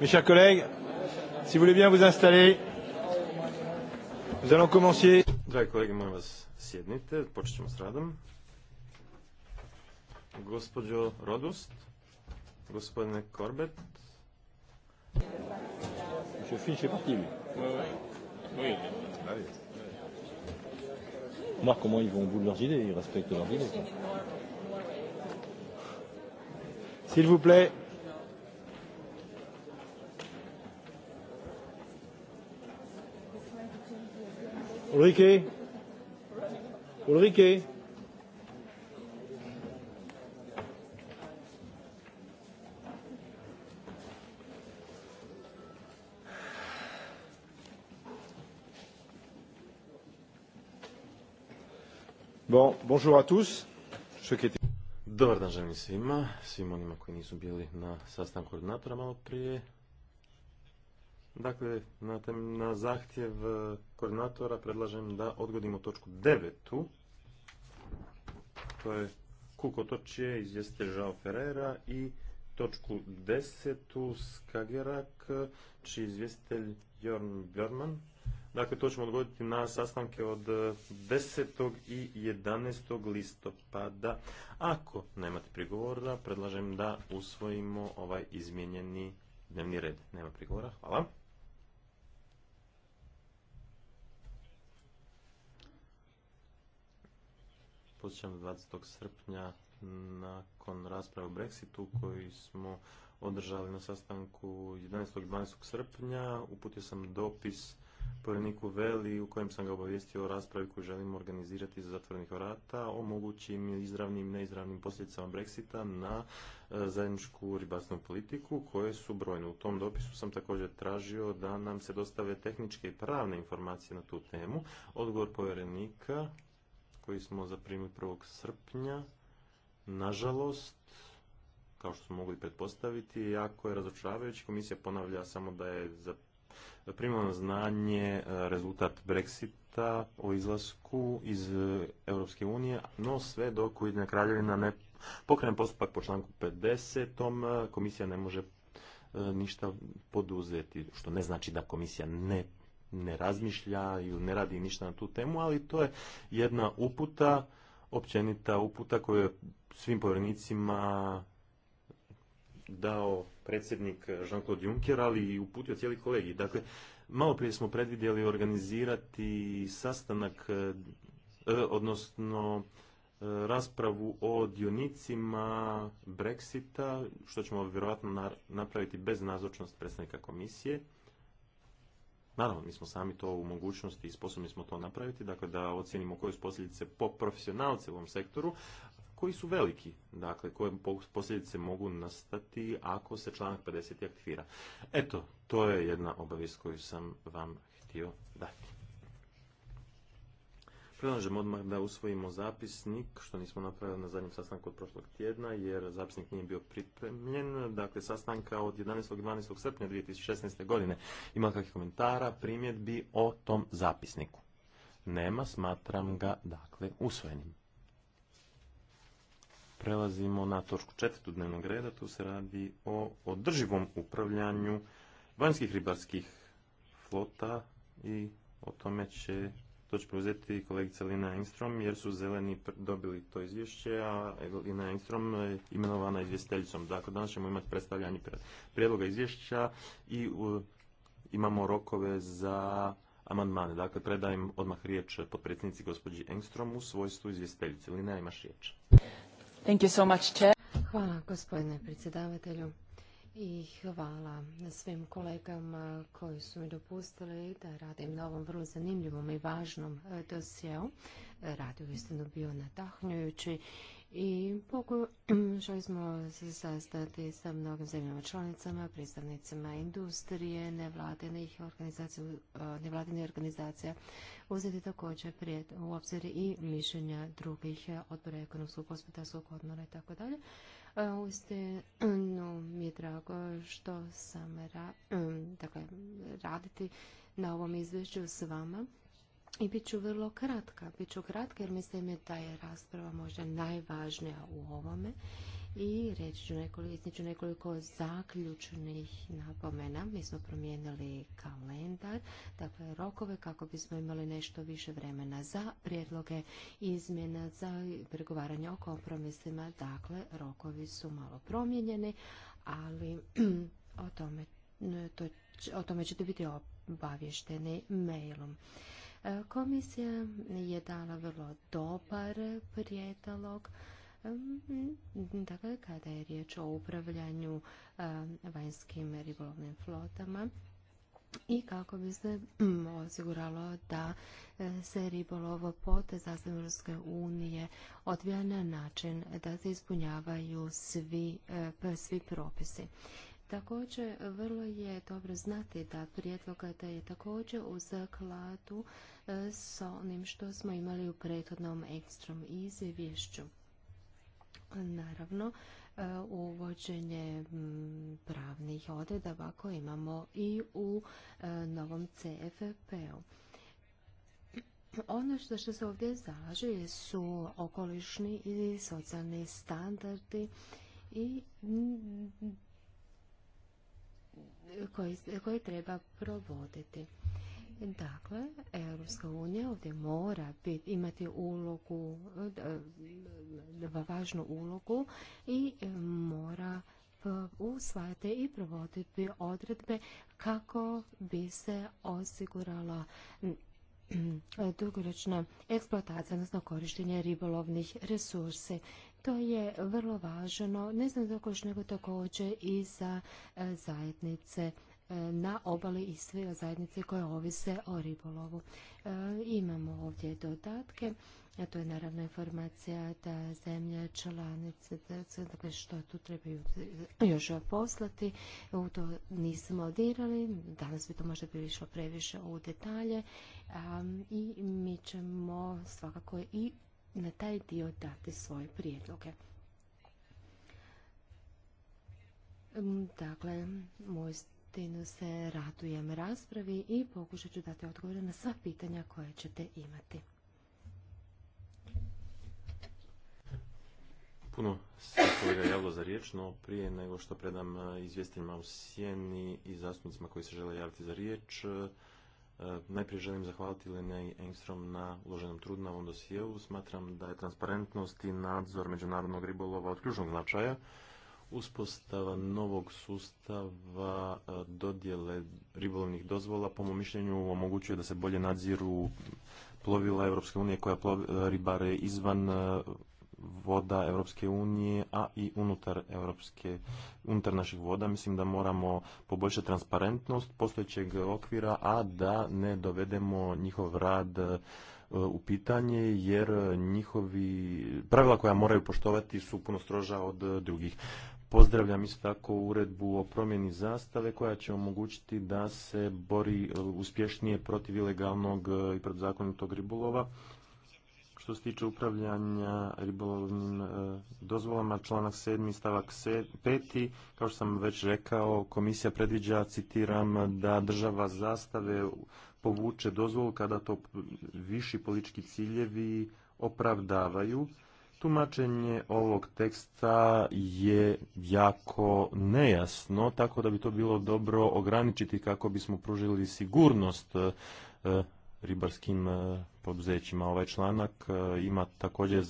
Mes chers collègues, si vous voulez bien vous installer, nous allons commencer. Dragi kolege, molim vas sjednite, počet ćemo s radom. Gospodjo Rodust, gospodine Korbet. Monsieur Finch est parti, lui. Oui, ah, oui. Marc, comment ils vont au bout de leurs idées, ils respectent leurs idées. S'il vous plaît, Ulrike? Ulrike? Bon, bonjour à tous. Dobar dan želim svima, svim onima koji nisu bili na sastanku koordinatora malo prije. Dakle, na, tem, na zahtjev e, koordinatora predlažem da odgodimo točku devetu, To je Kukotočje, izvjestitelj Žao Ferreira i točku desetu Skagerak, čiji izvjestitelj Jorn Björman. Dakle, to ćemo odgoditi na sastanke od 10. E, i 11. listopada. Ako nemate prigovora, predlažem da usvojimo ovaj izmijenjeni dnevni red. Nema prigovora, hvala. posjećam 20. srpnja nakon rasprave o Brexitu koji smo održali na sastanku 11. i 12. srpnja. Uputio sam dopis povjereniku Veli u kojem sam ga obavijestio o raspravi koju želimo organizirati za zatvorenih vrata o mogućim izravnim i neizravnim posljedicama Brexita na e, zajedničku ribarstvenu politiku koje su brojne. U tom dopisu sam također tražio da nam se dostave tehničke i pravne informacije na tu temu. Odgovor povjerenika koji smo zaprimili 1. srpnja, nažalost, kao što smo mogli pretpostaviti, jako je razočaravajući. Komisija ponavlja samo da je na znanje e, rezultat Brexita o izlasku iz e, Europske unije, no sve dok Ujedinjena kraljevina ne pokrene postupak po članku 50. E, komisija ne može ništa poduzeti, što ne znači da komisija ne ne razmišljaju, ne radi ništa na tu temu, ali to je jedna uputa, općenita uputa koju je svim povjerenicima dao predsjednik Jean-Claude Juncker, ali i uputio cijeli kolegi. Dakle, malo prije smo predvidjeli organizirati sastanak, e, odnosno e, raspravu o dionicima Brexita, što ćemo vjerojatno napraviti bez nazočnosti predsjednika komisije. Naravno, mi smo sami to u mogućnosti i sposobni smo to napraviti, dakle da ocijenimo koje su posljedice po profesionalce u ovom sektoru, koji su veliki, dakle koje posljedice mogu nastati ako se članak 50. aktivira. Eto, to je jedna obavijest koju sam vam htio dati. Predlažem odmah da usvojimo zapisnik, što nismo napravili na zadnjem sastanku od prošlog tjedna, jer zapisnik nije bio pripremljen. Dakle, sastanka od 11. 12. srpnja 2016. godine. Ima kakvih komentara, primjedbi o tom zapisniku? Nema, smatram ga, dakle, usvojenim. Prelazimo na točku četvrtu dnevnog reda. Tu se radi o održivom upravljanju vanjskih ribarskih flota i o tome će to će preuzeti kolegica Lina Engstrom jer su zeleni dobili to izvješće, a Lina Engstrom je imenovana izvjestiteljicom. Dakle, danas ćemo imati predstavljanje prijedloga izvješća i imamo rokove za amandmane. Dakle, predajem odmah riječ potpredsjednici gospođi Engstrom u svojstvu izvjestiteljice. Lina, imaš riječ. Hvala, gospodine predsjedavatelju i hvala svim kolegama koji su mi dopustili da radim na ovom vrlo zanimljivom i važnom e, dosjeu. Rad je uistinu bio natahnjujući i pokušali smo se sastati sa mnogim zemljama članicama, predstavnicama industrije, nevladinih organizacija, e, nevladinih organizacija, uzeti također prijed, u obzir i mišljenja drugih e, odbora ekonomskog, gospodarskog odmora i tako dalje. Uistinu mi je drago što sam dakle, raditi na ovom izvješću s vama. I bit ću vrlo kratka, bit ću kratka jer mislim da je rasprava možda najvažnija u ovome i reći ću nekoliko, izniću nekoliko zaključnih napomena. Mi smo promijenili kalendar, dakle rokove kako bismo imali nešto više vremena za prijedloge izmjena, za pregovaranje o kompromisima. Dakle, rokovi su malo promijenjeni, ali o tome, to, o tome ćete biti obavješteni mailom. E, komisija je dala vrlo dobar prijedlog Ehm, dakle, kada je riječ o upravljanju ehm, vanjskim ribolovnim flotama, i kako bi se ehm, osiguralo da eh, se ribolovo pote EU unije odvija na način da se ispunjavaju svi, eh, svi propisi. Također, vrlo je dobro znati da prijedlog da je također u zakladu eh, s onim što smo imali u prethodnom ekstrom izvješću. Naravno, e, uvođenje pravnih odredaba koje imamo i u e, novom CFP-u. Ono što, se ovdje zalaže su okolišni i socijalni standardi i koji treba provoditi. Dakle, Europska unija ovdje mora bit imati ulogu, važnu ulogu i e, mora e, usvajati i provoditi odredbe kako bi se osigurala e, dugoročna eksploatacija, odnosno korištenje ribolovnih resursi. To je vrlo važno, ne znam zakoš, nego također i za zajednice E, na obali i sve zajednice koje ovise o ribolovu. E, imamo ovdje dodatke, a to je naravno informacija da zemlje članice, dakle što tu trebaju još poslati, u to nismo dirali, danas bi to možda bilo išlo previše u detalje i mi ćemo svakako i na taj dio dati svoje prijedloge. Dakle, moj uistinu se radujem raspravi i pokušat ću dati odgovore na sva pitanja koje ćete imati. Puno se kolega javilo za riječ, no prije nego što predam e, izvjestiteljima u sjeni i zastupnicima koji se žele javiti za riječ, e, najprije želim zahvaliti i Engstrom na uloženom trudu na ovom Smatram da je transparentnost i nadzor međunarodnog ribolova od ključnog značaja uspostava novog sustava e, dodjele ribolovnih dozvola po mom mišljenju omogućuje da se bolje nadziru plovila Europske unije koja e, ribare izvan e, voda Europske unije, a i unutar Europske, unutar naših voda. Mislim da moramo poboljšati transparentnost postojećeg okvira, a da ne dovedemo njihov rad u pitanje, jer njihovi pravila koja moraju poštovati su puno stroža od drugih. Pozdravljam isto tako uredbu o promjeni zastave koja će omogućiti da se bori e, uspješnije protiv ilegalnog e, i protuzakonitog ribolova. Što se tiče upravljanja ribolovnim e, dozvolama, članak 7. stavak 5. Kao što sam već rekao, komisija predviđa, citiram, da država zastave povuče dozvolu kada to viši politički ciljevi opravdavaju tumačenje ovog teksta je jako nejasno, tako da bi to bilo dobro ograničiti kako bismo pružili sigurnost e, ribarskim e, poduzećima. Ovaj članak e, ima također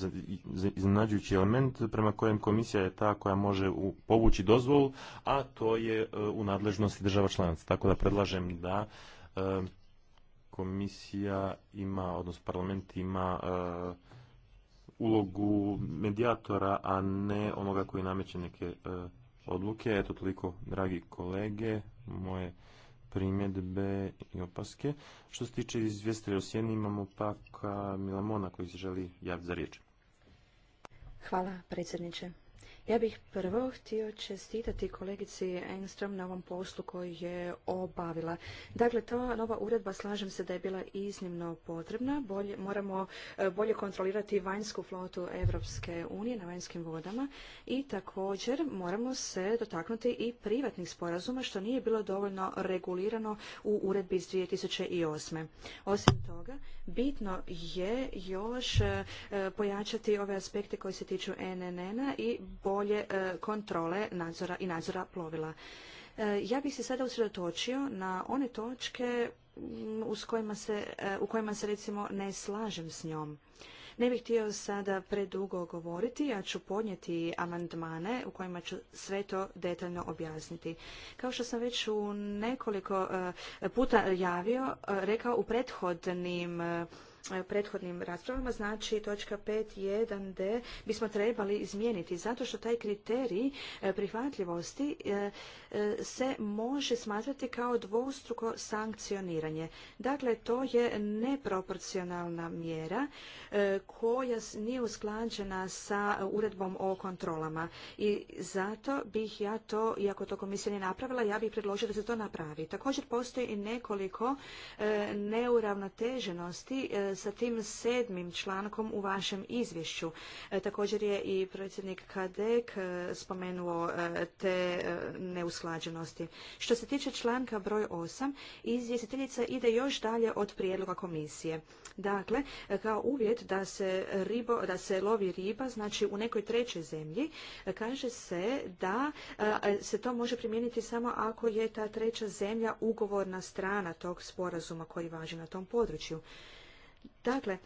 iznenađujući element prema kojem komisija je ta koja može povući dozvolu, a to je u nadležnosti država članica. Tako da predlažem da komisija ima, odnosno parlament ima ulogu medijatora, a ne onoga koji nameće neke e, odluke. Eto toliko, dragi kolege, moje primjedbe i opaske. Što se tiče izvjestitelja o sjeni, imamo pak Milamona koji se želi javiti za riječ. Hvala, predsjedniče. Ja bih prvo htio čestitati kolegici Enstrom na ovom poslu koji je obavila. Dakle, ta nova uredba, slažem se da je bila iznimno potrebna. Bolje, moramo e, bolje kontrolirati vanjsku flotu Evropske unije na vanjskim vodama i također moramo se dotaknuti i privatnih sporazuma što nije bilo dovoljno regulirano u uredbi iz 2008. Osim toga, bitno je još e, pojačati ove aspekte koji se tiču NNN-a i bolje bolje e, kontrole nadzora i nadzora plovila. E, ja bih se sada usredotočio na one točke mm, e, u kojima se recimo ne slažem s njom. Ne bih htio sada predugo govoriti, ja ću podnijeti amandmane u kojima ću sve to detaljno objasniti. Kao što sam već u nekoliko puta javio, rekao u prethodnim E, prethodnim raspravama, znači točka 5.1d bismo trebali izmijeniti zato što taj kriterij e, prihvatljivosti e, se može smatrati kao dvostruko sankcioniranje. Dakle, to je neproporcionalna mjera koja nije usklađena sa uredbom o kontrolama i zato bih ja to, iako to komisija nije napravila, ja bih predložila da se to napravi. Također postoji i nekoliko neuravnoteženosti sa tim sedmim člankom u vašem izvješću. E, također je i predsjednik Kadek e, spomenuo e, te neusklađenosti. Što se tiče članka broj 8, izvjestiteljica ide još dalje od prijedloga komisije. Dakle, kao uvjet da se, da se lovi riba, znači u nekoj trećoj zemlji, kaže se da se to može primijeniti samo ako je ta treća zemlja ugovorna strana tog sporazuma koji važi na tom području. Dakle,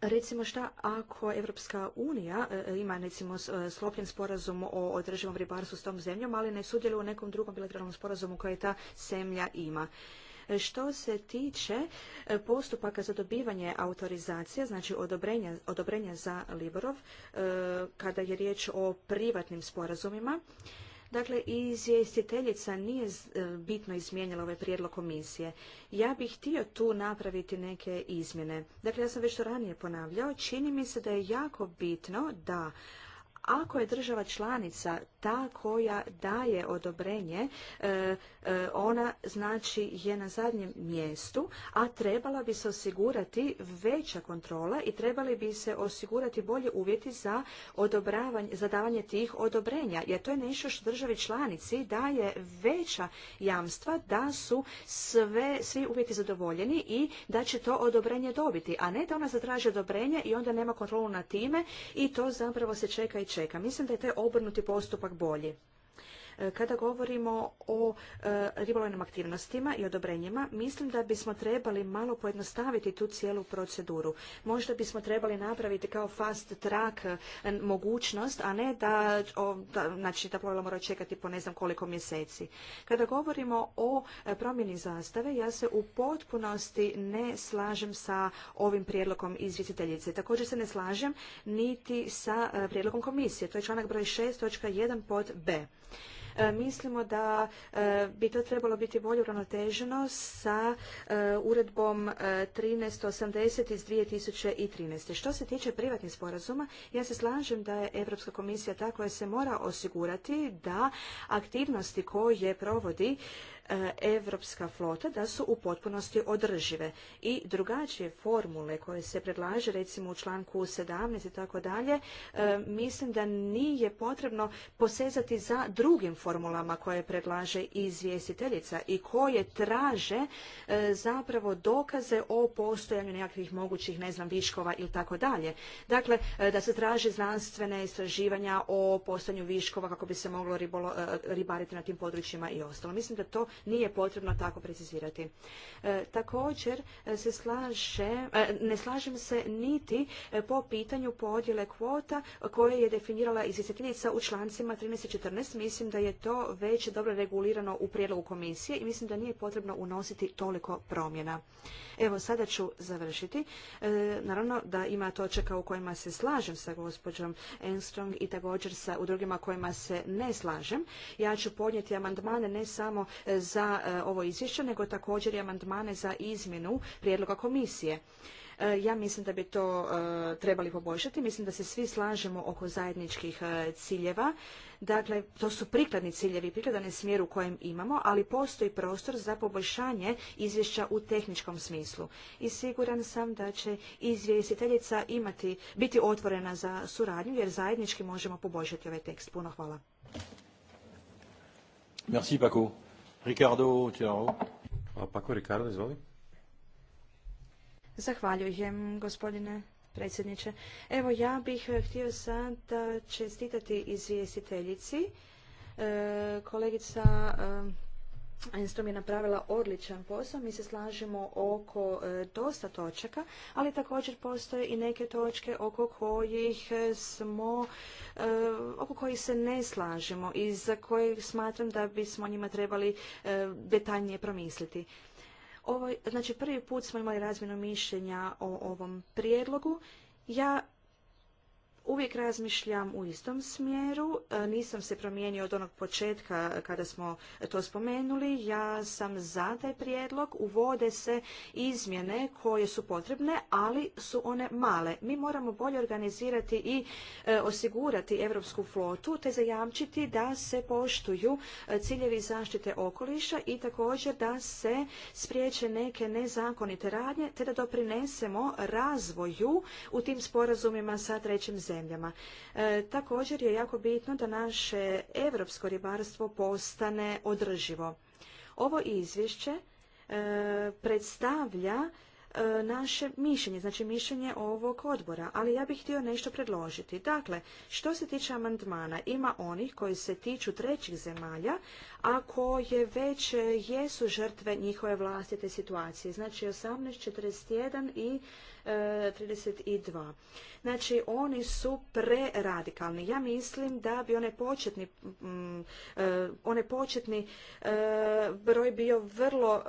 Recimo šta ako Evropska unija e, ima recimo e, sklopljen sporazum o održivom ribarstvu s tom zemljom, ali ne sudjeluje u nekom drugom bilateralnom sporazumu koje ta zemlja ima. E, što se tiče postupaka za dobivanje autorizacije, znači odobrenja, odobrenja za Liborov, kada je riječ o privatnim sporazumima, Dakle, izvjestiteljica nije e, bitno izmijenila ovaj prijedlog komisije. Ja bih htio tu napraviti neke izmjene. Dakle, ja sam već to ranije ponavljao. Čini mi se da je jako bitno da ako je država članica ta koja daje odobrenje, e, e, ona znači je na zadnjem mjestu, a trebala bi se osigurati veća kontrola i trebali bi se osigurati bolje uvjeti za za davanje tih odobrenja, jer to je nešto što državi članici daje veća jamstva da su sve, svi uvjeti zadovoljeni i da će to odobrenje dobiti, a ne da ona zatraži odobrenje i onda nema kontrolu na time i to zapravo se čeka i čeka čeka. Mislim da je taj obrnuti postupak bolji. E, kada govorimo o e, ribolovnim aktivnostima i odobrenjima, mislim da bismo trebali malo pojednostaviti tu cijelu proceduru. Možda bismo trebali napraviti kao fast track e, mogućnost, a ne da, znači da plovila mora čekati po ne znam koliko mjeseci. Kada govorimo o promjeni zastave, ja se u potpunosti ne slažem sa ovim prijedlogom izvjestiteljice. Također se ne slažem niti sa prijedlogom komisije. To je članak broj 6.1 pod B. E, mislimo da e, bi to trebalo biti bolje uravnoteženo sa e, uredbom 1380 iz 2013. Što se tiče privatnih sporazuma, ja se slažem da je Europska komisija ta koja se mora osigurati da aktivnosti koje provodi europska flota da su u potpunosti održive i drugačije formule koje se predlaže recimo u članku 17 i tako dalje e, mislim da nije potrebno posezati za drugim formulama koje predlaže izvjestiteljica i koje traže e, zapravo dokaze o postojanju nekakvih mogućih ne znam viškova ili tako dalje. Dakle, e, da se traže znanstvene istraživanja o postojanju viškova kako bi se moglo ribariti na tim područjima i ostalo. Mislim da to nije potrebno tako precizirati. E, također e, se e, ne slažem se niti po pitanju podjele kvota koje je definirala izvjestiteljica u člancima 13 i 14. Mislim da je to već dobro regulirano u prijedlogu komisije i mislim da nije potrebno unositi toliko promjena. Evo, sada ću završiti. E, naravno da ima točaka u kojima se slažem sa gospođom Enstrong i također sa u drugima kojima se ne slažem. Ja ću podnijeti amandmane ne samo za e, ovo izvješće, nego također i amandmane za izmjenu prijedloga komisije. E, ja mislim da bi to trebali poboljšati. Mislim da se svi slažemo oko zajedničkih ciljeva Dakle, to su prikladni ciljevi, prikladane smjer u kojem imamo, ali postoji prostor za poboljšanje izvješća u tehničkom smislu. I siguran sam da će izvjestiteljica imati, biti otvorena za suradnju, jer zajednički možemo poboljšati ovaj tekst. Puno hvala. Merci Paco. Ricardo, Paco Ricardo, izvoli. Zahvaljujem, gospodine predsjedniče. Evo ja bih eh, htio sada eh, čestitati izvjestiteljici. Eh, kolegica Enstrom je napravila odličan posao. Mi se slažemo oko dosta točaka, ali također postoje i neke točke oko kojih smo, oko kojih se ne slažemo i za kojih smatram da bismo njima trebali detaljnije promisliti. Ovo, ovaj, znači prvi put smo imali razmjenu mišljenja o ovom prijedlogu. Ja uvijek razmišljam u istom smjeru. E, nisam se promijenio od onog početka kada smo to spomenuli. Ja sam za taj prijedlog. Uvode se izmjene koje su potrebne, ali su one male. Mi moramo bolje organizirati i e, osigurati europsku flotu te zajamčiti da se poštuju e, ciljevi zaštite okoliša i također da se spriječe neke nezakonite radnje te da doprinesemo razvoju u tim sporazumima sa trećim zemljama zemljama. E, također je jako bitno da naše europsko ribarstvo postane održivo. Ovo izvješće e, predstavlja e, naše mišljenje, znači mišljenje ovog odbora, ali ja bih htio nešto predložiti. Dakle, što se tiče amandmana, ima onih koji se tiču trećih zemalja, a koje već jesu žrtve njihove vlastite situacije. Znači, 18.41 i 32. E, znači, oni su preradikalni. Ja mislim da bi onaj početni, mm, e, početni e, broj bio vrlo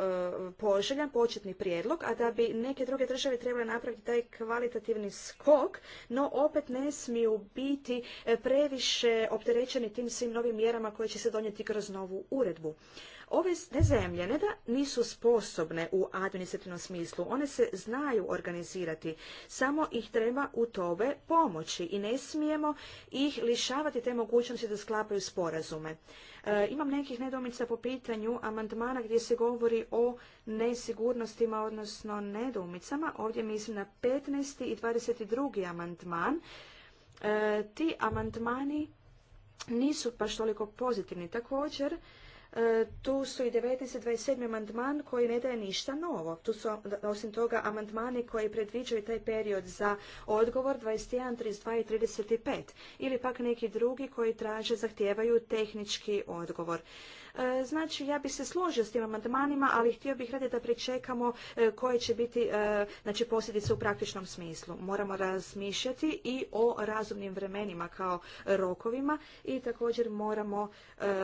poželjan, početni prijedlog, a da bi neke druge države trebale napraviti taj kvalitativni skok, no opet ne smiju biti previše opterećeni tim svim novim mjerama koje će se donijeti kroz novu uredbu. Ove zemlje ne da nisu sposobne u administrativnom smislu, one se znaju organizirati, samo ih treba u tobe pomoći i ne smijemo ih lišavati te mogućnosti da sklapaju sporazume. E, imam nekih nedomica po pitanju amandmana gdje se govori o nesigurnostima, odnosno nedoumicama. Ovdje mislim na 15. i 22. amandman. E, ti amandmani nisu baš toliko pozitivni. Također, E, tu su i 19. i 27. amandman koji ne daje ništa novo. Tu su osim toga amandmani koji predviđaju taj period za odgovor 21, 32 i 35. Ili pak neki drugi koji traže, zahtijevaju tehnički odgovor. E, znači, ja bih se složio s tim amandmanima, ali htio bih raditi da pričekamo e, koje će biti e, znači, posljedice u praktičnom smislu. Moramo razmišljati i o razumnim vremenima kao rokovima i također moramo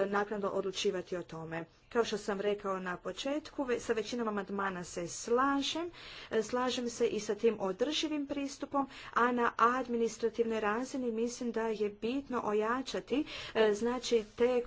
naknadno odlučivati o tome. Kao što sam rekao na početku, sa većinom amandmana se slažem. E, slažem se i sa tim održivim pristupom, a na administrativnoj razini mislim da je bitno ojačati e, znači te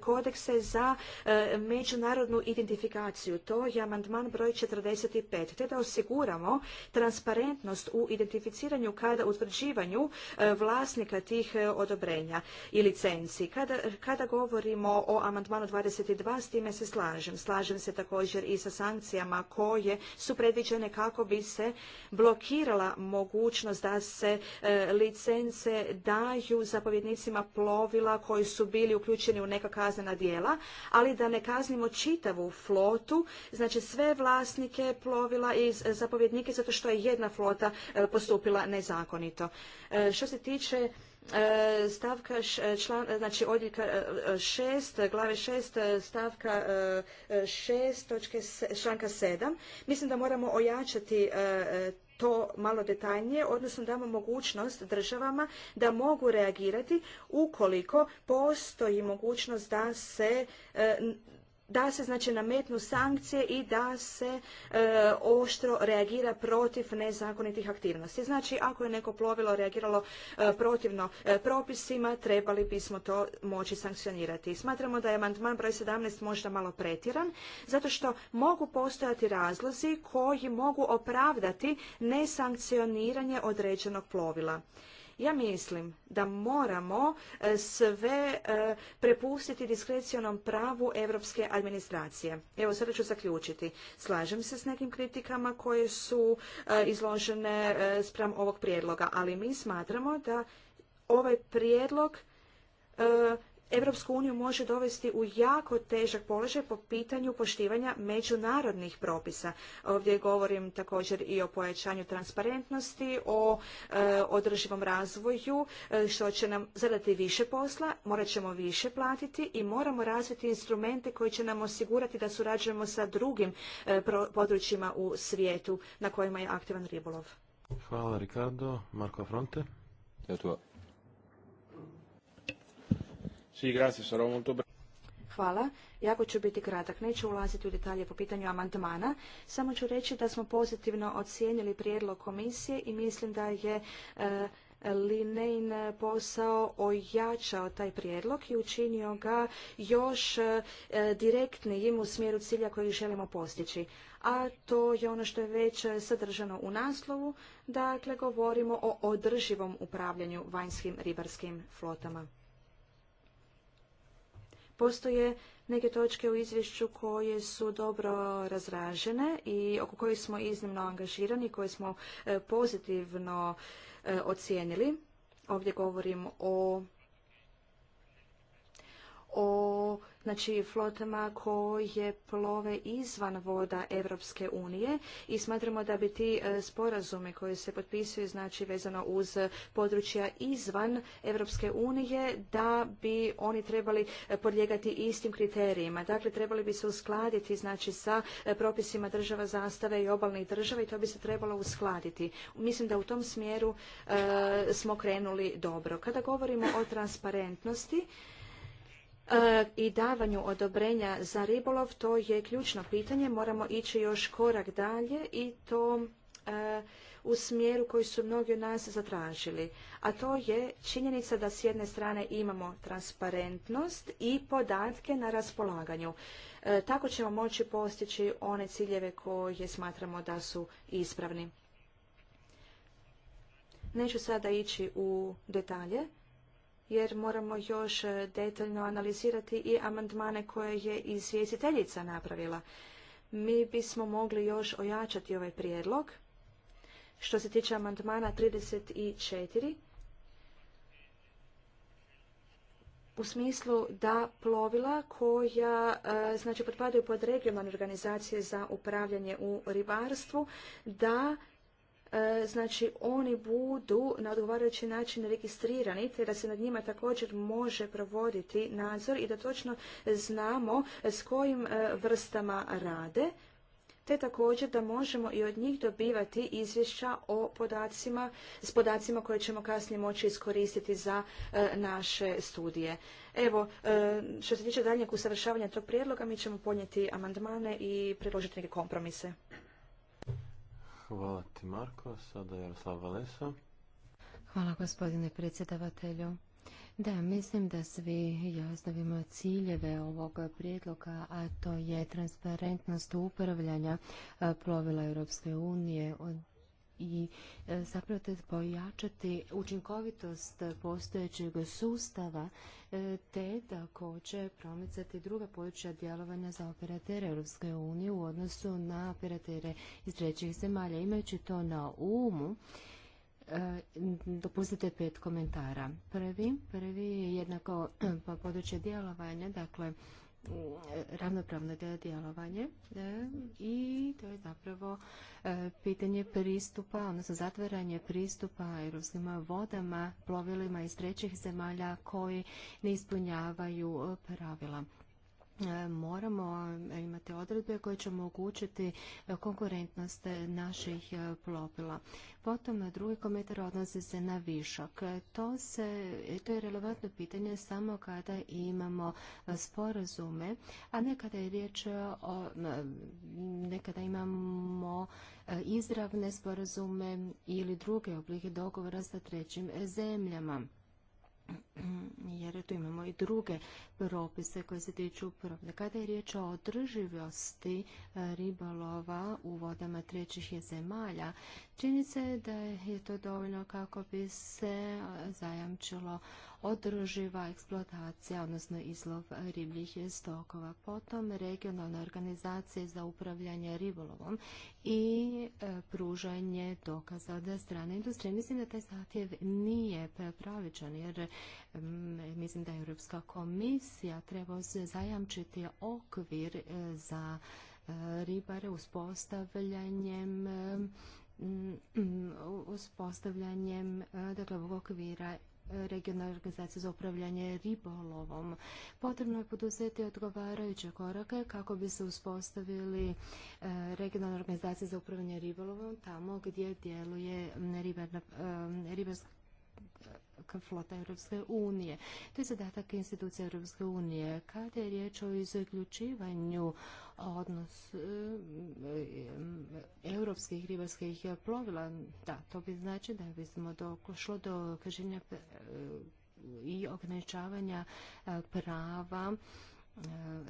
kodekse za e, međunarodnu identifikaciju. To je amandman broj 45. Te da osiguramo transparentnost u identificiranju kada utvrđivanju vlasnika tih odobrenja i licenci. Kada, kada govorimo o amandmanu 22 time se slažem. Slažem se također i sa sankcijama koje su predviđene kako bi se blokirala mogućnost da se e, licence daju zapovjednicima plovila koji su bili uključeni u neka kaznena djela, ali da ne kaznimo čitavu flotu, znači sve vlasnike plovila i zapovjednike zato što je jedna flota e, postupila nezakonito. E, što se tiče E, stavka e, član, e, znači odjeljka 6, glave 6, stavka šest točke članka sedam. Mislim da moramo ojačati to malo detaljnije, odnosno damo mogućnost državama da mogu reagirati ukoliko postoji mogućnost da se da se znači nametnu sankcije i da se e, oštro reagira protiv nezakonitih aktivnosti. Znači ako je neko plovilo reagiralo e, protivno e, propisima trebali bismo to moći sankcionirati. Smatramo da je amandman broj 17 možda malo pretjeran zato što mogu postojati razlozi koji mogu opravdati nesankcioniranje određenog plovila. Ja mislim da moramo e, sve e, prepustiti diskrecionom pravu europske administracije. Evo, sada ću zaključiti. Slažem se s nekim kritikama koje su e, izložene spram ovog prijedloga, ali mi smatramo da ovaj prijedlog Europsku uniju može dovesti u jako težak položaj po pitanju poštivanja međunarodnih propisa. Ovdje govorim također i o pojačanju transparentnosti, o e, održivom razvoju, e, što će nam zadati više posla, morat ćemo više platiti i moramo razviti instrumente koji će nam osigurati da surađujemo sa drugim e, područjima u svijetu na kojima je aktivan ribolov. Hvala Ricardo. Hvala. Jako ću biti kratak. Neću ulaziti u detalje po pitanju amandmana. Samo ću reći da smo pozitivno ocijenili prijedlog komisije i mislim da je e, posao ojačao taj prijedlog i učinio ga još e, direktnijim u smjeru cilja koji želimo postići. A to je ono što je već sadržano u naslovu, dakle govorimo o održivom upravljanju vanjskim ribarskim flotama. Postoje neke točke u izvješću koje su dobro razražene i oko kojih smo iznimno angažirani, koje smo e, pozitivno e, ocijenili. Ovdje govorim o o znači, flotama koje plove izvan voda Europske unije i smatramo da bi ti e, sporazumi koji se potpisuju znači vezano uz područja izvan Europske unije da bi oni trebali e, podlijegati istim kriterijima. Dakle, trebali bi se uskladiti znači sa e, propisima država zastave i obalnih država i to bi se trebalo uskladiti. Mislim da u tom smjeru smo krenuli dobro. Kada govorimo o transparentnosti, E, i davanju odobrenja za ribolov, to je ključno pitanje. Moramo ići još korak dalje i to e, u smjeru koji su mnogi od nas zatražili. A to je činjenica da s jedne strane imamo transparentnost i podatke na raspolaganju. E, tako ćemo moći postići one ciljeve koje smatramo da su ispravni. Neću sada ići u detalje jer moramo još detaljno analizirati i amandmane koje je izvjestiteljica napravila. Mi bismo mogli još ojačati ovaj prijedlog. Što se tiče amandmana 34, u smislu da plovila koja e, znači potpadaju pod regionalne organizacije za upravljanje u ribarstvu da E, znači oni budu na odgovarajući način registrirani te da se nad njima također može provoditi nadzor i da točno znamo s kojim e, vrstama rade te također da možemo i od njih dobivati izvješća o podacima, s podacima koje ćemo kasnije moći iskoristiti za e, naše studije. Evo, što se tiče daljnjeg usavršavanja tog prijedloga, mi ćemo podnijeti amandmane i predložiti neke kompromise. Hvala ti Marko, sada Jaroslav Valesa. Hvala gospodine predsjedavatelju. Da, mislim da svi jasno ciljeve ovog prijedloga, a to je transparentnost upravljanja plovila Europske unije i e, zapravo pojačati učinkovitost postojećeg sustava e, te će promicati druga područja djelovanja za operatere Europske unije u odnosu na operatere iz trećih zemalja. Imajući to na umu, e, dopustite pet komentara. Prvi, prvi je jednako područje djelovanja, dakle ravnopravno djelovanje e, i to je zapravo e, pitanje pristupa, odnosno zatvaranje pristupa europskim vodama, plovilima iz trećih zemalja koji ne ispunjavaju e, pravila. E, moramo imati odredbe koje će omogućiti e, konkurentnost naših e, plopila. Potom drugi komentar odnosi se na višak. To, se, to je relevantno pitanje samo kada imamo sporazume, a nekada je riječ o, nekada imamo izravne sporazume ili druge oblike dogovora sa trećim zemljama jer tu imamo i druge propise koje se tiču prvne. Kada je riječ o održivosti e, ribolova u vodama trećih zemalja, čini se da je to dovoljno kako bi se zajamčilo održiva eksploatacija, odnosno izlov ribljih stokova. Potom regionalne organizacije za upravljanje ribolovom i e, pružanje dokaza od strane industrije. Mislim da taj zahtjev nije pravičan jer mislim da je Europska komisija treba zajamčiti okvir e, za e, ribare uspostavljanjem uspostavljanjem dakle, ovog okvira regionalne organizacije za upravljanje ribolovom. Potrebno je poduzeti odgovarajuće korake kako bi se uspostavili e, regionalne organizacije za upravljanje ribolovom tamo gdje djeluje e, ribarska flota Europske unije. To je zadatak institucija Europske unije. Kada je riječ o izključivanju odnos eh, europskih ribarskih plovila, da, to bi znači da bismo došlo do kaženja eh, i ograničavanja eh, prava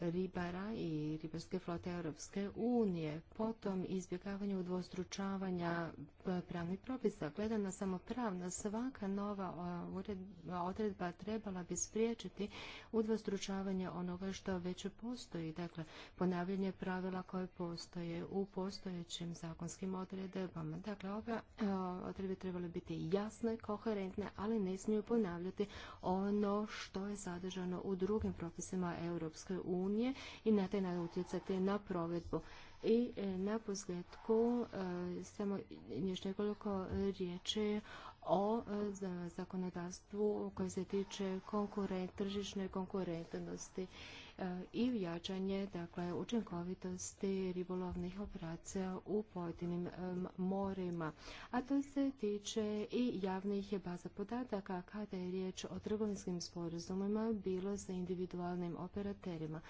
E, ribara i ribarske flote Europske unije, potom izbjegavanje udvostručavanja pravnih propisa. gledana samo pravno, svaka nova e, odredba trebala bi spriječiti udvostručavanje onoga što već postoji, dakle ponavljanje pravila koje postoje u postojećim zakonskim odredbama. Dakle, ove e, odredbe trebale biti jasne, koherentne, ali ne smiju ponavljati ono što je sadržano u drugim propisima Europske Europske unije i na taj način utjecati na provedbu. I e, na posljedku e, samo još nekoliko riječi o e, zakonodavstvu koje se tiče konkurent, tržišne konkurentnosti E, i jačanje dakle, učinkovitosti ribolovnih operacija u pojedinim e, morima. A to se tiče i javnih baza podataka kada je riječ o trgovinskim sporazumima bilo sa individualnim operaterima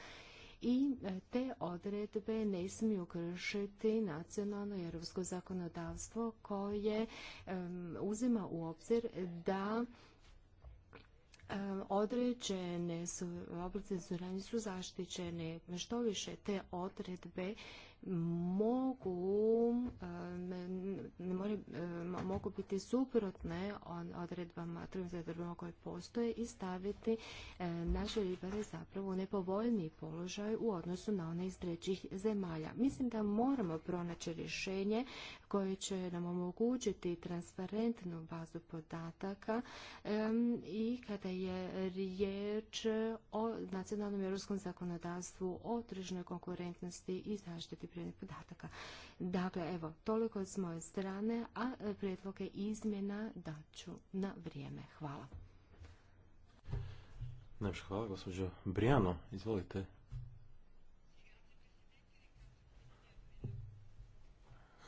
i e, te odredbe ne smiju kršiti nacionalno i europsko zakonodavstvo koje uzima u obzir da određene su oblice suradnje su zaštićene. Što više te odredbe mogu, e, ne e, mogu biti suprotne odredbama, trgovinskim odredbama koje postoje i staviti e, naše ribare zapravo u nepovoljniji položaj u odnosu na one iz trećih zemalja. Mislim da moramo pronaći rješenje koje će nam omogućiti transparentnu bazu podataka i kada je riječ o nacionalnom europskom zakonodavstvu o tržnoj konkurentnosti i zaštiti podataka. Dakle, evo, toliko s moje strane, a predloge izmjena daću na vrijeme. Hvala. Najviše hvala, gospođo Brijano, izvolite.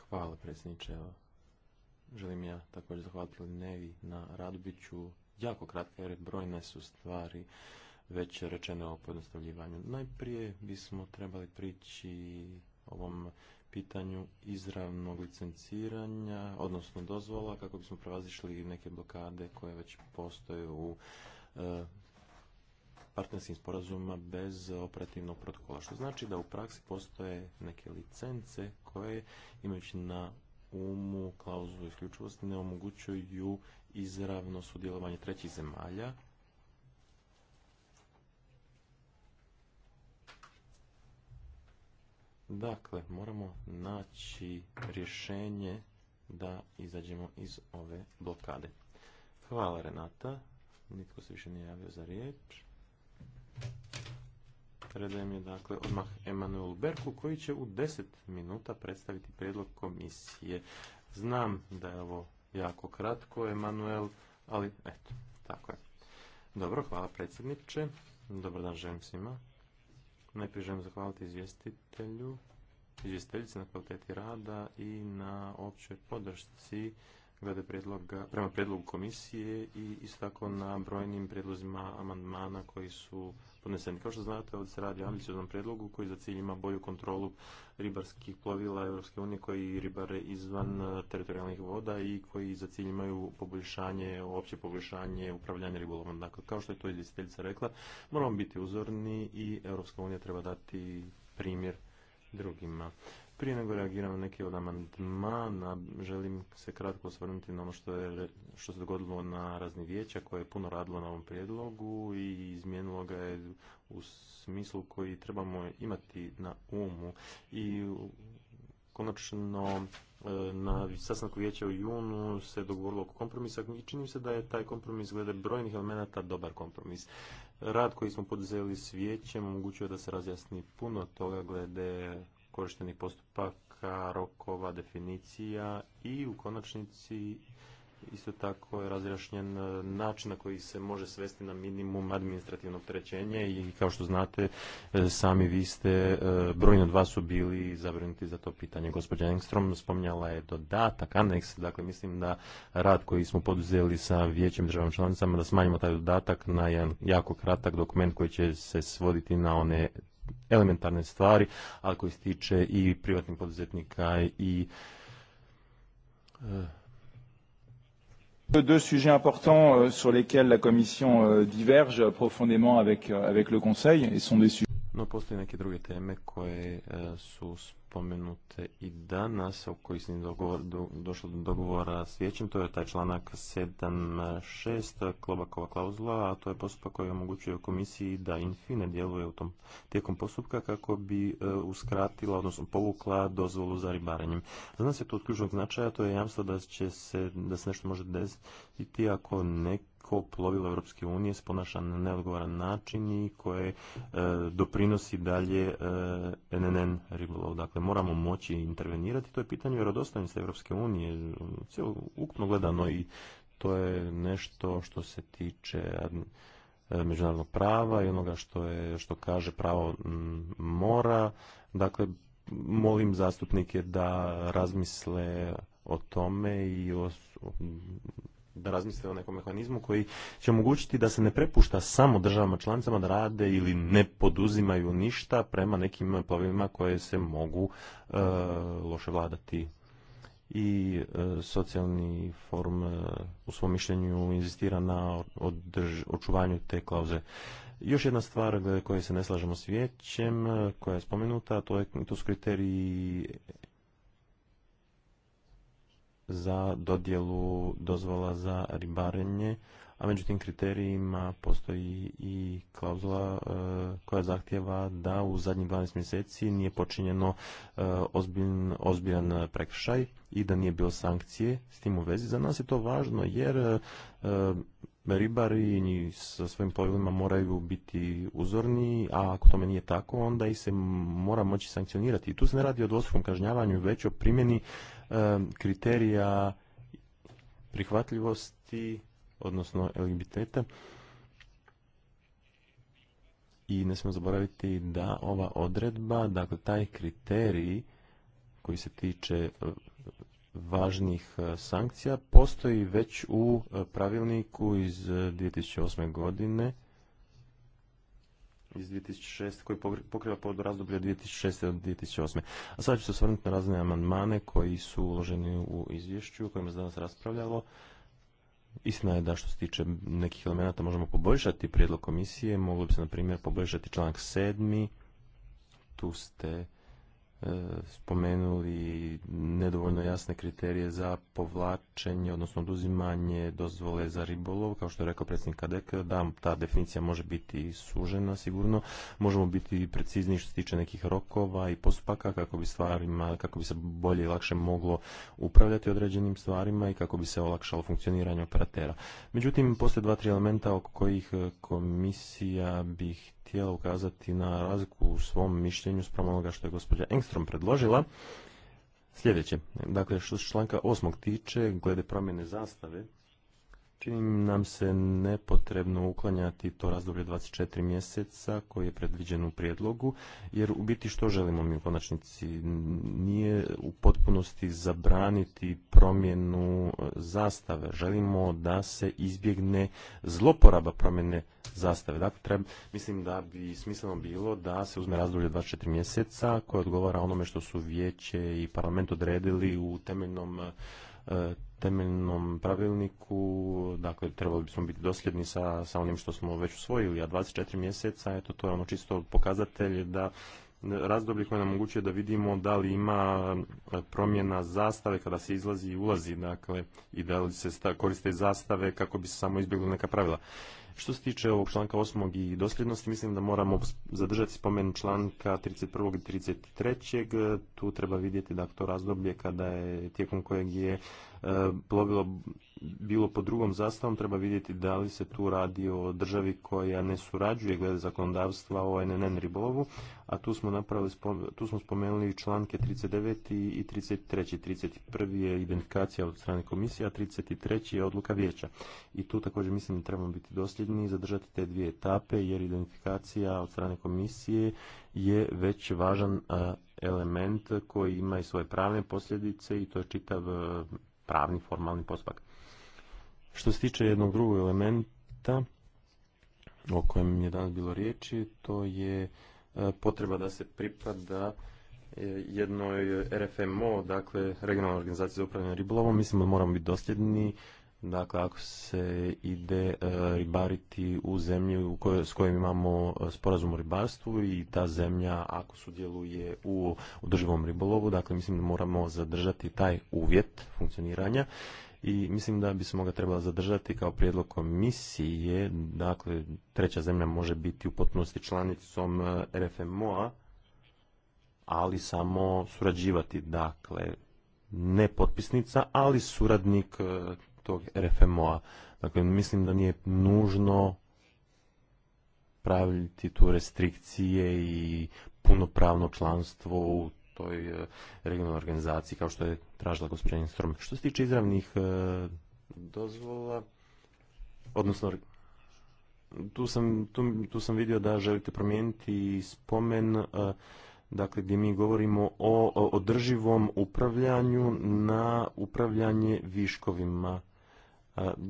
Hvala, predsjedniče. Želim ja također zahvaliti Nevi na Radbiću. Jako kratko, jer brojne su stvari već rečene o pojednostavljivanju. Najprije bismo trebali prići ovom pitanju izravnog licenciranja, odnosno dozvola, kako bismo prevazišli neke blokade koje već postoje u e, partnerskim sporazumima bez operativnog protokola. Što znači da u praksi postoje neke licence koje, imajući na umu klauzulu isključivosti, ne omogućuju izravno sudjelovanje trećih zemalja Dakle, moramo naći rješenje da izađemo iz ove blokade. Hvala Renata. Nitko se više nije javio za riječ. Predajem je dakle odmah Emanuel Berku koji će u 10 minuta predstaviti prijedlog komisije. Znam da je ovo jako kratko, Emanuel, ali eto, tako je. Dobro, hvala predsjedniče. Dobar dan želim svima. Najprije želim zahvaliti izvjestitelju, izvjestiteljice na kvaliteti rada i na općoj podršci glede prema prijedlogu komisije i isto tako na brojnim prijedlozima amandmana koji su podneseni. Kao što znate, ovdje se radi o ambicioznom predlogu koji za cilj ima bolju kontrolu ribarskih plovila Europske unije koji ribare izvan e, teritorijalnih voda i koji za cilj imaju poboljšanje, opće poboljšanje upravljanja ribolovom. Dakle, kao što je to izvjestiteljica rekla, moramo biti uzorni i Europska unija treba dati primjer drugima. Prije nego reagiram na neki od amandmana, želim se kratko osvrnuti na ono što, je, što se dogodilo na razni vijeća koje je puno radilo na ovom prijedlogu i izmijenilo ga je u smislu koji trebamo imati na umu. I konačno e, na sastanku vijeća u junu se dogovorilo oko kompromisa i čini se da je taj kompromis glede brojnih elemenata dobar kompromis. Rad koji smo poduzeli s vijećem omogućuje da se razjasni puno toga glede korištenih postupaka, rokova, definicija i u konačnici isto tako je razrašnjen e, način na koji se može svesti na minimum administrativnog trećenje i kao što znate e, sami vi ste, e, brojni od vas su bili zabrinuti za to pitanje. Gospođa Engstrom spominjala je dodatak, aneks, dakle mislim da rad koji smo poduzeli sa vijećem državom članicama da smanjimo taj dodatak na jedan jako kratak dokument koji će se svoditi na one elementarne stvari, a koji se tiče i privatnih poduzetnika i e, Deux sujets importants euh, sur lesquels la Commission euh, diverge profondément avec, euh, avec le Conseil et sont des no, postoje neke druge teme koje e, su spomenute i danas, o kojih se dogovor, do, došlo do dogovora s vijećem, to je taj članak 7.6 Klobakova klauzula, a to je postupak koji omogućuje komisiji da infine djeluje u tom tijekom postupka kako bi e, uskratila, odnosno povukla dozvolu za ribarenjem. Za nas je to od ključnog značaja, to je jamstvo da će se, da se nešto može desiti ako ne ko plovilo Europske unije sponaša na neodgovoran način i koje e, doprinosi dalje NNN e, ribolov. Dakle, moramo moći intervenirati. To je pitanje vjerodostojnosti Europske unije, cijelo ukupno gledano i to je nešto što se tiče e, međunarodnog prava i onoga što, je, što kaže pravo mora. Dakle, molim zastupnike da razmisle o tome i o da razmislite o nekom mehanizmu koji će omogućiti da se ne prepušta samo državama članicama da rade ili ne poduzimaju ništa prema nekim plovima koje se mogu e, loše vladati i e, socijalni forum e, u svom mišljenju inzistira na održ, očuvanju te klauze. Još jedna stvar koje se ne slažemo s vijećem, koja je spomenuta, to, je, to su kriteriji za dodjelu dozvola za ribarenje, a među tim kriterijima postoji i klauzula e, koja zahtjeva da u zadnjih 12 mjeseci nije počinjeno e, ozbiljan, prekršaj i da nije bilo sankcije s tim u vezi. Za nas je to važno jer e, ribari sa svojim plovilima moraju biti uzorni, a ako tome nije tako, onda i se mora moći sankcionirati. I tu se ne radi o dvostrukom kažnjavanju, već o primjeni kriterija prihvatljivosti, odnosno eligibiliteta. I ne smijemo zaboraviti da ova odredba, dakle taj kriterij koji se tiče e, važnih e, sankcija postoji već u e, pravilniku iz 2008. godine iz 2006. koji pokriva pod razdoblje od 2006. do 2008. A sada ću se osvrnuti na razne amandmane koji su uloženi u izvješću o kojima se danas raspravljalo. Istina je da što se tiče nekih elemenata možemo poboljšati prijedlog komisije. Moglo bi se, na primjer, poboljšati članak 7. Tu ste E, spomenuli nedovoljno jasne kriterije za povlačenje, odnosno oduzimanje dozvole za ribolov. Kao što je rekao predsjednik Kadek, da, ta definicija može biti sužena sigurno. Možemo biti precizniji što se tiče nekih rokova i postupaka kako bi stvarima, kako bi se bolje i lakše moglo upravljati određenim stvarima i kako bi se olakšalo funkcioniranje operatera. Međutim, postoje dva, tri elementa oko kojih e, komisija bih htjela ukazati na razliku u svom mišljenju spram onoga što je gospođa Engstrom predložila. Sljedeće, dakle što se članka osmog tiče, glede promjene zastave, Čini nam se nepotrebno uklanjati to razdoblje 24 mjeseca koje je predviđeno u prijedlogu, jer u biti što želimo mi u konačnici? Nije u potpunosti zabraniti promjenu e, zastave. Želimo da se izbjegne zloporaba promjene zastave. Dakle, mislim da bi smisleno bilo da se uzme razdoblje 24 mjeseca koje odgovara onome što su vijeće i parlament odredili u temeljnom e, E, temeljnom pravilniku, dakle trebali bismo biti dosljedni sa, sa onim što smo već usvojili, a 24 mjeseca, eto to je ono čisto pokazatelj da razdoblje koje nam omogućuje da vidimo da li ima e, promjena zastave kada se izlazi i ulazi, dakle, i da li se koriste zastave kako bi se samo izbjegli neka pravila. Što se tiče ovog članka 8. i dosljednosti, mislim da moramo zadržati spomen članka 31. i 33. Tu treba vidjeti da to razdoblje kada je tijekom kojeg je E, plovilo bilo po drugom zastavom, treba vidjeti da li se tu radi o državi koja ne surađuje glede zakonodavstva o NNN ribolovu, a tu smo, napravili, tu smo spomenuli članke 39. i 33. 31. je identifikacija od strane komisije, a 33. je odluka vijeća. I tu također mislim da trebamo biti dosljedni i zadržati te dvije etape, jer identifikacija od strane komisije je već važan e, element koji ima i svoje pravne posljedice i to je čitav pravni, formalni postupak. Što se tiče jednog drugog elementa o kojem je danas bilo riječi, to je e, potreba da se pripada e, jednoj RFMO, dakle regionalna organizacija za upravljanje ribolovom. Mislim da moramo biti dosljedni Dakle, ako se ide e, ribariti u zemlju s kojom imamo e, sporazum o ribarstvu i ta zemlja ako sudjeluje u održivom ribolovu, dakle mislim da moramo zadržati taj uvjet funkcioniranja i mislim da bismo ga trebali zadržati kao prijedlog komisije, dakle treća zemlja može biti u potpunosti članicom e, RFMO-a, ali samo surađivati, dakle ne potpisnica, ali suradnik tog RFMO-a. Dakle, mislim da nije nužno praviti tu restrikcije i punopravno članstvo u toj e, regionalnoj organizaciji kao što je tražila gospođa Instrum. Što se tiče izravnih e, dozvola, odnosno tu sam, tu sam vidio da želite promijeniti spomen e, dakle gdje mi govorimo o održivom upravljanju na upravljanje viškovima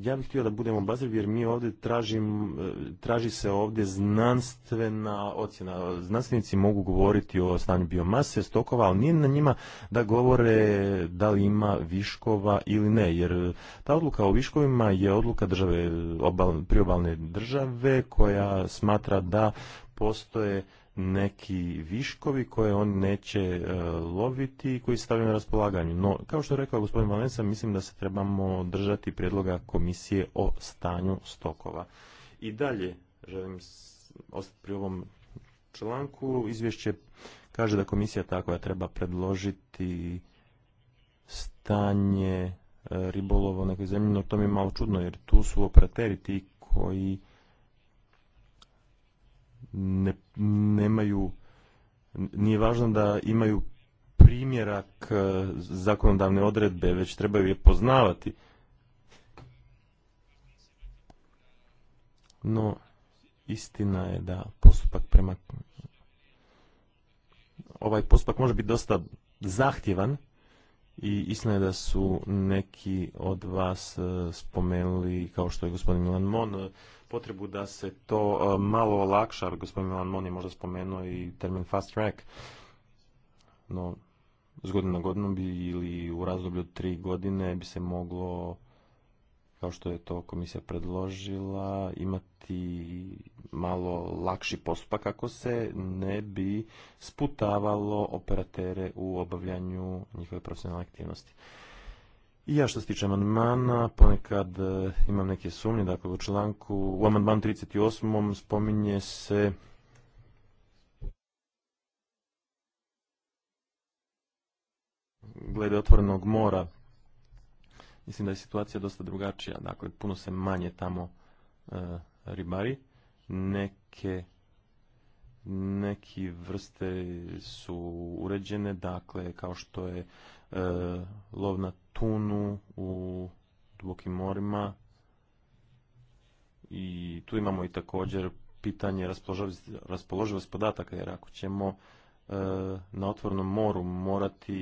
ja bih htio da budemo bazir, jer mi ovdje tražim, e, traži se ovdje znanstvena ocjena. Znanstvenici mogu govoriti o stanju biomase, stokova, ali nije na njima da govore da li ima viškova ili ne. Jer ta odluka o viškovima je odluka države, obal, priobalne države koja smatra da postoje neki viškovi koje on neće e, loviti i koji stavljaju na raspolaganju. No, kao što je rekao gospodin Valensa, mislim da se trebamo držati prijedloga komisije o stanju stokova. I dalje želim ostati pri ovom članku. Izvješće kaže da komisija tako je treba predložiti stanje e, ribolova u nekoj zemlji, no to mi je malo čudno jer tu su operateri ti koji ne, nemaju, nije važno da imaju primjerak e, zakonodavne odredbe, već trebaju je poznavati. No, istina je da postupak prema... Ovaj postupak može biti dosta zahtjevan i istina je da su neki od vas e, spomenuli, kao što je gospodin Milan Mon, potrebu da se to e, malo olakša, gospodin Milan Moni je možda spomenuo i termin fast track, no s godinu na godinu bi ili u razdoblju od tri godine bi se moglo kao što je to komisija predložila, imati malo lakši postupak kako se ne bi sputavalo operatere u obavljanju njihove profesionalne aktivnosti. I ja što se tiče amandmana, ponekad e, imam neke sumnje, dakle u članku, u amandmanu 38. spominje se glede otvorenog mora, mislim da je situacija dosta drugačija, dakle puno se manje tamo e, ribari, neke neki vrste su uređene, dakle kao što je e, lovna tunu u dubokim morima i tu imamo i također pitanje raspoloživost podataka jer ako ćemo e, na otvornom moru morati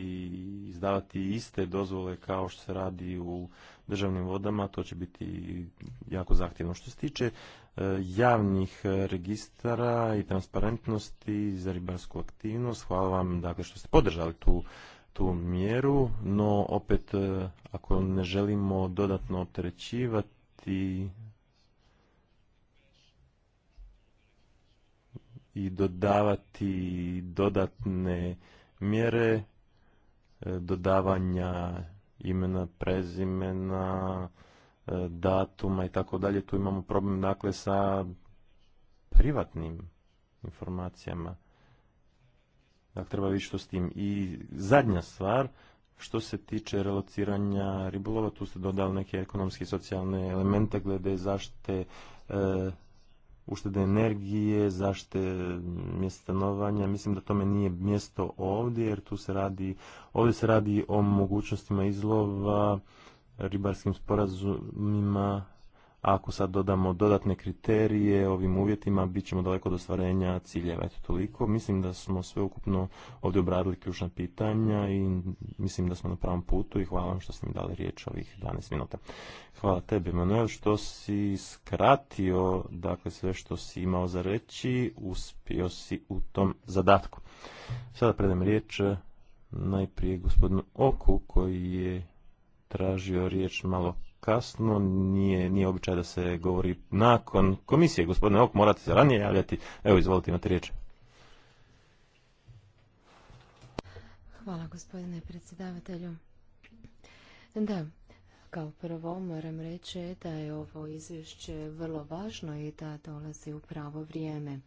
izdavati iste dozvole kao što se radi u državnim vodama, to će biti jako zahtjevno. Što se tiče e, javnih registara i transparentnosti za ribarsku aktivnost, hvala vam dakle, što ste podržali tu tu mjeru, no opet e, ako ne želimo dodatno opterećivati i dodavati dodatne mjere e, dodavanja imena, prezimena, e, datuma i tako dalje. Tu imamo problem dakle sa privatnim informacijama. Dakle, treba vidjeti što s tim. I zadnja stvar, što se tiče relociranja ribolova, tu ste dodali neke ekonomske i socijalne elemente glede zaštite e, uštede energije, zaštite mjesta stanovanja. Mislim da tome nije mjesto ovdje, jer tu se radi, ovdje se radi o mogućnostima izlova, ribarskim sporazumima ako sad dodamo dodatne kriterije ovim uvjetima, bit ćemo daleko do ostvarenja ciljeva. Eto toliko. Mislim da smo sve ukupno ovdje obradili ključna pitanja i mislim da smo na pravom putu i hvala vam što ste mi dali riječ ovih 12 minuta. Hvala tebi, Manuel, što si skratio dakle, sve što si imao za reći, uspio si u tom zadatku. Sada predam riječ eh, najprije gospodinu Oku koji je tražio riječ malo kasno, nije, nije običaj da se govori nakon komisije. Gospodine Ok, morate se ranije javljati. Evo, izvolite, imate riječ. Hvala, gospodine predsjedavatelju. Da, kao prvo moram reći da je ovo izvješće vrlo važno i da dolazi u pravo vrijeme.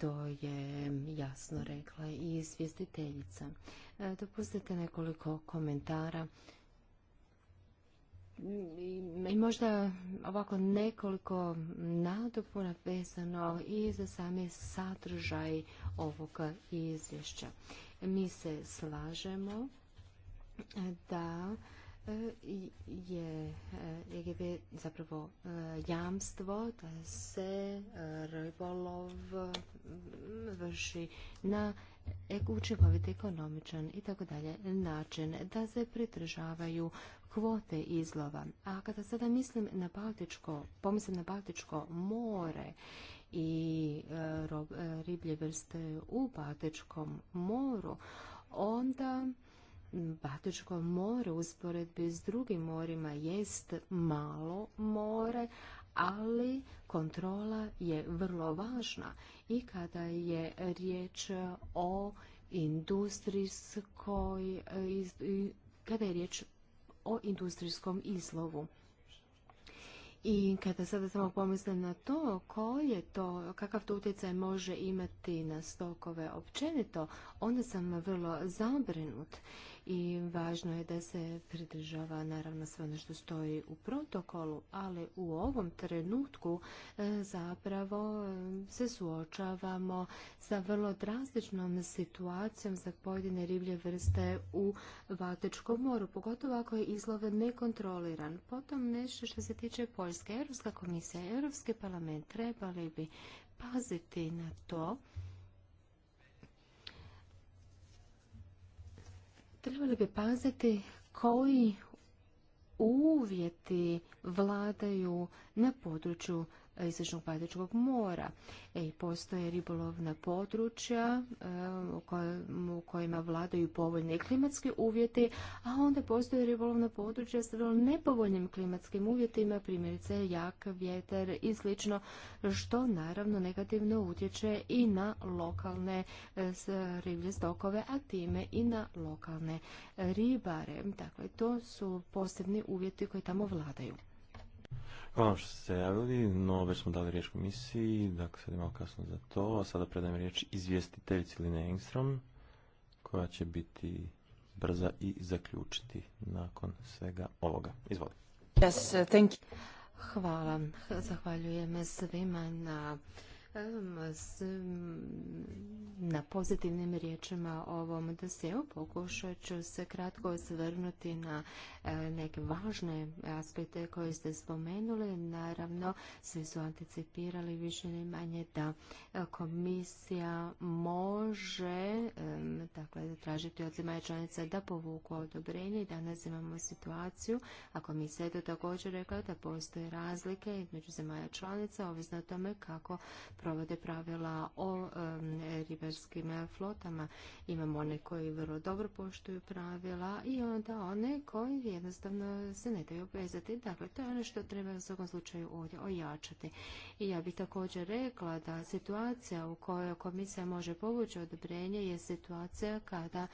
To je jasno rekla i izvjestiteljica. E, dopustite nekoliko komentara i možda ovako nekoliko nadopuna vezano i za sami sadržaj ovog izvješća. Mi se slažemo da e, je EGB zapravo e, jamstvo da se e, ribolov vrši na učinkovit ekonomičan i tako dalje način da se pridržavaju kvote izlova. A kada sada mislim na Baltičko, pomislim na Baltičko more i e, e, riblje vrste u Baltičkom moru, onda Baltičko more u usporedbi s drugim morima jest malo more, ali kontrola je vrlo važna i kada je riječ o industrijskoj, e, kada je riječ o industrijskom izlovu. I kada sada samo pomislim na to, ko je to, kakav to utjecaj može imati na stokove općenito, onda sam vrlo zabrinut i važno je da se pridržava naravno sve ono što stoji u protokolu, ali u ovom trenutku e, zapravo e, se suočavamo sa vrlo drastičnom situacijom za pojedine riblje vrste u Baltičkom moru, pogotovo ako je izlov nekontroliran. Potom nešto što se tiče Poljske, Europska komisija, Europski parlament trebali bi paziti na to trebali bi paziti koji uvjeti vladaju na području E, istočnog Baltičkog mora. E, i postoje ribolovna područja e, u, kojima vladaju povoljne klimatski uvjeti, a onda postoje ribolovna područja s nepovoljnim klimatskim uvjetima, primjerice jak vjetar i sl. što naravno negativno utječe i na lokalne riblje stokove, a time i na lokalne ribare. Dakle, to su posebni uvjeti koji tamo vladaju. Hvala što ste se javili, no već smo dali riječ komisiji, dakle sad je malo kasno za to, a sada predajem riječ izvjestiteljici Line Engstrom, koja će biti brza i zaključiti nakon svega ovoga. Izvolite. Hvala. Zahvaljujem svima na Ehm, na pozitivnim riječima o ovom dosjeu. Pokušat ću se kratko osvrnuti na e, neke važne aspekte koje ste spomenuli. Naravno, svi su anticipirali više ne manje da e, komisija može ehm, dakle, tražiti od zemalja članica da povuku odobrenje i danas imamo situaciju, a komisija je to također rekla da postoje razlike između zemalja članica, ovisno o tome kako provode pravila o ribarskim flotama. Imamo one koji vrlo dobro poštuju pravila i onda one koji jednostavno se ne daju obvezati. Dakle, to je ono što treba u svakom slučaju ovdje ojačati. I ja bih također rekla da situacija u kojoj komisija može povući odobrenje je situacija kada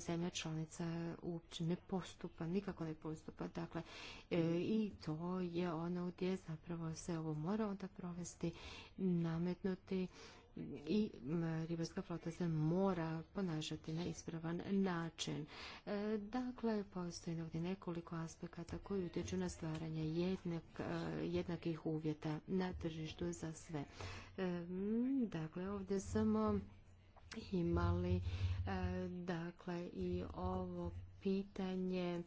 zemlja članica uopće ne postupa, nikako ne postupa. Dakle, e, i to je ono gdje zapravo se ovo mora onda provesti nametnuti i ribarska flota se mora ponašati na ispravan način. E, dakle, postoji ovdje nekoliko aspekata koji utječu na stvaranje jednak, e, jednakih uvjeta na tržištu za sve. E, dakle, ovdje samo imali dakle i ovo pitanje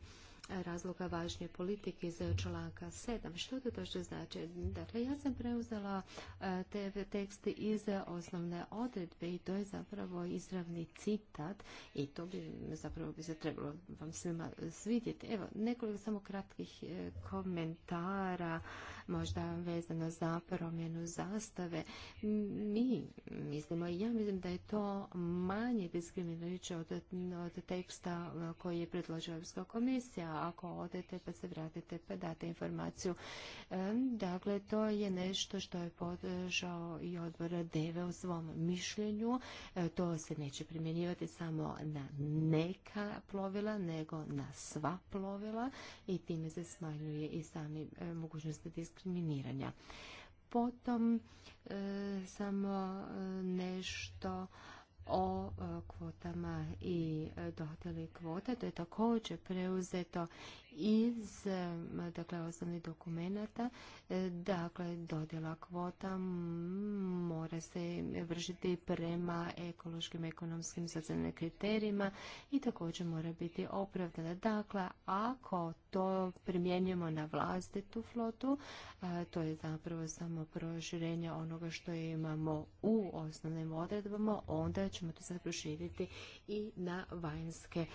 razloga važnje politike iz članka 7. Što to točno znači? Dakle, ja sam preuzela e, te tekste iz osnovne odredbe i to je zapravo izravni citat i to bi zapravo bi se trebalo vam svima svidjeti. Evo, nekoliko samo kratkih e, komentara možda vezano za promjenu zastave. Mi mislimo i ja mislim da je to manje diskriminirajuće od, teksta koji je predložila Europska komisija. Ako odete pa se vratite pa date informaciju. E, dakle, to je nešto što je podržao i odbor DEVE u svom mišljenju. E, to se neće primjenjivati samo na neka plovila, nego na sva plovila i time se smanjuje i sami e, mogućnosti diskriminacije diskriminiranja. Potom e, samo e, nešto o e, kvotama i dodjeli kvote. To je također preuzeto iz eh, dakle, osnovnih dokumenata, eh, dakle, dodjela kvota mora se vršiti prema ekološkim, ekonomskim, socijalnim kriterijima i također mora biti opravdana. Dakle, ako to primjenjujemo na vlastitu flotu, eh, to je zapravo samo proširenje onoga što imamo u osnovnim odredbama, onda ćemo to sad proširiti i na vanjske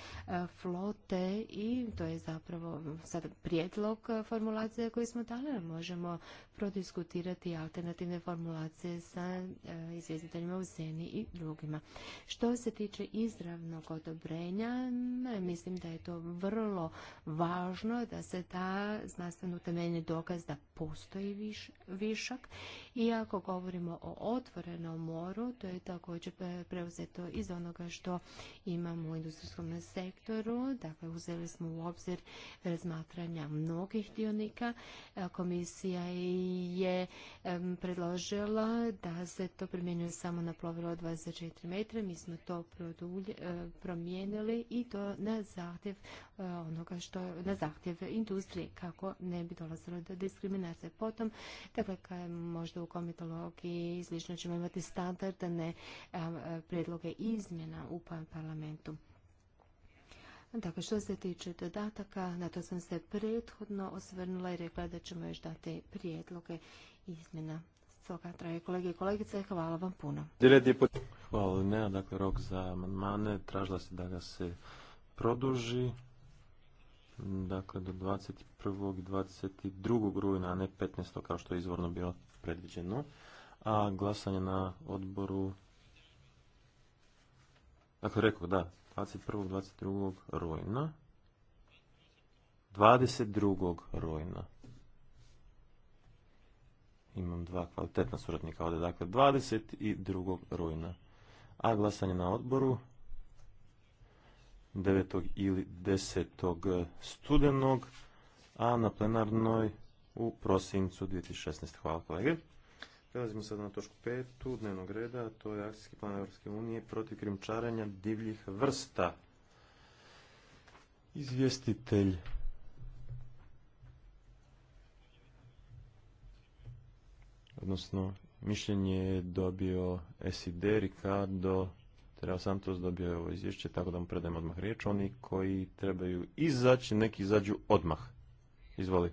flote i to je zapravo sad prijedlog formulacije koji smo dali. Možemo prodiskutirati alternativne formulacije sa e, izvjestiteljima u Zeni i drugima. Što se tiče izravnog odobrenja, mislim da je to vrlo važno da se ta znanstveno utemeljeni dokaz da postoji višak. I ako govorimo o otvorenom moru, to je također preuzeto iz onoga što imamo u industrijskom sektoru. Dakle, uzeli smo u obzir razmatranja mnogih dionika. E, komisija je predložila da se to primjenjuje samo na plovilo od 24 metra. Mi smo to e, promijenili i to na zahtjev e, onoga što na zahtjev industrije kako ne bi dolazilo do diskriminacije. Potom, dakle, možda u komitologiji izlično, ćemo imati standardne predloge izmjena u pa-, parlamentu. Dakle, što se tiče dodataka, na to sam se prethodno osvrnula i rekla da ćemo još dati prijedloge izmjena. Stoga, drage kolege i kolegice, hvala vam puno. Hvala ne, dakle, rok za amandmane, tražila se da ga se produži, dakle, do 21. i 22. rujna, a ne 15. kao što je izvorno bilo predviđeno, a glasanje na odboru Dakle, rekao da, 21. 22. rujna. 22. rujna. Imam dva kvalitetna suradnika ovdje, dakle 22. rujna. A glasanje na odboru 9. ili 10. studenog, a na plenarnoj u prosincu 2016. Hvala kolege. Prelazimo sad na točku petu dnevnog reda, to je akcijski plan Europske unije protiv krimčaranja divljih vrsta. Izvjestitelj odnosno mišljenje je dobio SID, Ricardo, Terao Santos dobio je ovo izvješće, tako da mu predajem odmah riječ. Oni koji trebaju izaći, neki izađu odmah. Izvoli.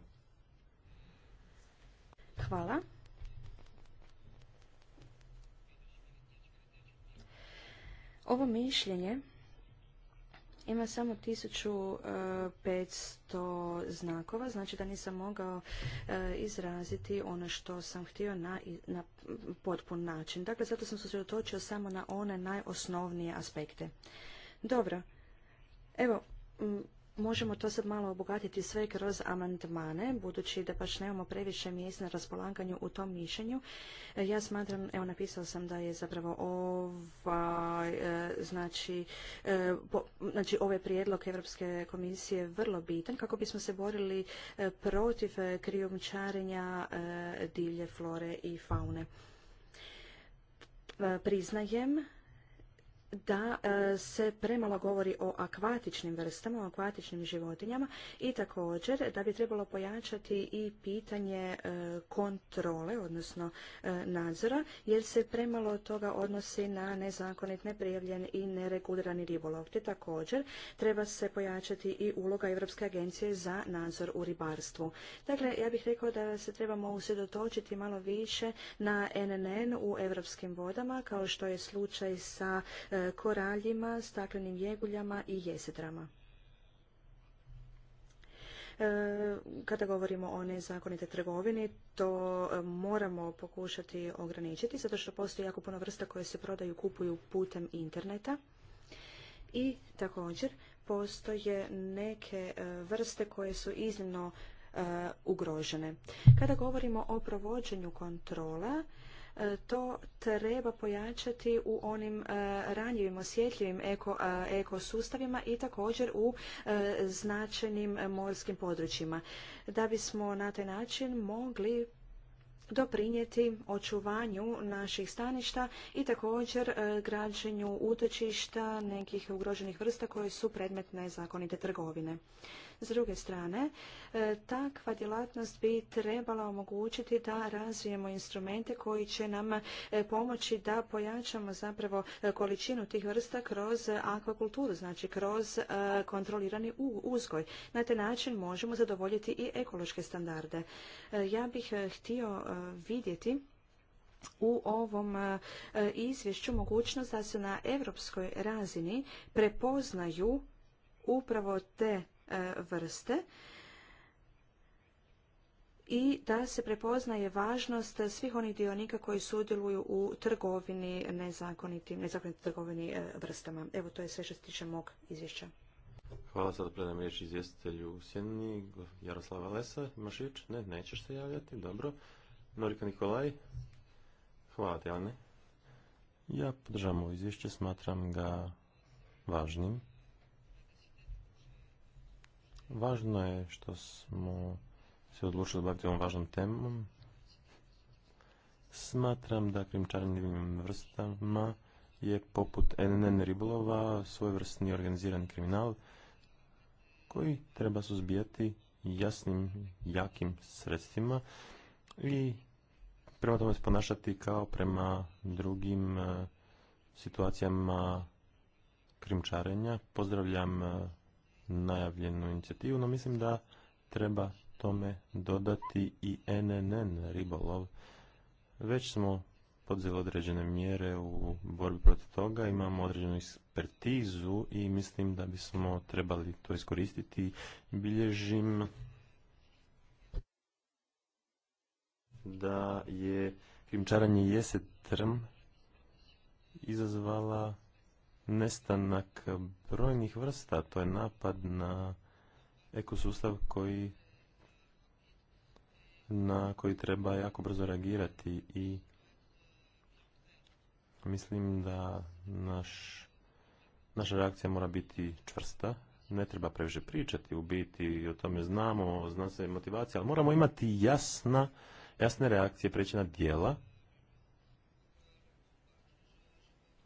Hvala. Ovo mišljenje ima samo 1500 e, znakova, znači da nisam mogao e, izraziti ono što sam htio na, potpun način. Dakle, zato sam se samo na one najosnovnije aspekte. Dobro, evo, možemo to sad malo obogatiti sve kroz amandmane, budući da baš nemamo previše mjesta na raspolaganju u tom mišljenju. E, ja smatram, evo napisao sam da je zapravo ovaj, e, znači, e, znači ovaj prijedlog Europske komisije vrlo bitan kako bismo se borili protiv krijumčarenja divlje flore i faune. Priznajem da e, se premalo govori o akvatičnim vrstama, o akvatičnim životinjama i također da bi trebalo pojačati i pitanje e, kontrole, odnosno e, nadzora, jer se premalo toga odnosi na nezakonit, neprijavljen i neregulirani ribolov. Te također treba se pojačati i uloga Europske agencije za nadzor u ribarstvu. Dakle, ja bih rekao da se trebamo usredotočiti malo više na NNN u europskim vodama, kao što je slučaj sa E, koraljima, staklenim jeguljama i jesetrama. E, kada govorimo o nezakonite trgovini, to e, moramo pokušati ograničiti, zato što postoji jako puno vrsta koje se prodaju, kupuju putem interneta. I također postoje neke vrste koje su iznimno ugrožene. Kada govorimo o provođenju kontrola, E, to treba pojačati u onim e, ranjivim, osjetljivim eko, e, ekosustavima i također u značajnim morskim područjima. Da bismo na taj način mogli doprinijeti očuvanju naših staništa i također građenju utočišta nekih ugroženih vrsta koje su predmet nezakonite trgovine. S druge strane, e, takva djelatnost bi trebala omogućiti da razvijemo instrumente koji će nam e, pomoći da pojačamo zapravo e, količinu tih vrsta kroz akvakulturu, znači kroz kontrolirani uzgoj. Na taj način možemo zadovoljiti i ekološke standarde. Ja bih htio vidjeti u ovom izvješću mogućnost da se na europskoj razini prepoznaju upravo te E, vrste i da se prepoznaje važnost svih onih dionika koji sudjeluju u trgovini nezakonitim, nezakonitim trgovini e, vrstama. Evo, to je sve što se tiče mog izvješća. Hvala, sada predam riječ izvjestitelju u Sjeni, Jaroslava Lesa. Imaš Ne, nećeš se javljati, dobro. Norika Nikolaj, hvala ti, Ja podržavam ovo izvješće, smatram ga važnim. Važno je što smo se odlučili baviti ovom važnom temom. Smatram da krimčarnim vrstama je poput NNN ribolova svojevrsni organizirani kriminal koji treba suzbijati jasnim, jakim sredstvima i prema tome se ponašati kao prema drugim eh, situacijama krimčarenja. Pozdravljam eh, najavljenu inicijativu, no mislim da treba tome dodati i NNN ribolov. Već smo podzeli određene mjere u borbi protiv toga, imamo određenu ekspertizu i mislim da bismo trebali to iskoristiti. Bilježim da je krimčaranje jesetrm izazvala nestanak brojnih vrsta. To je napad na ekosustav koji na koji treba jako brzo reagirati i mislim da naš, naša reakcija mora biti čvrsta. Ne treba previše pričati, u biti o tome znamo, zna se motivacija, ali moramo imati jasna, jasne reakcije, preći na dijela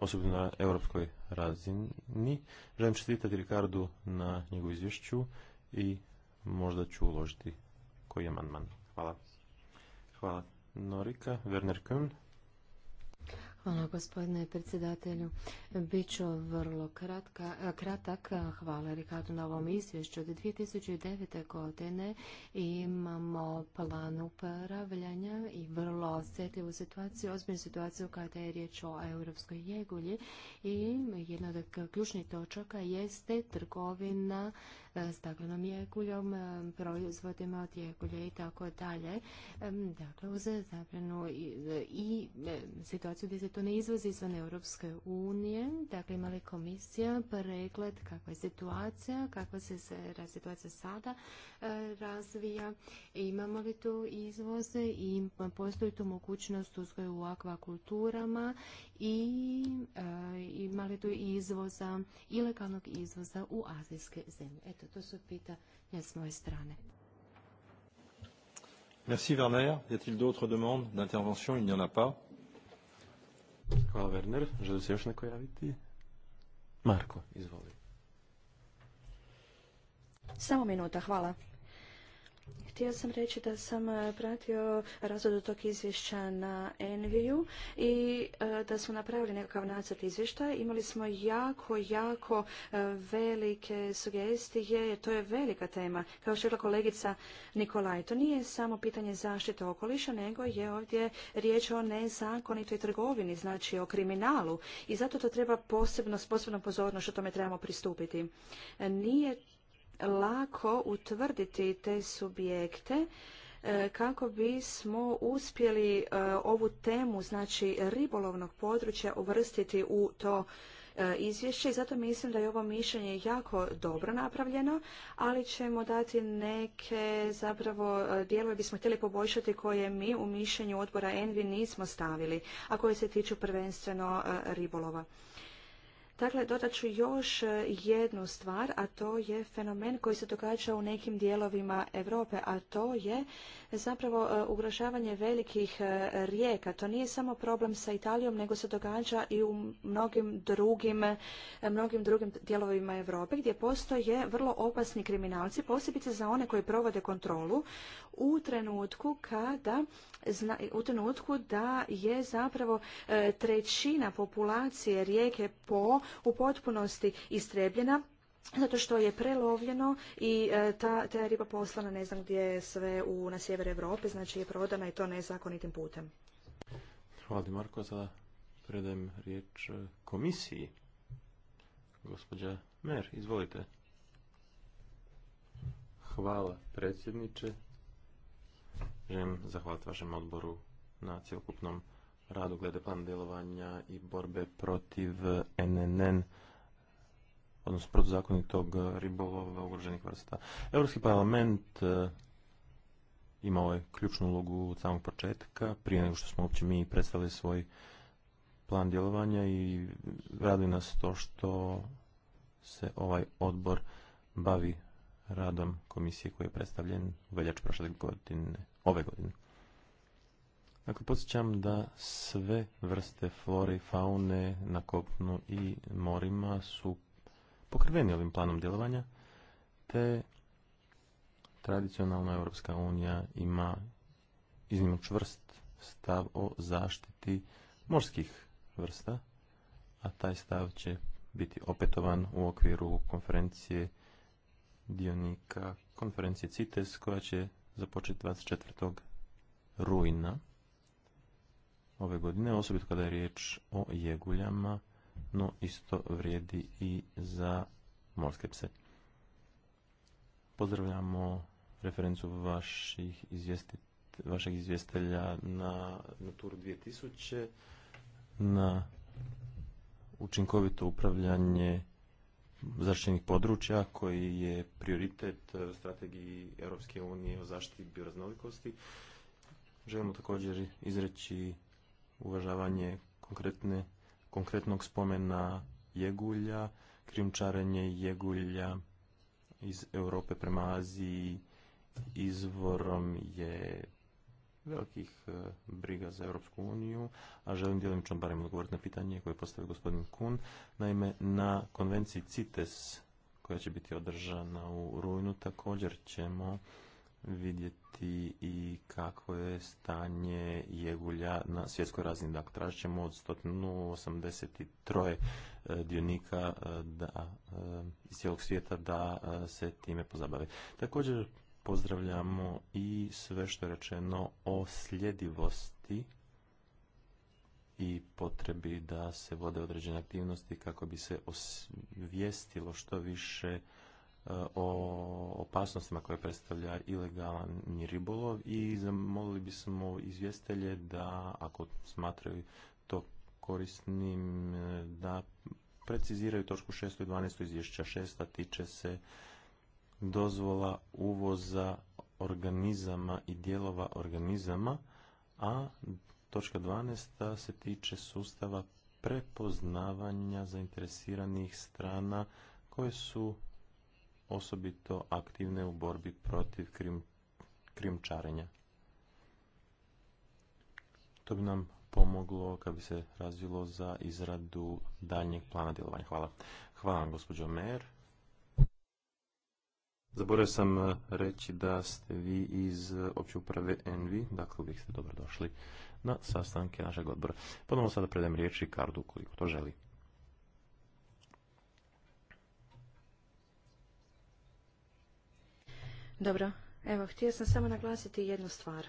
osobno na europskoj razini. Želim čestitati Rikardu na njegovu izvješću i možda ću uložiti koji je amandman. Hvala. Hvala Norika, Werner Kuhn. Hvala gospodine predsjedatelju. Biću vrlo kratka, kratak. Hvala Rikardu na ovom izvješću. Od 2009. godine imamo plan upravljanja i vrlo osjetljivu situaciju, ozbiljnu situaciju kada je riječ o europskoj jegulji i jedna od ključnih točaka jeste trgovina E, staklenom jekuljom, e, proizvodima od jekulja i tako dalje. E, dakle, uz zabranu i, situaciju gdje se to ne izvozi izvan Europske unije. Dakle, imali komisija pregled kakva je situacija, kakva se situacija sada razvija, imamo li tu izvoze i postoji tu mogućnost uzgoju u akvakulturama i e, imali tu izvoza, ilegalnog izvoza u azijske zemlje. Eto, to su pitanja s moje strane. Merci Werner. Y a-t-il d'autres demandes d'intervention? Il n'y en a pas. Hvala Werner. Želi se još neko javiti? Marko, izvoli. Samo minuta, hvala. Htio sam reći da sam e, pratio razvodu tog izvješća na Enviju i e, da smo napravili nekakav nacrt izvještaja. Imali smo jako, jako e, velike sugestije to je velika tema. Kao što je kolegica Nikolaj, to nije samo pitanje zaštite okoliša, nego je ovdje riječ o nezakonitoj trgovini, znači o kriminalu. I zato to treba posebno, s posebnom pozornošću tome trebamo pristupiti. Nije lako utvrditi te subjekte e, kako bismo uspjeli e, ovu temu znači ribolovnog područja uvrstiti u to e, izvješće i zato mislim da je ovo mišljenje jako dobro napravljeno, ali ćemo dati neke zapravo dijelove bismo htjeli poboljšati koje mi u mišljenju odbora Envi nismo stavili, a koje se tiču prvenstveno ribolova. Dakle, dodat ću još e, jednu stvar, a to je fenomen koji se događa u nekim dijelovima Europe, a to je zapravo e, ugrožavanje velikih e, rijeka. To nije samo problem sa Italijom, nego se događa i u mnogim drugim, mnogim drugim dijelovima Europe gdje postoje vrlo opasni kriminalci, posebice za one koji provode kontrolu u trenutku kada u trenutku da je zapravo trećina populacije rijeke po u potpunosti istrebljena zato što je prelovljeno i e, ta, ta riba poslana ne znam gdje je sve u, na sjever Europe, znači je prodana i to nezakonitim putem. Hvala Marko, sada predajem riječ e, komisiji. Gospođa Mer, izvolite. Hvala predsjedniče. Želim zahvaliti vašem odboru na cjelokupnom radu glede plan djelovanja i borbe protiv NNN odnosno protuzakonitog ribolova ugroženih vrsta. Europski parlament e, imao ovaj je ključnu ulogu od samog početka, prije nego što smo uopće mi predstavili svoj plan djelovanja i radi nas to što se ovaj odbor bavi radom komisije koji je predstavljen u prošle godine, ove godine. Dakle, podsjećam da sve vrste flore i faune na kopnu i morima su pokriveni ovim planom djelovanja, te tradicionalna Europska unija ima iznimno čvrst stav o zaštiti morskih vrsta, a taj stav će biti opetovan u okviru konferencije dionika konferencije CITES koja će započeti 24. rujna ove godine, osobito kada je riječ o jeguljama, no isto vrijedi i za morske pse. Pozdravljamo referencu vaših vašeg izvjestelja na Natur 2000, na učinkovito upravljanje zaštićenih područja koji je prioritet strategiji Europske unije o zaštiti bioraznolikosti. Želimo također izreći uvažavanje konkretne, konkretnog spomena jegulja, krimčarenje jegulja iz Europe prema Aziji izvorom je velikih e, briga za Europsku uniju, a želim djelomično barem odgovoriti na pitanje koje postavio gospodin Kun. Naime, na konvenciji CITES koja će biti održana u rujnu također ćemo vidjeti i kako je stanje jegulja na svjetskoj razini. Dakle, tražit ćemo od 183 e, dionika e, da, e, iz cijelog svijeta da se time pozabave. Također pozdravljamo i sve što je rečeno o sljedivosti i potrebi da se vode određene aktivnosti kako bi se osvijestilo što više E, o opasnostima koje predstavlja ilegalan ribolov i zamolili bismo izvjestelje da ako smatraju to korisnim e, da preciziraju točku 6. i 12. izvješća 6. tiče se dozvola uvoza organizama i dijelova organizama, a točka 12. se tiče sustava prepoznavanja zainteresiranih strana koje su osobito aktivne u borbi protiv krim, krimčarenja. To bi nam pomoglo kad bi se razvilo za izradu daljnjeg plana djelovanja. Hvala. Hvala vam, gospođo Mer. Zaboravio sam e, reći da ste vi iz e, opće uprave Envi, dakle uvijek ste dobro došli na sastanke našeg odbora. Ponovno sada predajem riječi Kardu koliko to želi. Dobro, evo, htio sam samo naglasiti jednu stvar.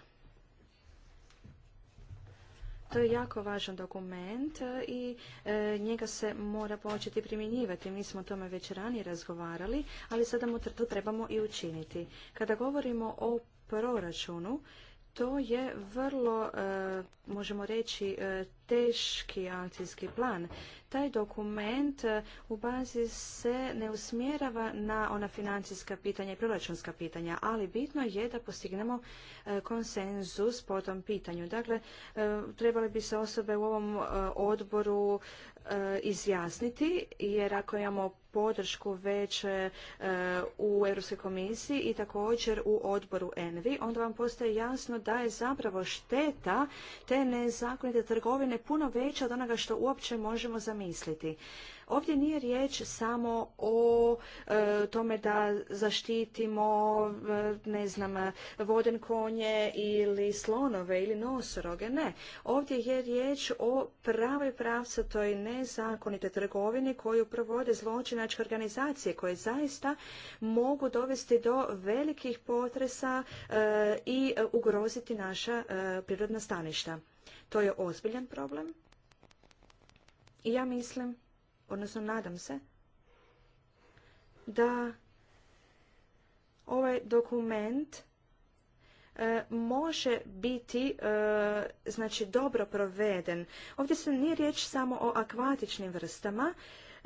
To je jako važan dokument e, i e, njega se mora početi primjenjivati. Mi smo o tome već ranije razgovarali, ali sada mu to trebamo i učiniti. Kada govorimo o proračunu, to je vrlo, e, možemo reći, e, teški akcijski plan. Taj dokument e, u bazi se ne usmjerava na ona financijska pitanja i proračunska pitanja, ali bitno je da postignemo konsenzus po tom pitanju. Dakle, trebali bi se osobe u ovom odboru E, izjasniti jer ako imamo podršku već e, u Europskoj komisiji i također u odboru ENVI, onda vam postaje jasno da je zapravo šteta te nezakonite trgovine puno veća od onoga što uopće možemo zamisliti. Ovdje nije riječ samo o e, tome da zaštitimo e, ne znam voden konje ili slonove ili nosoroge, ne. Ovdje je riječ o pravoj toj nezakonite trgovini koju provode zločinačke organizacije koje zaista mogu dovesti do velikih potresa e, i ugroziti naša prirodna staništa. To je ozbiljan problem i ja mislim odnosno nadam se, da ovaj dokument e, može biti e, znači dobro proveden. Ovdje se nije riječ samo o akvatičnim vrstama,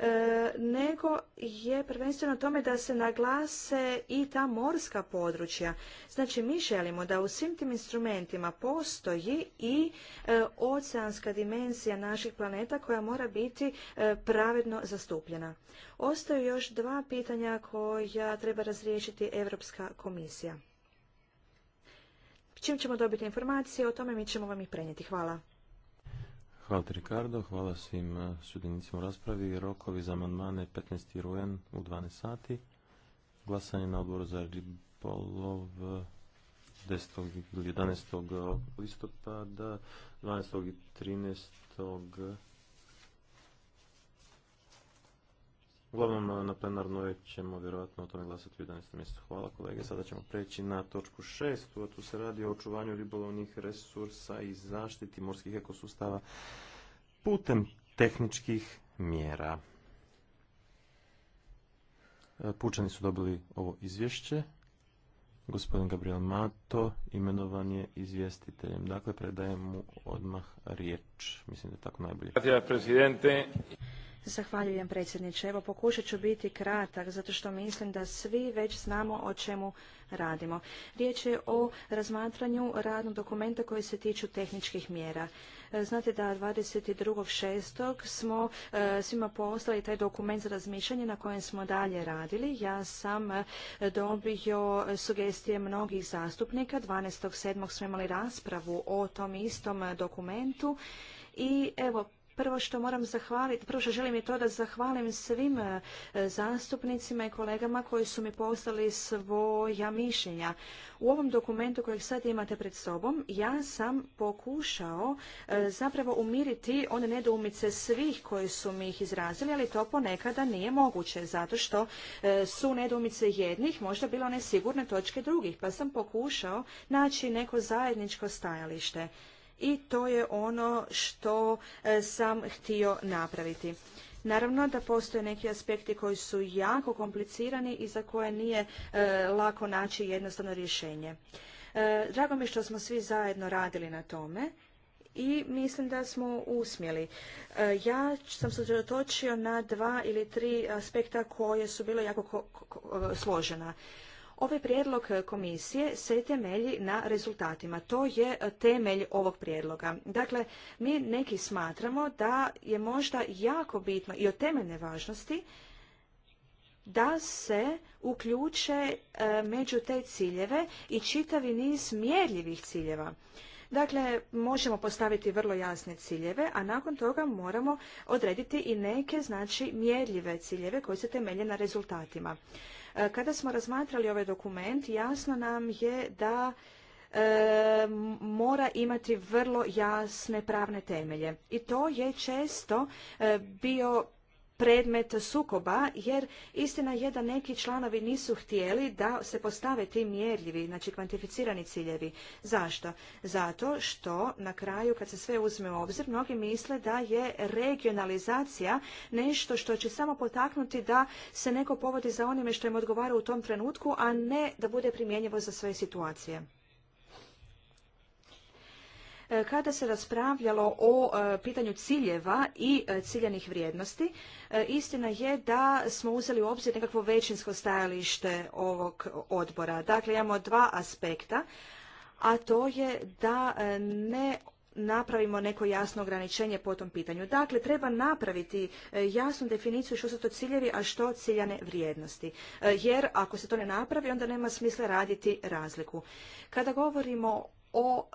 E, nego je prvenstveno tome da se naglase i ta morska područja. Znači, mi želimo da u svim tim instrumentima postoji i e, oceanska dimenzija naših planeta koja mora biti e, pravedno zastupljena. Ostaju još dva pitanja koja treba razriješiti Europska komisija. Čim ćemo dobiti informacije o tome, mi ćemo vam ih prenijeti. Hvala. Hvala ti Ricardo, hvala svim eh, sudjenicima u raspravi. Rokovi za amandmane 15. rujan u 12 sati. Glasanje na odboru za ribolov 10. Eh, ili 11. Eh, listopada, 12. i 13. Uglavnom, na plenarnoj ćemo vjerojatno o tome glasati u 11. mjesecu. Hvala kolege. Sada ćemo preći na točku 6. A tu se radi o očuvanju ribolovnih resursa i zaštiti morskih ekosustava putem tehničkih mjera. E, pučani su dobili ovo izvješće. Gospodin Gabriel Mato imenovan je izvjestiteljem. Dakle, predajem mu odmah riječ. Mislim da je tako najbolje. Hvala, Zahvaljujem predsjedniče. Evo pokušat ću biti kratak zato što mislim da svi već znamo o čemu radimo. Riječ je o razmatranju radnog dokumenta koji se tiču tehničkih mjera. E, znate da 22.6. smo e, svima poslali taj dokument za razmišljanje na kojem smo dalje radili. Ja sam e, dobio sugestije mnogih zastupnika. 12.7. smo imali raspravu o tom istom dokumentu i evo Prvo što moram zahvaliti, prvo što želim je to da zahvalim svim e, zastupnicima i kolegama koji su mi poslali svoja mišljenja. U ovom dokumentu kojeg sad imate pred sobom, ja sam pokušao e, zapravo umiriti one nedoumice svih koji su mi ih izrazili, ali to ponekada nije moguće, zato što e, su nedoumice jednih možda bile one sigurne točke drugih, pa sam pokušao naći neko zajedničko stajalište i to je ono što e, sam htio napraviti. Naravno da postoje neki aspekti koji su jako komplicirani i za koje nije e, lako naći jednostavno rješenje. E, drago mi je što smo svi zajedno radili na tome i mislim da smo usmjeli ja sam se usredotočio na dva ili tri aspekta koje su bilo jako složena. Ovaj prijedlog komisije se temelji na rezultatima. To je temelj ovog prijedloga. Dakle, mi neki smatramo da je možda jako bitno i od temeljne važnosti da se uključe e, među te ciljeve i čitavi niz mjerljivih ciljeva. Dakle, možemo postaviti vrlo jasne ciljeve, a nakon toga moramo odrediti i neke, znači, mjerljive ciljeve koji se temelje na rezultatima. E, kada smo razmatrali ovaj dokument, jasno nam je da e, mora imati vrlo jasne pravne temelje i to je često e, bio predmet sukoba jer istina je da neki članovi nisu htjeli da se postave ti mjerljivi, znači kvantificirani ciljevi. Zašto? Zato što na kraju kad se sve uzme u obzir mnogi misle da je regionalizacija nešto što će samo potaknuti da se neko povodi za onime što im odgovara u tom trenutku, a ne da bude primjenjivo za sve situacije. E, kada se raspravljalo o e, pitanju ciljeva i e, ciljanih vrijednosti, istina je da smo uzeli u obzir nekakvo većinsko stajalište ovog odbora. Dakle, imamo dva aspekta, a to je da ne napravimo neko jasno ograničenje po tom pitanju. Dakle, treba napraviti jasnu definiciju što su to ciljevi, a što ciljane vrijednosti. Jer ako se to ne napravi, onda nema smisla raditi razliku. Kada govorimo o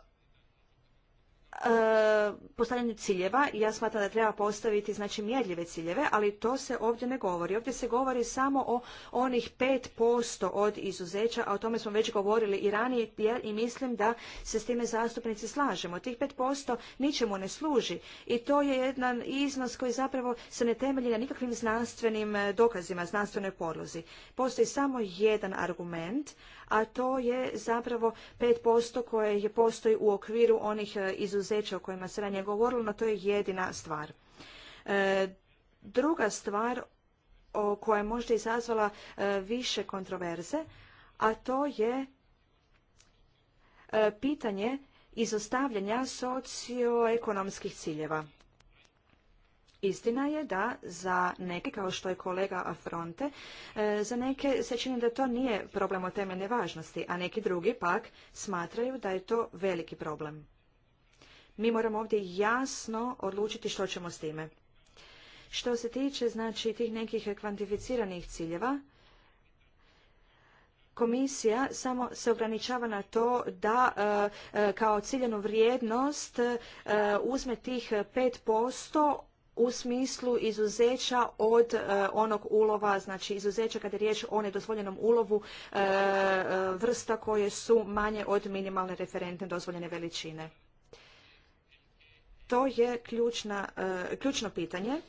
E, postavljanju ciljeva, i ja smatram da treba postaviti znači mjerljive ciljeve, ali to se ovdje ne govori. Ovdje se govori samo o onih 5% od izuzeća, a o tome smo već govorili i ranije i mislim da se s time zastupnici slažemo. Tih 5% ničemu ne služi i to je jedan iznos koji zapravo se ne temelji na nikakvim znanstvenim dokazima, znanstvenoj podlozi. Postoji samo jedan argument, a to je zapravo 5% koje je postoji u okviru onih e, izuzeća o kojima se ranije govorilo, no to je jedina stvar. E, druga stvar koja je možda izazvala e, više kontroverze, a to je pitanje izostavljanja socioekonomskih ciljeva. Istina je da za neke, kao što je kolega Afronte, e, za neke se čini da to nije problem o temeljne važnosti, a neki drugi pak smatraju da je to veliki problem. Mi moramo ovdje jasno odlučiti što ćemo s time. Što se tiče znači tih nekih kvantificiranih ciljeva, komisija samo se ograničava na to da e, e, kao ciljenu vrijednost uzme tih 5% u smislu izuzeća od e, onog ulova, znači izuzeća kada je riječ o nedozvoljenom ulovu e, e, vrsta koje su manje od minimalne referentne dozvoljene veličine. To je ključna, ključno pitanje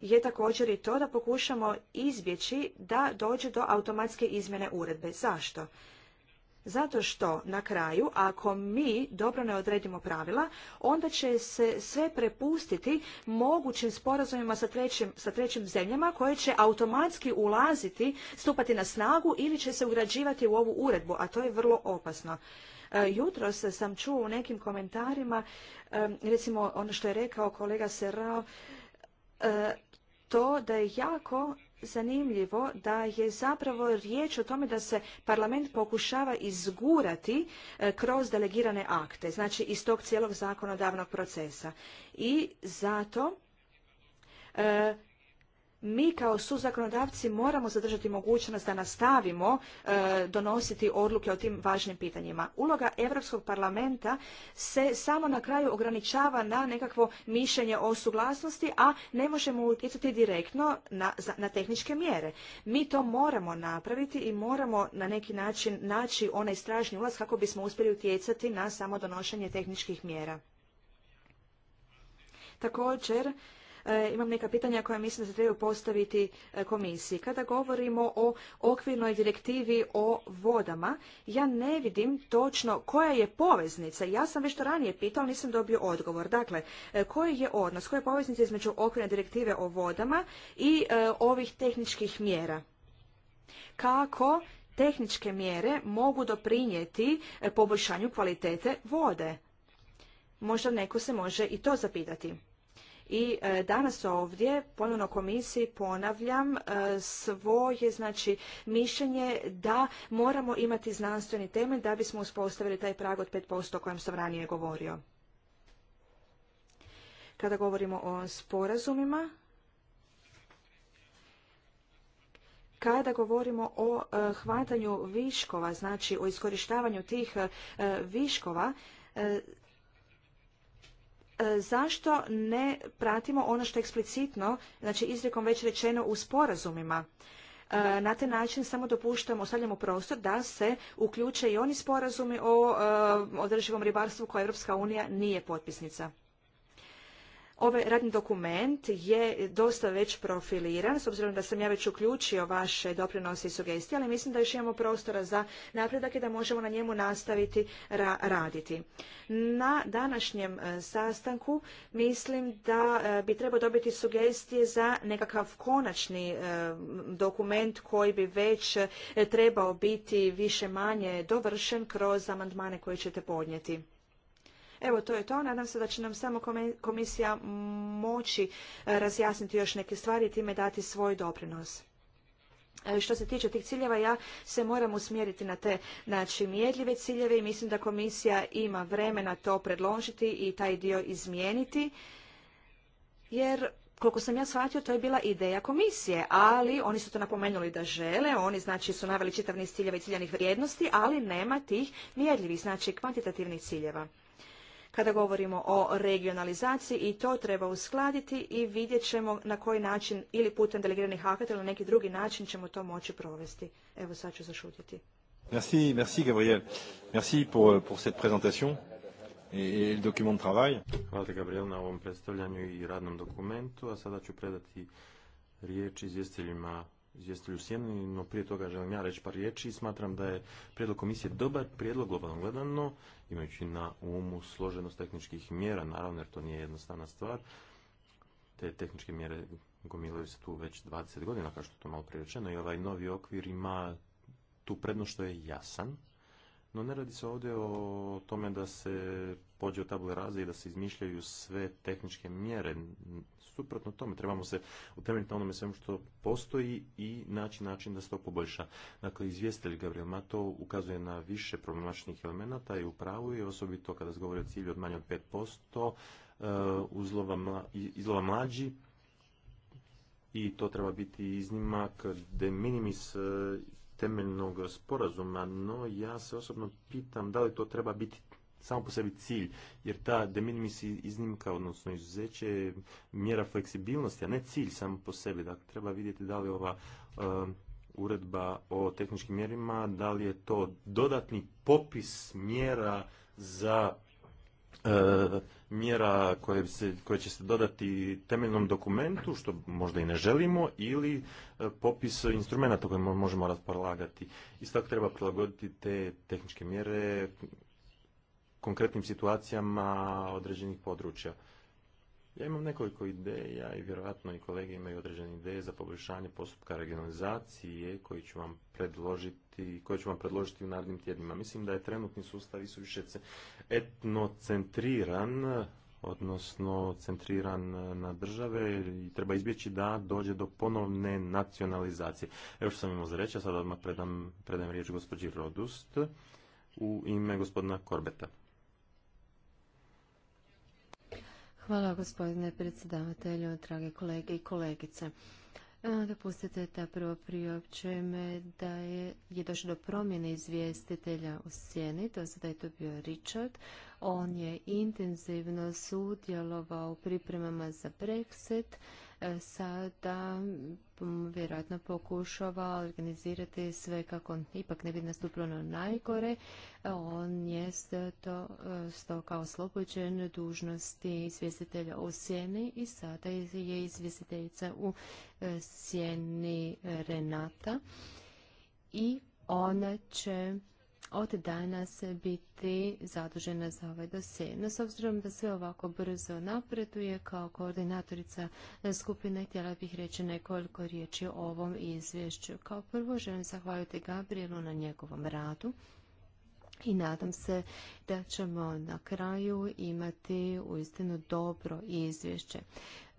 je također i to da pokušamo izbjeći da dođe do automatske izmjene uredbe. Zašto? Zato što na kraju, ako mi dobro ne odredimo pravila, onda će se sve prepustiti mogućim sporazumima sa trećim, sa trećim zemljama koje će automatski ulaziti, stupati na snagu ili će se ugrađivati u ovu uredbu, a to je vrlo opasno. E, jutros sam čuo u nekim komentarima, e, recimo ono što je rekao kolega Serrao, e, to da je jako zanimljivo da je zapravo riječ o tome da se parlament pokušava izgurati e, kroz delegirane akte, znači iz tog cijelog zakonodavnog procesa. I zato e, mi kao suzakonodavci moramo zadržati mogućnost da nastavimo e, donositi odluke o tim važnim pitanjima. Uloga Europskog parlamenta se samo na kraju ograničava na nekakvo mišljenje o suglasnosti, a ne možemo utjecati direktno na, tehničke mjere. Mi to moramo napraviti i moramo na neki način naći onaj stražni ulaz kako bismo uspjeli utjecati na samo donošenje tehničkih mjera. Također, E, imam neka pitanja koja mislim da se trebaju postaviti e, komisiji. Kada govorimo o okvirnoj direktivi o vodama, ja ne vidim točno koja je poveznica. Ja sam već to ranije pitao, nisam dobio odgovor. Dakle, e, koji je odnos, koja je poveznica između okvirne direktive o vodama i ovih tehničkih mjera? Kako tehničke mjere mogu doprinijeti poboljšanju kvalitete vode? Možda neko se može i to zapitati. I e, danas ovdje ponovno komisiji ponavljam e, svoje znači mišljenje da moramo imati znanstveni temelj da bismo uspostavili taj prag od 5% o kojem sam ranije govorio. Kada govorimo o sporazumima, kada govorimo o e, hvatanju viškova, znači o iskorištavanju tih viškova, E, zašto ne pratimo ono što je eksplicitno, znači izrijekom već rečeno u sporazumima? E, na taj način samo dopuštamo, ostavljamo prostor da se uključe i oni sporazumi o e, održivom ribarstvu koje Europska unija nije potpisnica. Ovaj radni dokument je dosta već profiliran, s obzirom da sam ja već uključio vaše doprinose i sugestije, ali mislim da još imamo prostora za napredak i da možemo na njemu nastaviti raditi. Na današnjem e, sastanku mislim da e, bi trebao dobiti sugestije za nekakav konačni e, dokument koji bi već trebao biti više manje dovršen kroz amandmane koje ćete podnijeti. Evo, to je to. Nadam se da će nam samo komisija moći e, razjasniti još neke stvari i time dati svoj doprinos. E, što se tiče tih ciljeva, ja se moram usmjeriti na te znači, mjerljive ciljeve i mislim da komisija ima vremena to predložiti i taj dio izmijeniti, jer koliko sam ja shvatio, to je bila ideja komisije, ali oni su to napomenuli da žele, oni znači su naveli čitav niz ciljeva i ciljanih vrijednosti, ali nema tih mjerljivih, znači kvantitativnih ciljeva kada govorimo o regionalizaciji i to treba uskladiti i vidjet ćemo na koji način ili putem delegiranih akata ili na neki drugi način ćemo to moći provesti. Evo sad ću zašutiti. Merci, merci Gabriel. Merci pour, euh, pour cette présentation et, le document de travail. Hvala te Gabriel na ovom predstavljanju i radnom dokumentu, a sada ću predati riječ izvjestiteljima izvjestitelju Sjeni, no prije toga želim ja reći par riječi. i Smatram da je prijedlog komisije dobar prijedlog globalno gledano, imajući na umu složenost tehničkih mjera, naravno jer to nije jednostavna stvar. Te tehničke mjere gomilaju se tu već 20 godina, kao što je to malo prirečeno, i ovaj novi okvir ima tu prednost što je jasan, no ne radi se ovdje o tome da se pođe od tabule raze i da se izmišljaju sve tehničke mjere suprotno tome. Trebamo se utemeljiti na onome svemu što postoji i naći način da se to poboljša. Dakle, izvjestitelj Gabriel Mato ukazuje na više problematičnih elemenata i u je osobito kada se govori o cilju od manje od 5% eh, uzlova izlova mlađi i to treba biti iznimak de minimis eh, temeljnog sporazuma, no ja se osobno pitam da li to treba biti samo po sebi cilj, jer ta de minimis iznimka, odnosno izuzeće je mjera fleksibilnosti, a ne cilj samo po sebi. Dakle, treba vidjeti da li ova e, uredba o tehničkim mjerima, da li je to dodatni popis mjera za e, mjera koje, se, koje će se dodati temeljnom dokumentu, što možda i ne želimo, ili e, popis instrumenta koje možemo raspolagati. Isto treba prilagoditi te tehničke mjere konkretnim situacijama određenih područja. Ja imam nekoliko ideja i vjerojatno i kolege imaju određene ideje za poboljšanje postupka regionalizacije koji ću vam predložiti, koje ću vam predložiti u narednim tjednima. Mislim da je trenutni sustav suviše etnocentriran, odnosno centriran na države i treba izbjeći da dođe do ponovne nacionalizacije. Evo što sam imao za reći, a sada odmah predam, predam riječ gospođi Rodust u ime gospodina Korbeta. Hvala gospodine predsjedavatelju, drage kolege i kolegice. E, dopustite da prvo priopćujem da je, došlo do promjene izvjestitelja u sjeni, To sada je to bio Richard. On je intenzivno sudjelovao u pripremama za Brexit E, sada vjerojatno pokušava organizirati sve kako ipak ne bi nastupilo na najgore. E, on je e, to sto kao slobođen dužnosti izvjestitelja u sjeni i sada je izvjestiteljica u sjeni Renata i ona će od danas biti zadužena za ovaj dosje. No, s obzirom da sve ovako brzo napreduje, kao koordinatorica skupine, htjela bih reći nekoliko riječi o ovom izvješću. Kao prvo želim zahvaliti Gabrielu na njegovom radu i nadam se da ćemo na kraju imati uistinu dobro izvješće.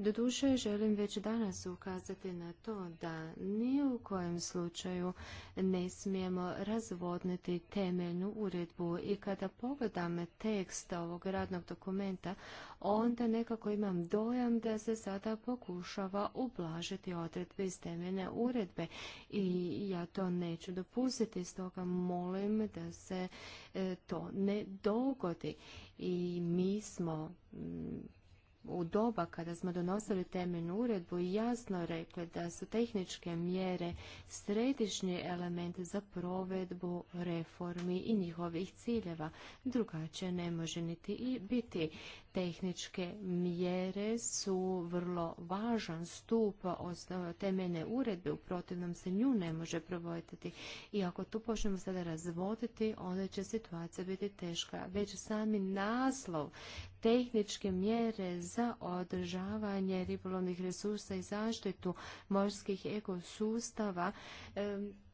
Doduše, želim već danas ukazati na to da ni u kojem slučaju ne smijemo razvodniti temeljnu uredbu i kada pogledam tekst ovog radnog dokumenta, onda nekako imam dojam da se sada pokušava ublažiti odredbe iz temeljne uredbe i ja to neću dopustiti, stoga molim da se e, to ne dogodi i mi smo u doba kada smo donosili temeljnu uredbu jasno rekli da su tehničke mjere središnji element za provedbu reformi i njihovih ciljeva. Drugačije ne može niti i biti. Tehničke mjere su vrlo važan stup od temeljne uredbe, u protivnom se nju ne može provoditi. I ako tu počnemo sada razvoditi, onda će situacija biti teška. Već sami naslov tehničke mjere za održavanje ribolovnih resursa i zaštitu morskih ekosustava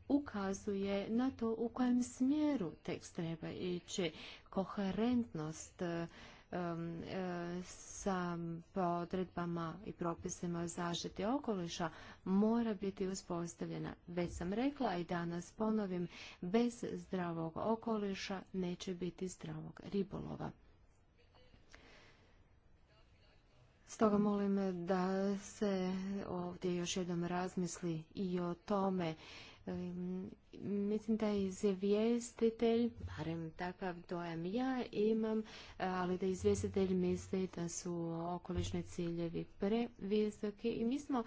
ukazuje na to u kojem smjeru tekst treba ići. Koherentnost E, sa odredbama i propisima o zaštiti okoliša mora biti uspostavljena. Već sam rekla i danas ponovim, bez zdravog okoliša neće biti zdravog ribolova. Stoga molim da se ovdje još jednom razmisli i o tome mislim da izvjestitelj, barem takav dojam ja imam, ali da izvjestitelj misli da su okolišni ciljevi previsoki i mi smo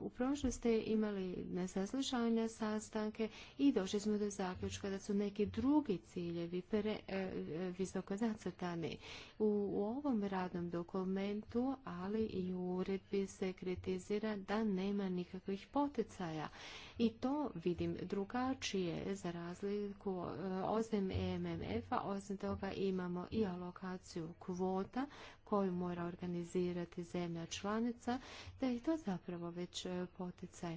u prošlosti imali nesaslušanja sastanke i došli smo do zaključka da su neki drugi ciljevi previsoko e, e, zacrtani. U, ovom radnom dokumentu, ali i u uredbi se kritizira da nema nikakvih poticaja i to vidim drugog drugačije za razliku e, osim mmf a osim toga imamo i alokaciju kvota koju mora organizirati zemlja članica, da je to zapravo već e, poticaj.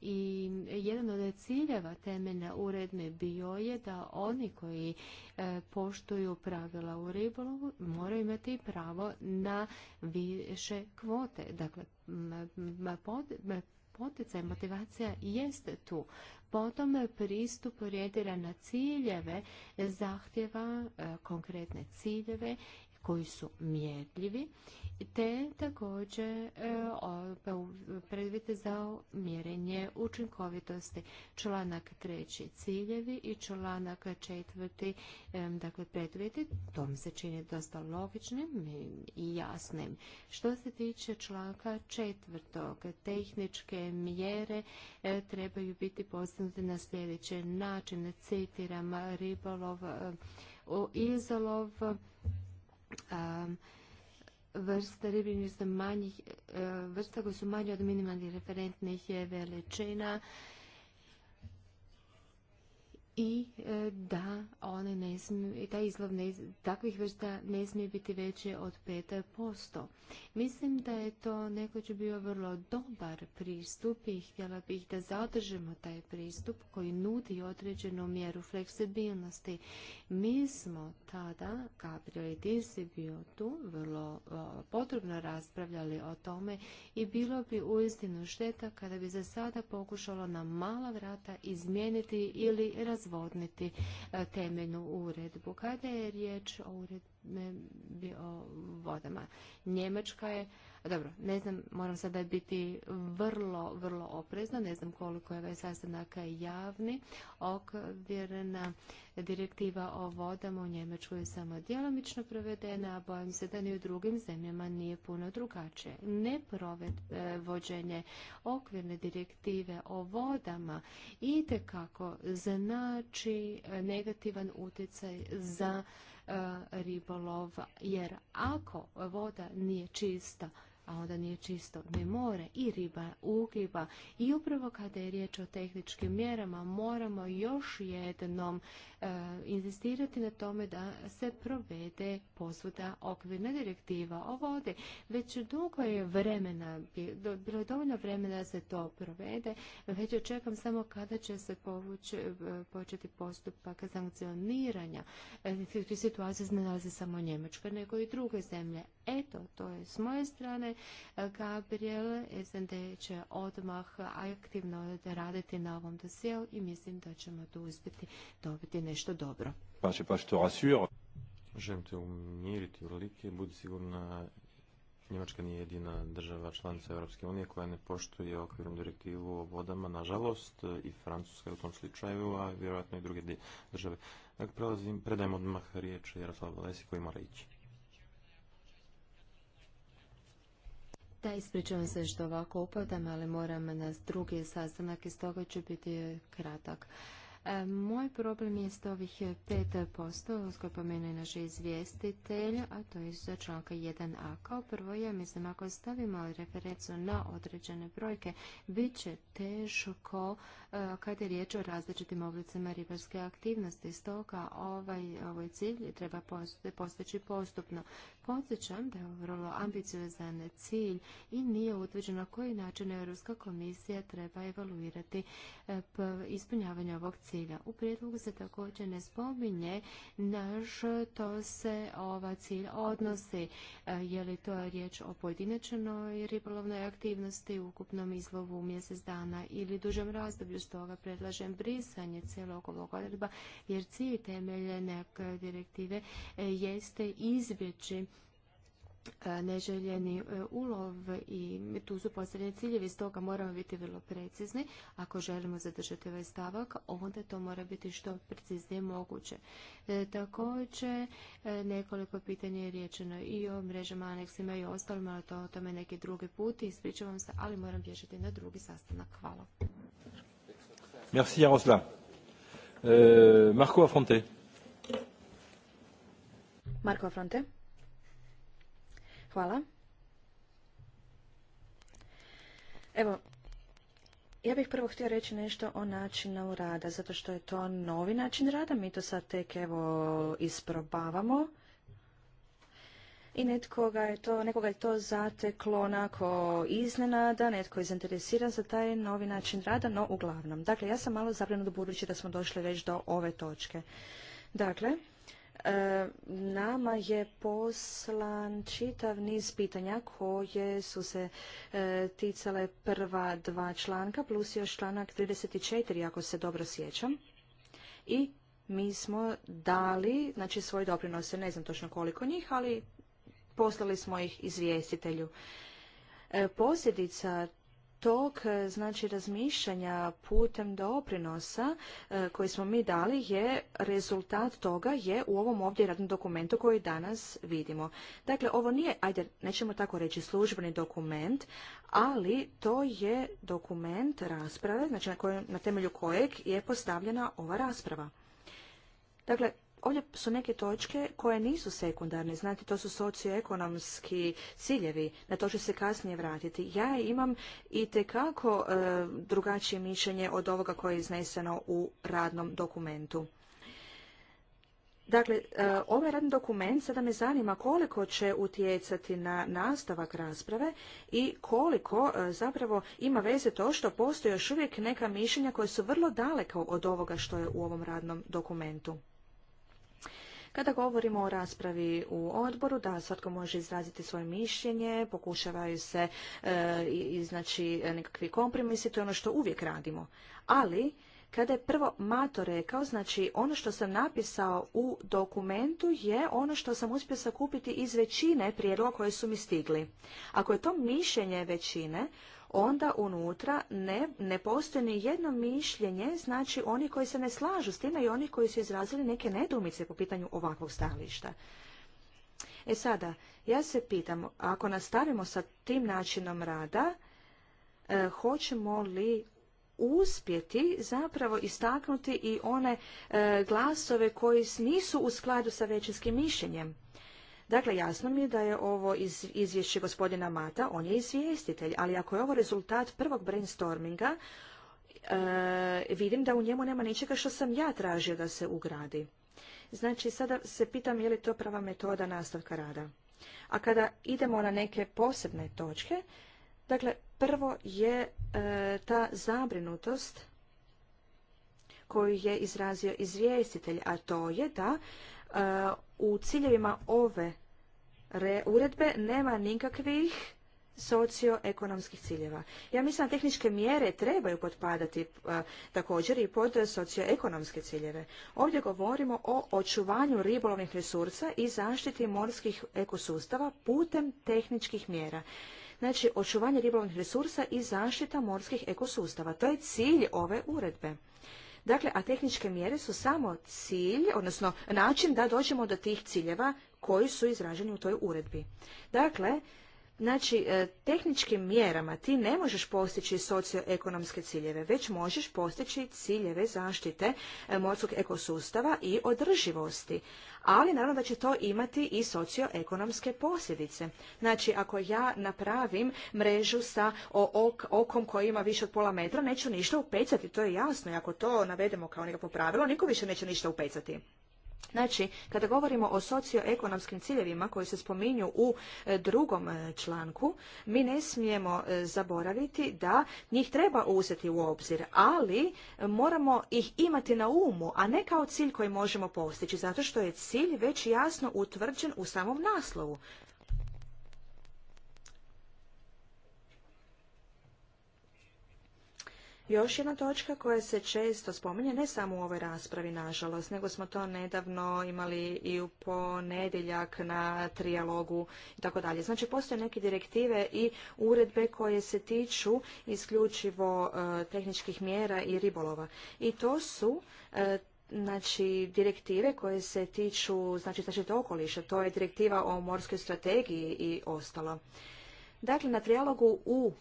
I jedan od ciljeva temeljne uredne bio je da oni koji e, poštuju pravila u ribolovu moraju imati pravo na više kvote. Dakle, poticaj, motivacija jeste tu. Potom pristup orijentira na ciljeve, zahtjeva e, konkretne ciljeve koji su mjerljivi, te također e, pa predvite za mjerenje učinkovitosti. Članak treći ciljevi i članak četvrti e, dakle to mi se čini dosta logičnim i jasnim. Što se tiče članka četvrtog, tehničke mjere e, trebaju biti postavljene na sljedeći način. Citiram ribolov, izolov, vrsta ribljeništa vrsta koje su manje od minimalnih referentnih je veličina i e, da one ne smiju, taj izlov ne, takvih vrsta ne smije biti veći od 5%. Mislim da je to nekoć bio vrlo dobar pristup i htjela bih da zadržimo taj pristup koji nudi određenu mjeru fleksibilnosti. Mi smo tada, Gabriel i bio tu, vrlo potrebno raspravljali o tome i bilo bi uistinu šteta kada bi za sada pokušalo na mala vrata izmijeniti ili razvijati razvodniti e, temeljnu uredbu. Kada je riječ o uredbi o vodama, Njemačka je pa dobro, ne znam, moram sada biti vrlo, vrlo oprezna, ne znam koliko je ovaj sastanaka javni. Okvirna direktiva o vodama u Njemačkoj je samo djelomično provedena, a bojim se da ni u drugim zemljama nije puno drugačije. Ne vođenje okvirne direktive o vodama itekako znači negativan utjecaj za e, ribolov, jer ako voda nije čista, a onda nije čisto Ne more i riba ugiba. I upravo kada je riječ o tehničkim mjerama moramo još jednom E, inzistirati na tome da se provede posvuda okvirna direktiva o vodi. Već dugo je vremena, bilo je dovoljno vremena da se to provede, već očekam samo kada će se e, početi postupak sankcioniranja. E, Situacija se nalazi samo Njemačka, nego i druge zemlje. Eto, to je s moje strane. Gabriel SND će odmah aktivno raditi na ovom dosijelu i mislim da ćemo to uspjeti dobiti nešto dobro. Pa će paš to Želim te umiriti u like, budi sigurna Njemačka nije jedina država članica Europske unije koja ne poštuje okvirnu direktivu o vodama, nažalost, i Francuska u tom slučaju, a vjerojatno i druge države. Dakle, prelazim, predajem odmah riječ Jaroslavu Lesi koji mora ići. Da, ispričavam se što ovako upadam, ali moram na drugi sastanak i stoga ću biti kratak. E, moj problem je s ovih 5% koje pomenuje naš izvjestitelj, a to je za članka 1a. Kao prvo, ja mislim, ako stavimo ovaj referencu na određene brojke, bit će teško e, kada je riječ o različitim oblicama ribarske aktivnosti. Stoga ovaj, ovaj cilj treba postići postupno. Podsjećam da je vrlo ambiciozan cilj i nije utvrđeno koji način Europska komisija treba evaluirati e, ispunjavanje ovog cilja. U prijedlogu se također ne spominje na što se ova cilj odnosi. E, je li to riječ o pojedinačnoj ribolovnoj aktivnosti, ukupnom izlovu mjesec dana ili dužem razdoblju, stoga predlažem brisanje cijelog ovog odredba, jer cilj temeljene direktive e, jeste izbjeći E, neželjeni e, ulov i tu su postavljeni ciljevi, stoga moramo biti vrlo precizni. Ako želimo zadržati ovaj stavak, onda to mora biti što preciznije moguće. E, također, nekoliko pitanja je riječeno i o mrežama, aneksima i ostalima, ali to o tome neki drugi put. Ispričavam se, ali moram bježati na drugi sastanak. Hvala. Merci, Marko Afronte. Marko Afronte. Hvala. Evo, ja bih prvo htio reći nešto o načinu rada, zato što je to novi način rada. Mi to sad tek evo isprobavamo. I netkoga je to, nekoga je to zateklo onako iznenada, netko je zainteresiran za taj novi način rada, no uglavnom. Dakle, ja sam malo zabrinuta budući da smo došli već do ove točke. Dakle, E, nama je poslan čitav niz pitanja koje su se e, ticale prva dva članka plus još članak 34 ako se dobro sjećam i mi smo dali znači svoje doprinose ne znam točno koliko njih ali poslali smo ih izvjestitelju e, posljedica tog e, znači razmišljanja putem doprinosa e, koji smo mi dali je rezultat toga je u ovom ovdje radnom dokumentu koji danas vidimo. Dakle, ovo nije, ajde, nećemo tako reći službeni dokument, ali to je dokument rasprave, znači na, na temelju kojeg je postavljena ova rasprava. Dakle, Ovdje su neke točke koje nisu sekundarne, znate, to su socioekonomski ciljevi, na to ću se kasnije vratiti. Ja imam i tekako e, drugačije mišljenje od ovoga koje je izneseno u radnom dokumentu. Dakle, e, ovaj radni dokument sada me zanima koliko će utjecati na nastavak rasprave i koliko e, zapravo ima veze to što postoje još uvijek neka mišljenja koja su vrlo daleka od ovoga što je u ovom radnom dokumentu. Kada govorimo o raspravi u odboru, da svatko može izraziti svoje mišljenje, pokušavaju se e, iznaći nekakvi kompromisi, to je ono što uvijek radimo. Ali, kada je prvo Mato rekao, znači ono što sam napisao u dokumentu je ono što sam uspio sakupiti iz većine prijedloga koje su mi stigli. Ako je to mišljenje većine, onda unutra ne, ne postoji ni jedno mišljenje, znači oni koji se ne slažu s time i oni koji su izrazili neke nedumice po pitanju ovakvog stajališta. E sada, ja se pitam, ako nastavimo sa tim načinom rada, e, hoćemo li uspjeti zapravo istaknuti i one e, glasove koji nisu u skladu sa većinskim mišljenjem? Dakle, jasno mi je da je ovo iz, izvješće gospodina Mata, on je izvjestitelj, ali ako je ovo rezultat prvog brainstorminga, e, vidim da u njemu nema ničega što sam ja tražio da se ugradi. Znači, sada se pitam je li to prava metoda nastavka rada. A kada idemo na neke posebne točke, dakle, prvo je e, ta zabrinutost koju je izrazio izvjestitelj, a to je da E, u ciljevima ove uredbe nema nikakvih socioekonomskih ciljeva. Ja mislim da tehničke mjere trebaju potpadati e, također i pod socioekonomske ciljeve. Ovdje govorimo o očuvanju ribolovnih resursa i zaštiti morskih ekosustava putem tehničkih mjera. Znači, očuvanje ribolovnih resursa i zaštita morskih ekosustava. To je cilj ove uredbe. Dakle, a tehničke mjere su samo cilj, odnosno način da dođemo do tih ciljeva koji su izraženi u toj uredbi. Dakle, Znači, e, tehničkim mjerama ti ne možeš postići socioekonomske ciljeve, već možeš postići ciljeve zaštite e, morskog ekosustava i održivosti. Ali naravno da će to imati i socioekonomske posljedice. Znači, ako ja napravim mrežu sa okom koji ima više od pola metra, neću ništa upecati, to je jasno. I ako to navedemo kao nekako pravilo, niko više neće ništa upecati. Znači, kada govorimo o socioekonomskim ciljevima koji se spominju u e, drugom e, članku, mi ne smijemo e, zaboraviti da njih treba uzeti u obzir, ali moramo ih imati na umu, a ne kao cilj koji možemo postići, zato što je cilj već jasno utvrđen u samom naslovu. Još jedna točka koja se često spominje, ne samo u ovoj raspravi, nažalost, nego smo to nedavno imali i u ponedjeljak na trijalogu i tako dalje. Znači, postoje neke direktive i uredbe koje se tiču isključivo e, tehničkih mjera i ribolova. I to su e, znači direktive koje se tiču znači zaštite okoliša, to je direktiva o morskoj strategiji i ostalo. Dakle, na trijalogu u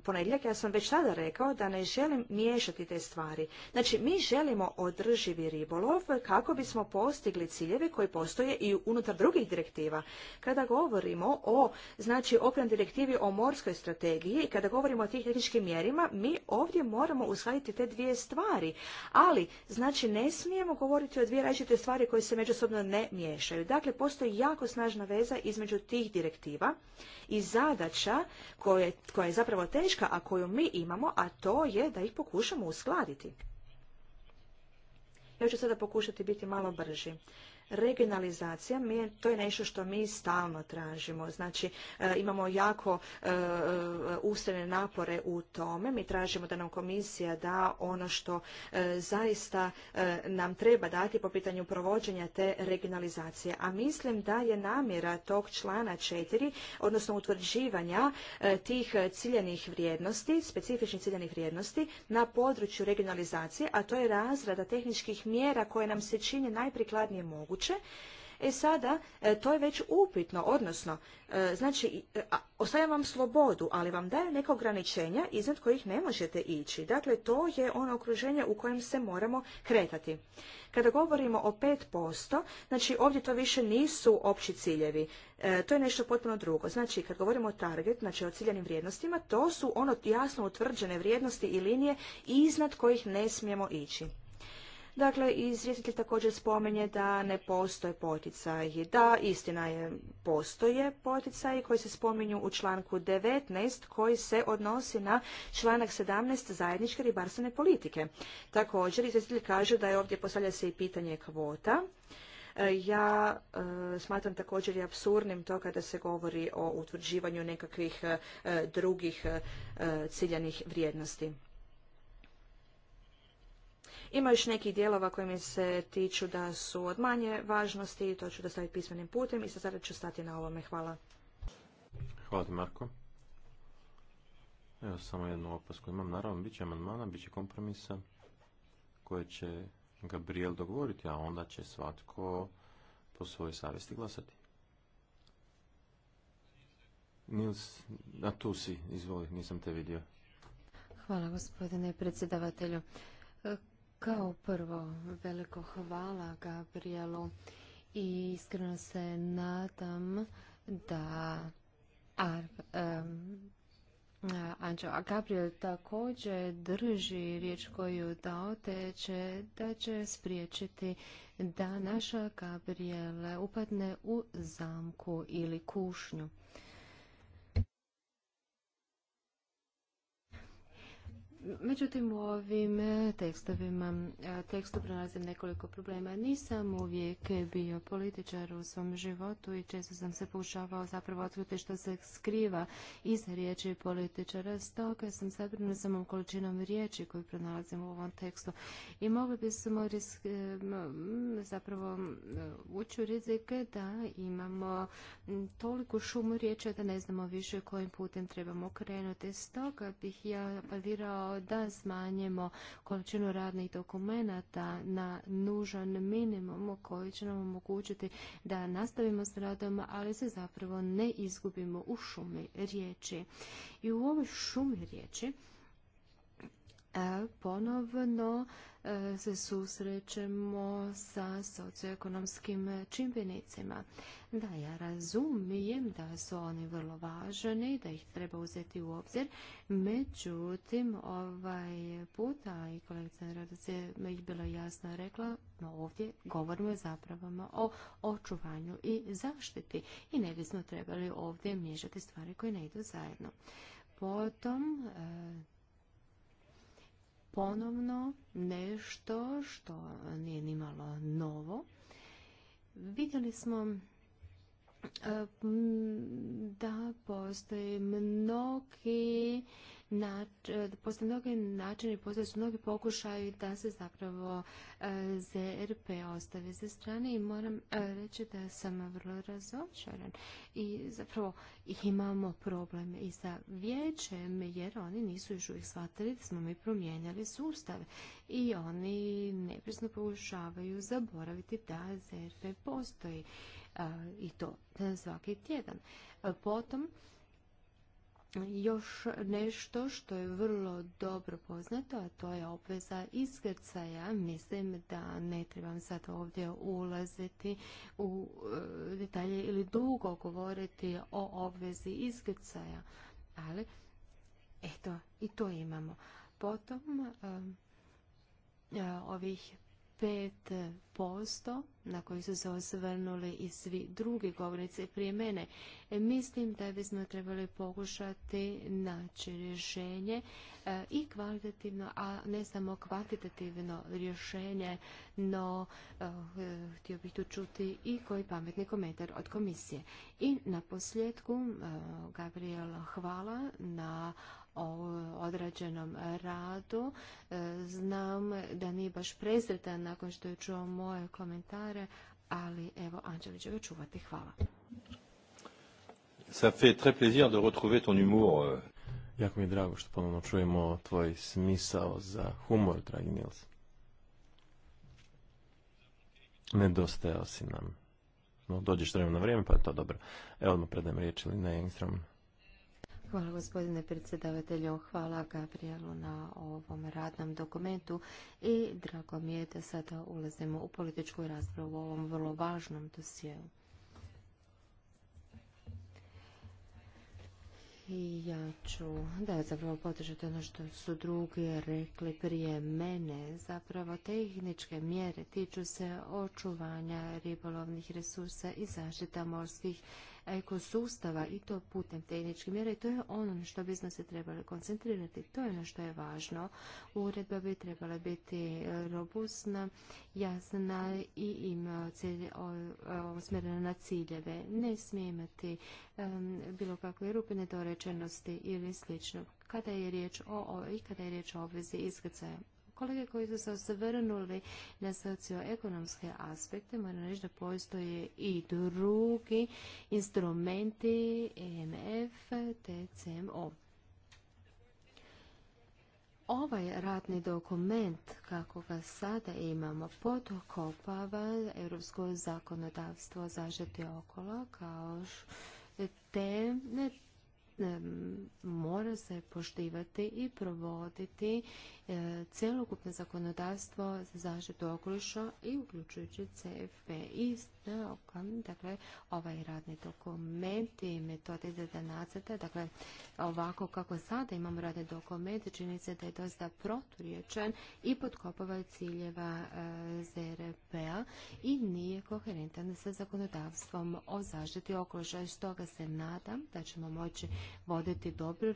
ponedjeljak, ja sam već tada rekao da ne želim miješati te stvari. Znači, mi želimo održivi ribolov kako bismo postigli ciljeve koji postoje i unutar drugih direktiva. Kada govorimo o, znači, okren direktivi o morskoj strategiji i kada govorimo o tih tehničkim mjerima, mi ovdje moramo uskladiti te dvije stvari. Ali, znači, ne smijemo govoriti o dvije različite stvari koje se međusobno ne miješaju. Dakle, postoji jako snažna veza između tih direktiva i zadaća koja je zapravo teška, a koju mi imamo, a to je da ih pokušamo uskladiti. Ja ću sada pokušati biti malo brži. Regionalizacija, mi, to je nešto što mi stalno tražimo. Znači, e, imamo jako e, e, ustrene napore u tome. Mi tražimo da nam komisija da ono što zaista nam treba dati po pitanju provođenja te regionalizacije. A mislim da je namjera tog člana četiri, odnosno utvrđivanja tih ciljenih vrijednosti, specifičnih ciljenih vrijednosti na području regionalizacije, a to je razrada tehničkih mjera koje nam se čine najprikladnije moguće kuće. E sada, e, to je već upitno, odnosno, e, znači, e, ostavljam vam slobodu, ali vam daje neka ograničenja iznad kojih ne možete ići. Dakle, to je ono okruženje u kojem se moramo kretati. Kada govorimo o 5%, znači ovdje to više nisu opći ciljevi. to je nešto potpuno drugo. Znači, kad govorimo o target, znači o ciljanim vrijednostima, to su ono jasno utvrđene vrijednosti i linije iznad kojih ne smijemo ići. Dakle, izvjestitelj također spomenje da ne postoje poticaji. Da, istina je, postoje poticaji koji se spominju u članku 19 koji se odnosi na članak 17 zajedničke ribarstvene politike. Također, izvjestitelj kaže da je ovdje postavlja se i pitanje kvota. E, ja e, smatram također i absurdnim to kada se govori o utvrđivanju nekakvih e, drugih ciljanih vrijednosti. Ima još nekih dijelova koje mi se tiču da su od manje važnosti i to ću dostaviti pismenim putem i sa sada ću stati na ovome. Hvala. Hvala ti Marko. Evo samo jednu opasku imam. Naravno, bit će amandmana, bit će kompromisa koje će Gabriel dogovoriti, a onda će svatko po svojoj savjesti glasati. Nils, a tu si, izvoli, nisam te vidio. Hvala gospodine predsjedavatelju. Kao prvo, veliko hvala Gabrielu i iskreno se nadam da a, Gabriel također drži riječ koju dao, te da će spriječiti da naša Gabriel upadne u zamku ili kušnju. Međutim, u ovim e, tekstovima, e, tekstu pronalazim nekoliko problema. Nisam uvijek bio političar u svom životu i često sam se pokušavao zapravo otkriti što se skriva iz riječi političara. Stoga sam zabrinu samom količinom riječi koju pronalazim u ovom tekstu. I mogli bismo e, zapravo ući u rizike da imamo toliku šumu riječi da ne znamo više kojim putem trebamo krenuti. Stoga bih ja apelirao da smanjimo količinu radnih dokumenata na nužan minimum koji će nam omogućiti da nastavimo s radom, ali se zapravo ne izgubimo u šumi riječi. I u ovoj šumi riječi ponovno e, se susrećemo sa socioekonomskim čimbenicima. Da, ja razumijem da su oni vrlo važni, da ih treba uzeti u obzir, međutim, ovaj puta i kolegica Radice ih bilo jasno rekla, no ovdje govorimo zapravo o očuvanju i zaštiti i ne bismo trebali ovdje miješati stvari koje ne idu zajedno. Potom, e, ponovno nešto što nije nimalo novo. Vidjeli smo E, da postoje mnogi e, postoje mnogi načini, postoje su mnogi pokušaju da se zapravo e, ZRP ostavi sa strane i moram reći da sam vrlo razočaran i zapravo imamo problem i sa vijećem jer oni nisu još uvijek shvatili da smo mi promijenjali sustav i oni neprisno pokušavaju zaboraviti da ZRP postoji i to e, svaki tjedan. E, potom, još nešto što je vrlo dobro poznato, a to je obveza iskrcaja. Mislim da ne trebam sad ovdje ulaziti u e, detalje ili dugo govoriti o obvezi iskrcaja, ali eto, i to imamo. Potom ovih posto na koji su se osvrnuli i svi drugi govornici prije mene. E, mislim da bismo trebali pokušati naći rješenje e, i kvalitativno, a ne samo kvalitativno rješenje, no e, htio bih tu čuti i koji pametni komentar od komisije. I na posljedku, Gabriel, hvala na o odrađenom radu. E, znam da nije baš prezretan nakon što je čuo moje komentare, ali evo, Anđeli će ga čuvati. Hvala. Ça fait très plaisir de retrouver ton humour. Euh. Jako mi je drago što ponovno čujemo tvoj smisao za humor, dragi Nils. Nedostajao si nam. No, dođeš vremena na vrijeme, pa je to dobro. Evo odmah predajem riječ ili ne, Engstrom. Hvala gospodine predsjedavatelju, hvala Gabrielu na ovom radnom dokumentu i drago mi je da sada ulazimo u političku raspravu u ovom vrlo važnom dosjeu. I ja ću, da, zapravo podržati ono što su drugi rekli prije mene. Zapravo tehničke mjere tiču se očuvanja ribolovnih resursa i zaštita morskih ekosustava i to putem tehničkih mjera i to je ono na što bismo se trebali koncentrirati. To je ono što je važno. Uredba bi trebala biti e, robustna, jasna i ima cilje usmjerena na ciljeve. Ne smije imati bilo kakve rupe nedorečenosti ili slično kada je riječ o, i kada je riječ o obvezi iskrcaja Kolege koji su se osvrnuli na socioekonomske aspekte, moram reći da postoje i drugi instrumenti EMF, TCMO. Ovaj ratni dokument, kako ga sada imamo, potokopava europsko zakonodavstvo zažete zaštiti okola kao te mora se poštivati i provoditi E, cjelokupno zakonodavstvo za zaštitu okoliša i uključujući CFP. I dakle, ovaj radni dokument i metode za nacrta, dakle, ovako kako sada imamo radni dokument, čini se da je dosta proturječan i podkopava ciljeva e, ZRP-a i nije koherentan sa zakonodavstvom o zaštiti okoliša. Stoga se nadam da ćemo moći voditi dobru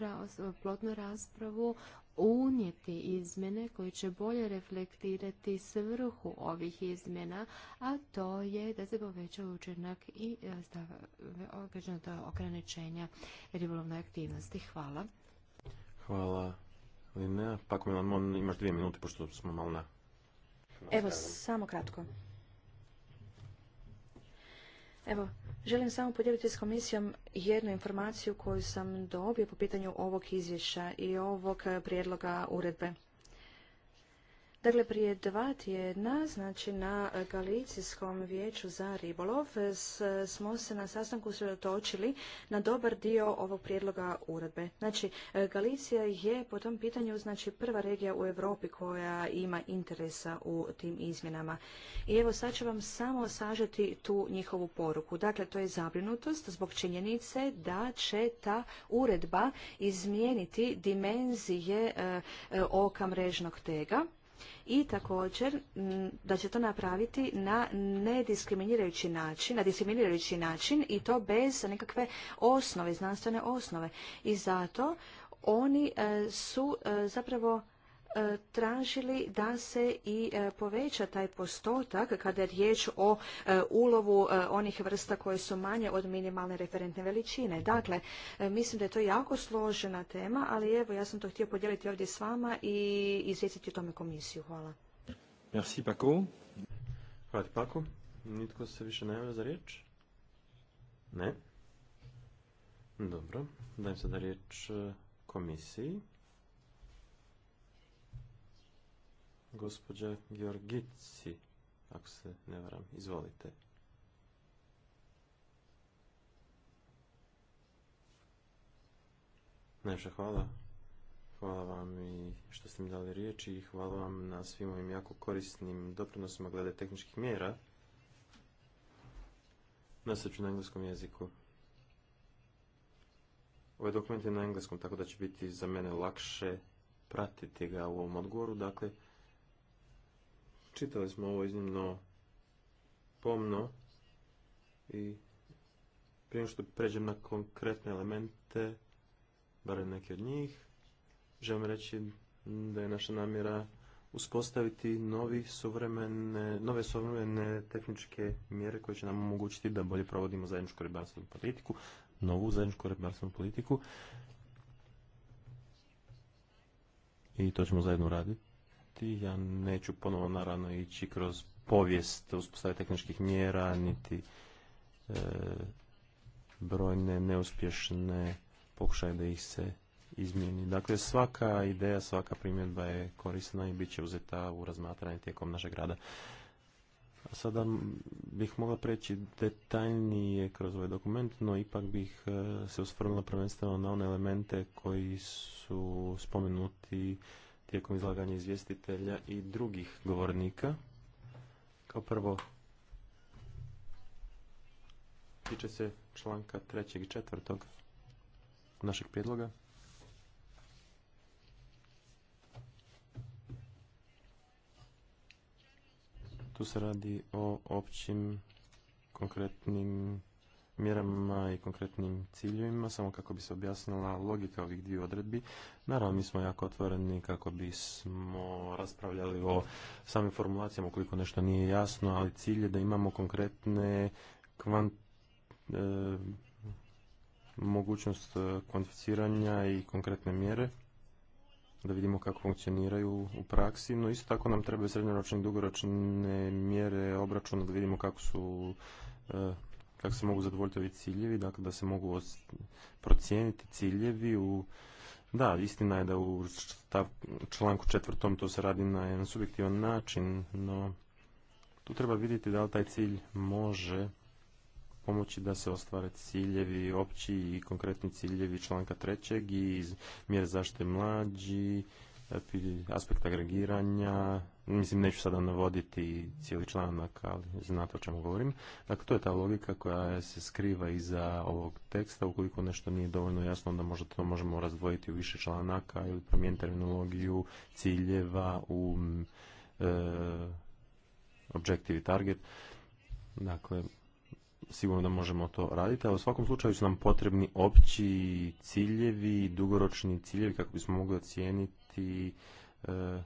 plodnu raspravu unijeti izmjene koje će bolje reflektirati svrhu ovih izmjena, a to je da se poveća učinak i e, ograničenja ribolovne aktivnosti. Hvala. Hvala. Linnea. Pa, imaš dvije minute, pošto smo malo na... Evo, samo kratko. Evo, želim samo podijeliti s komisijom jednu informaciju koju sam dobio po pitanju ovog izvješća i ovog prijedloga uredbe. Dakle, prije dva tjedna, znači na Galicijskom vijeću za ribolov, smo se na sastanku sredotočili na dobar dio ovog prijedloga uredbe. Znači, Galicija je po tom pitanju znači, prva regija u Europi koja ima interesa u tim izmjenama. I evo sad ću vam samo sažeti tu njihovu poruku. Dakle, to je zabrinutost zbog činjenice da će ta uredba izmijeniti dimenzije e, e, oka mrežnog tega i također da će to napraviti na nediskriminirajući način, na diskriminirajući način i to bez nekakve osnove, znanstvene osnove. I zato oni e, su e, zapravo E, tražili da se i e, poveća taj postotak kada je riječ o e, ulovu onih vrsta koje su manje od minimalne referentne veličine. Dakle, mislim da je to jako složena tema, ali evo ja sam to htio podijeliti ovdje s vama i izvijestiti o tome komisiju. Hvala. Merci Paco. Hvala Paco. Nitko se više ne za riječ? Ne. Dobro, dajem sada riječ komisiji. gospođa Georgici, ako se ne varam. Izvolite. Najviše hvala. Hvala vam i što ste mi dali riječ i hvala vam na svim ovim jako korisnim doprinosima glede tehničkih mjera. na ću na engleskom jeziku. Ovaj dokument je na engleskom, tako da će biti za mene lakše pratiti ga u ovom odgovoru. Dakle, čitali smo ovo iznimno pomno i prije što pređem na konkretne elemente, barem neke od njih, želim reći da je naša namjera uspostaviti novi suvremene, nove suvremene tehničke mjere koje će nam omogućiti da bolje provodimo zajedničku ribarstvenu politiku, novu zajedničku ribarstvenu politiku i to ćemo zajedno raditi ja neću ponovo naravno ići kroz povijest uspostave tehničkih mjera, niti e, brojne neuspješne pokušaje da ih se izmijeni. Dakle, svaka ideja, svaka primjedba je korisna i bit će uzeta u razmatranje tijekom našeg rada. A sada bih mogla preći detaljnije kroz ovaj dokument, no ipak bih e, se osvrnula prvenstveno na one elemente koji su spomenuti tijekom izlaganja izvjestitelja i drugih govornika. Kao prvo, tiče se članka trećeg i četvrtog našeg prijedloga. Tu se radi o općim, konkretnim mjerama i konkretnim ciljevima, samo kako bi se objasnila logika ovih dvije odredbi. Naravno, mi smo jako otvoreni kako bismo raspravljali o samim formulacijama ukoliko nešto nije jasno, ali cilj je da imamo konkretne kvant... E, mogućnost e, kvantificiranja i konkretne mjere da vidimo kako funkcioniraju u praksi, no isto tako nam trebaju srednjoročne i dugoročne mjere obračuna da vidimo kako su e, kako se mogu zadovoljiti ovi ciljevi, dakle da se mogu procijeniti ciljevi u da, istina je da u članku četvrtom to se radi na jedan subjektivan način, no tu treba vidjeti da li taj cilj može pomoći da se ostvare ciljevi, opći i konkretni ciljevi članka trećeg i mjere zaštite mlađi E, aspekt agregiranja, mislim neću sada navoditi cijeli članak, ali znate o čemu govorim. Dakle, to je ta logika koja se skriva iza ovog teksta. Ukoliko nešto nije dovoljno jasno, onda možda to možemo razdvojiti u više članaka ili promijeniti terminologiju ciljeva u e, objective target. Dakle, sigurno da možemo to raditi, ali u svakom slučaju su nam potrebni opći ciljevi, dugoročni ciljevi kako bismo mogli ocijeniti i e,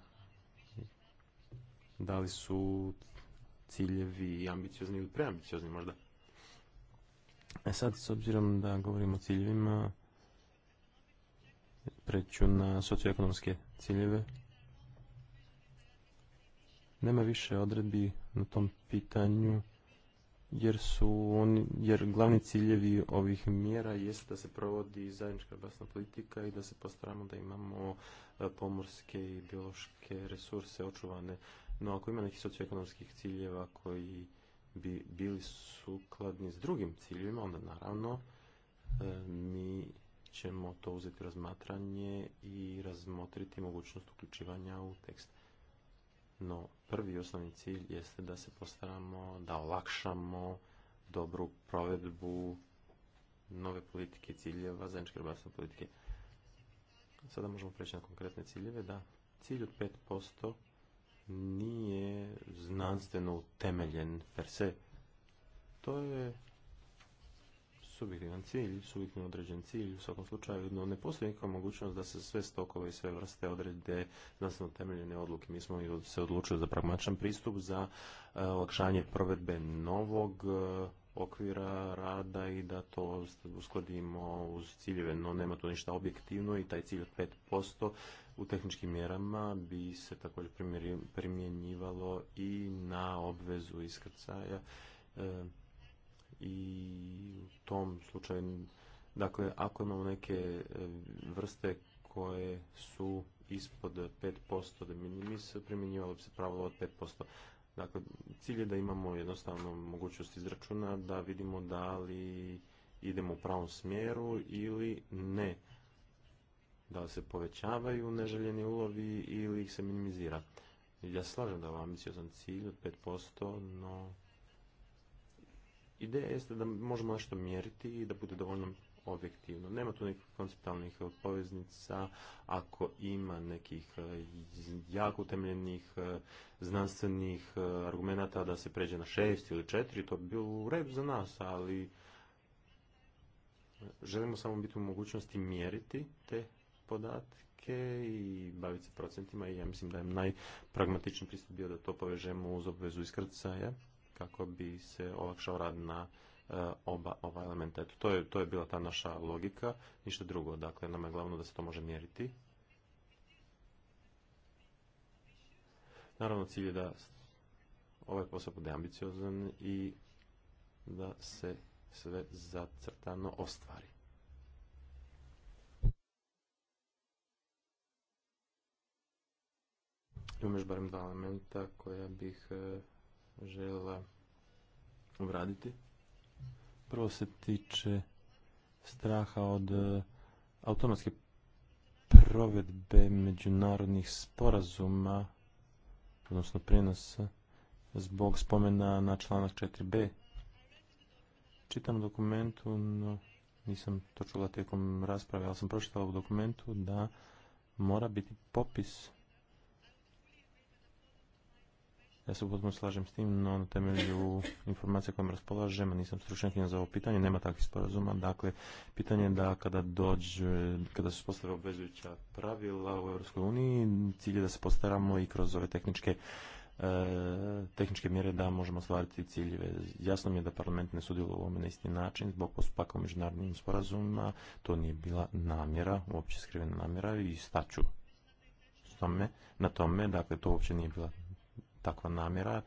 da li su ciljevi ambiciozni ili preambiciozni možda. E sad, s obzirom da govorimo o ciljevima, preću na socioekonomske ciljeve. Nema više odredbi na tom pitanju, jer su oni, jer glavni ciljevi ovih mjera jest da se provodi zajednička glasna politika i da se postaramo da imamo pomorske i biološke resurse očuvane. No ako ima nekih socioekonomskih ciljeva koji bi bili sukladni s drugim ciljevima, onda naravno e, mi ćemo to uzeti razmatranje i razmotriti mogućnost uključivanja u tekst. No, prvi osnovni cilj jeste da se postaramo, da olakšamo dobru provedbu nove politike ciljeva zajedničke ribarske politike. Sada možemo preći na konkretne ciljeve. Da, cilj od 5% nije znanstveno utemeljen per se. To je subjektivan cilj, subjektivno određen cilj u svakom slučaju, no ne postoji nikakva mogućnost da se sve stokove i sve vrste odrede znanstveno utemeljene odluke. Mi smo se odlučili za pragmačan pristup, za e, olakšanje provedbe novog e, okvira rada i da to uskladimo uz ciljeve, no nema to ništa objektivno i taj cilj od 5% u tehničkim mjerama bi se također primjenjivalo i na obvezu iskrcaja e, i u tom slučaju dakle ako imamo neke e, vrste koje su ispod 5% da minimis primjenjivalo bi se pravilo od 5% Dakle, cilj je da imamo jednostavno mogućnost izračuna da vidimo da li idemo u pravom smjeru ili ne. Da li se povećavaju neželjeni ulovi ili ih se minimizira. Ja slažem da ovo ambiciozan cilj od 5%, no ideja jeste da možemo nešto mjeriti i da bude dovoljno objektivno. Nema tu nekih konceptualnih poveznica, ako ima nekih e, jako utemljenih e, znanstvenih e, argumenata da se pređe na šest ili četiri, to bi bilo u za nas, ali želimo samo biti u mogućnosti mjeriti te podatke i baviti se procentima i ja mislim da je najpragmatičniji pristup bio da to povežemo uz obvezu iskrcaja kako bi se olakšao rad na Eh, oba ova elementa. to, je, to je bila ta naša logika, ništa drugo. Dakle, nama je glavno da se to može mjeriti. Naravno, cilj je da ovaj posao bude ambiciozan i da se sve zacrtano ostvari. još barem dva elementa koja bih eh, željela obraditi. Prvo se tiče straha od e, automatske provedbe međunarodnih sporazuma, odnosno prijenosa, zbog spomena na članak 4b. Čitam dokumentu, no nisam to čula tijekom rasprave, ali sam pročitao u dokumentu da mora biti popis Ja se potpuno slažem s tim, no na temelju informacija kojom raspolažem, nisam stručnjakinja za ovo pitanje, nema takvih sporazuma. Dakle, pitanje je da kada dođe, kada se postave obvezujuća pravila u EU, cilj je da se postaramo i kroz ove tehničke e, tehničke mjere da možemo ostvariti ciljeve. Jasno mi je da parlament ne sudjeluje u ovome na isti način zbog postupaka u međunarodnim sporazumima. To nije bila namjera, uopće skrivena namjera i staću tome, na tome. Dakle, to uopće nije bila takva namjera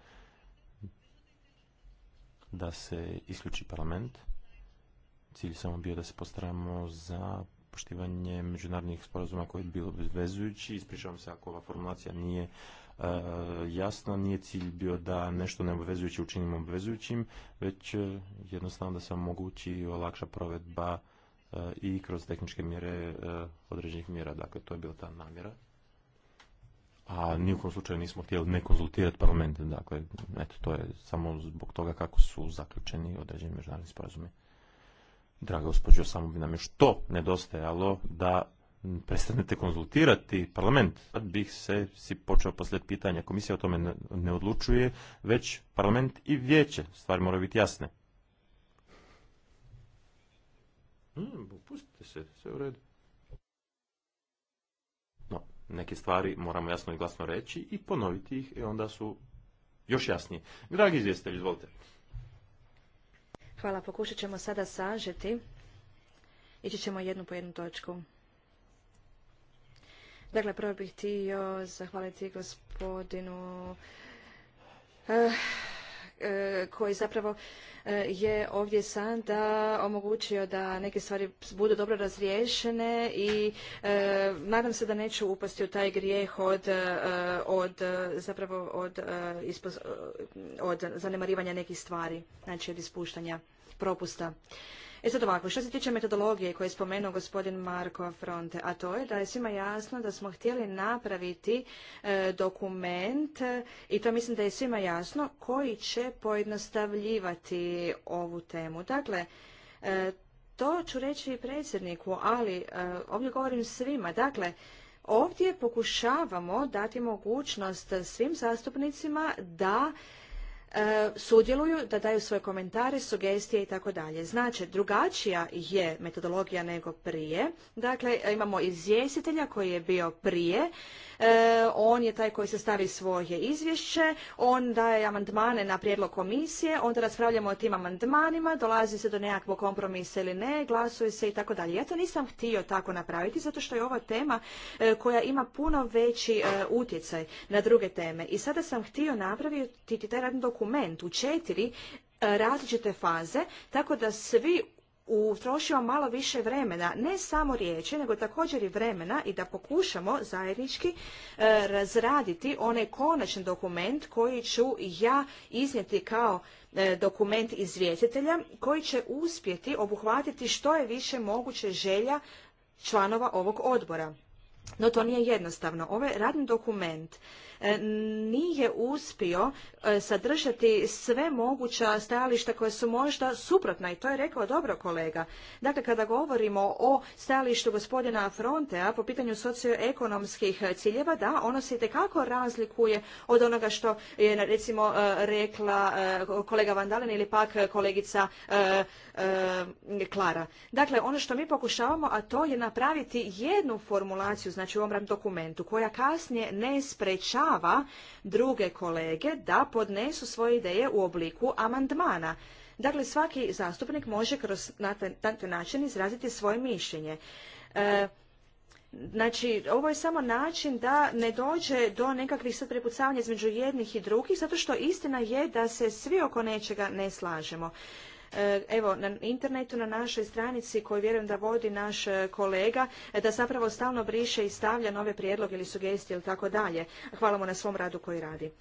da se isključi parlament. Cilj samo bio da se postaramo za poštivanje međunarodnih sporazuma koji je bilo obvezujući. Ispričavam se ako ova formulacija nije e, jasna, nije cilj bio da nešto neobvezujuće učinimo obvezujućim, već e, jednostavno da se omogući olakša provedba e, i kroz tehničke mjere određenih mjera. Dakle, to je bila ta namjera a ni u kom slučaju nismo htjeli ne konzultirati parlament. Dakle, eto, to je samo zbog toga kako su zaključeni određeni međunarodni sporazumi. Draga gospođo, samo bi nam još to nedostajalo da prestanete konzultirati parlament. Sad bih se si počeo poslije pitanja. Komisija o tome ne, odlučuje, već parlament i vijeće. Stvari moraju biti jasne. Mm, pustite se, sve u redu neke stvari moramo jasno i glasno reći i ponoviti ih i onda su još jasnije. Dragi izvjestitelj, izvolite. Hvala, pokušat ćemo sada sažeti. Ići ćemo jednu po jednu točku. Dakle, prvo bih htio zahvaliti gospodinu eh, E, koji zapravo e, je ovdje sam da omogućio da neke stvari budu dobro razriješene i e, nadam se da neću upasti u taj grijeh od, zapravo od, od zanemarivanja nekih stvari, znači od ispuštanja propusta. E sad ovako, što se tiče metodologije koje je spomenuo gospodin Marko Fronte, a to je da je svima jasno da smo htjeli napraviti e, dokument e, i to mislim da je svima jasno koji će pojednostavljivati ovu temu. Dakle, e, to ću reći i predsjedniku, ali ovdje govorim svima. Dakle, ovdje pokušavamo dati mogućnost svim zastupnicima da E, sudjeluju, da daju svoje komentare, sugestije i tako dalje. Znači, drugačija je metodologija nego prije. Dakle, imamo izvjestitelja koji je bio prije, E, on je taj koji se stavi svoje izvješće, on daje amandmane na prijedlog komisije, onda raspravljamo o tim amandmanima, dolazi se do nekakvog kompromisa ili ne, glasuje se i tako dalje. Ja to nisam htio tako napraviti zato što je ova tema e, koja ima puno veći e, utjecaj na druge teme. I sada sam htio napraviti taj radni dokument u četiri različite faze, tako da svi utrošimo malo više vremena, ne samo riječi, nego također i vremena i da pokušamo zajednički e, razraditi onaj konačni dokument koji ću ja iznijeti kao e, dokument izvjestitelja koji će uspjeti obuhvatiti što je više moguće želja članova ovog odbora. No to nije jednostavno. Ovaj radni dokument E, nije uspio e, sadržati sve moguća stajališta koja su možda suprotna i to je rekao dobro kolega. Dakle, kada govorimo o stajalištu gospodina Frontea po pitanju socioekonomskih ciljeva, da, ono se itekako razlikuje od onoga što je recimo e, rekla kolega Vandalen ili pak kolegica Klara. Dakle, ono što mi pokušavamo, a to je napraviti jednu formulaciju, znači u ovom dokumentu, koja kasnije ne sprečava druge kolege da podnesu svoje ideje u obliku amandmana. Dakle, svaki zastupnik može kroz na taj način izraziti svoje mišljenje. E, znači, ovo je samo način da ne dođe do nekakvih sad prepucavanja između jednih i drugih, zato što istina je da se svi oko nečega ne slažemo. E, evo na internetu na našoj stranici koju vjerujem da vodi naš e, kolega e, da zapravo stalno briše i stavlja nove prijedloge ili sugestije ili tako dalje. Hvala mu na svom radu koji radi.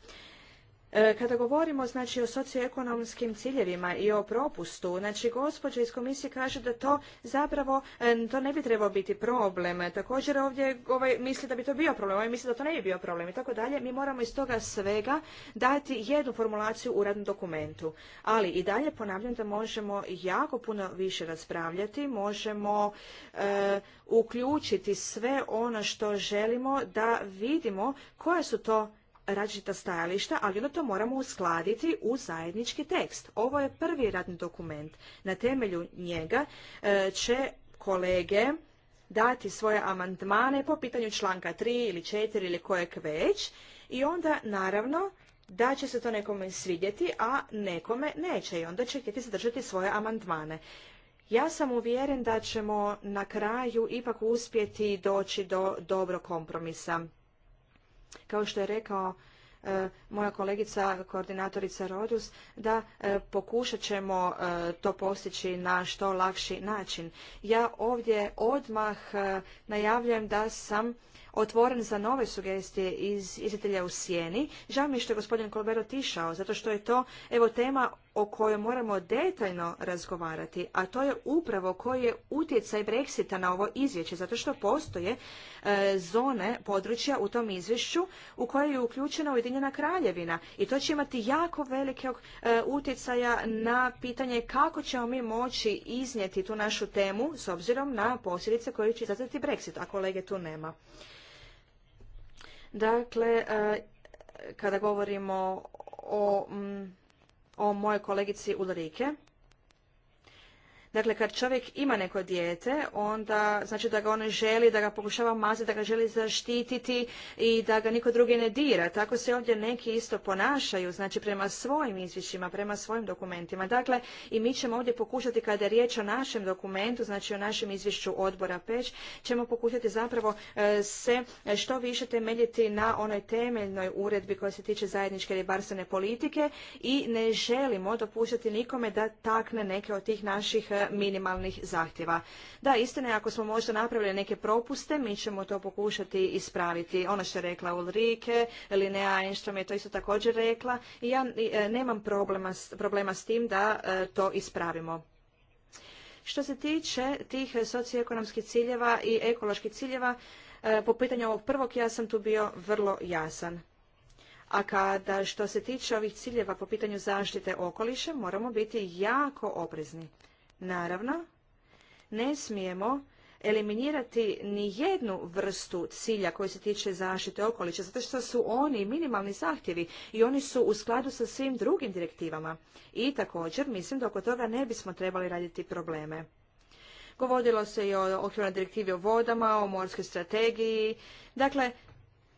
E, kada govorimo znači, o socioekonomskim ciljevima i o propustu, znači gospođa iz komisije kaže da to zapravo e, to ne bi trebao biti problem. Također ovdje ovaj misli da bi to bio problem, ovaj misli da to ne bi bio problem i tako dalje. Mi moramo iz toga svega dati jednu formulaciju u radnom dokumentu. Ali i dalje ponavljam da možemo jako puno više raspravljati, možemo e, uključiti sve ono što želimo da vidimo koje su to različita stajališta, ali onda to moramo uskladiti u zajednički tekst. Ovo je prvi radni dokument. Na temelju njega e, će kolege dati svoje amandmane po pitanju članka 3 ili 4 ili kojeg već i onda naravno da će se to nekome svidjeti, a nekome neće i onda će htjeti zadržati svoje amandmane. Ja sam uvjeren da ćemo na kraju ipak uspjeti doći do dobro kompromisa. Kao što je rekao e, moja kolegica, koordinatorica Rodus, da e, pokušat ćemo e, to postići na što lakši način. Ja ovdje odmah najavljujem da sam otvoren za nove sugestije iz izitelja u sjeni. Žao mi je što je gospodin Kolbero tišao, zato što je to evo tema o kojoj moramo detaljno razgovarati, a to je upravo koji je utjecaj Brexita na ovo izvješće, zato što postoje e, zone područja u tom izvješću u kojoj je uključena Ujedinjena kraljevina i to će imati jako velikog e, utjecaja na pitanje kako ćemo mi moći iznijeti tu našu temu s obzirom na posljedice koje će izazvati Brexit, a kolege tu nema. Dakle, e, kada govorimo o o mojoj kolegici Ulrike. Dakle, kad čovjek ima neko dijete, onda znači da ga on želi, da ga pokušava maziti, da ga želi zaštititi i da ga niko drugi ne dira. Tako se ovdje neki isto ponašaju, znači prema svojim izvješćima, prema svojim dokumentima. Dakle, i mi ćemo ovdje pokušati kada je riječ o našem dokumentu, znači o našem izvješću odbora Peć ćemo pokušati zapravo e, se što više temeljiti na onoj temeljnoj uredbi koja se tiče zajedničke ribarstvene politike i ne želimo dopuštati nikome da takne neke od tih naših e, minimalnih zahtjeva. Da, istina je, ako smo možda napravili neke propuste, mi ćemo to pokušati ispraviti. Ono što je rekla Ulrike, Linea Enstrom je to isto također rekla i ja e, nemam problema, problema s tim da e, to ispravimo. Što se tiče tih socioekonomskih ciljeva i ekoloških ciljeva, e, po pitanju ovog prvog ja sam tu bio vrlo jasan. A kada što se tiče ovih ciljeva po pitanju zaštite okoliša, moramo biti jako oprezni. Naravno, ne smijemo eliminirati ni jednu vrstu cilja koji se tiče zaštite okoliša, zato što su oni minimalni zahtjevi i oni su u skladu sa svim drugim direktivama. I također mislim da oko toga ne bismo trebali raditi probleme. Govodilo se i o okvirnoj direktivi o vodama, o morskoj strategiji. Dakle,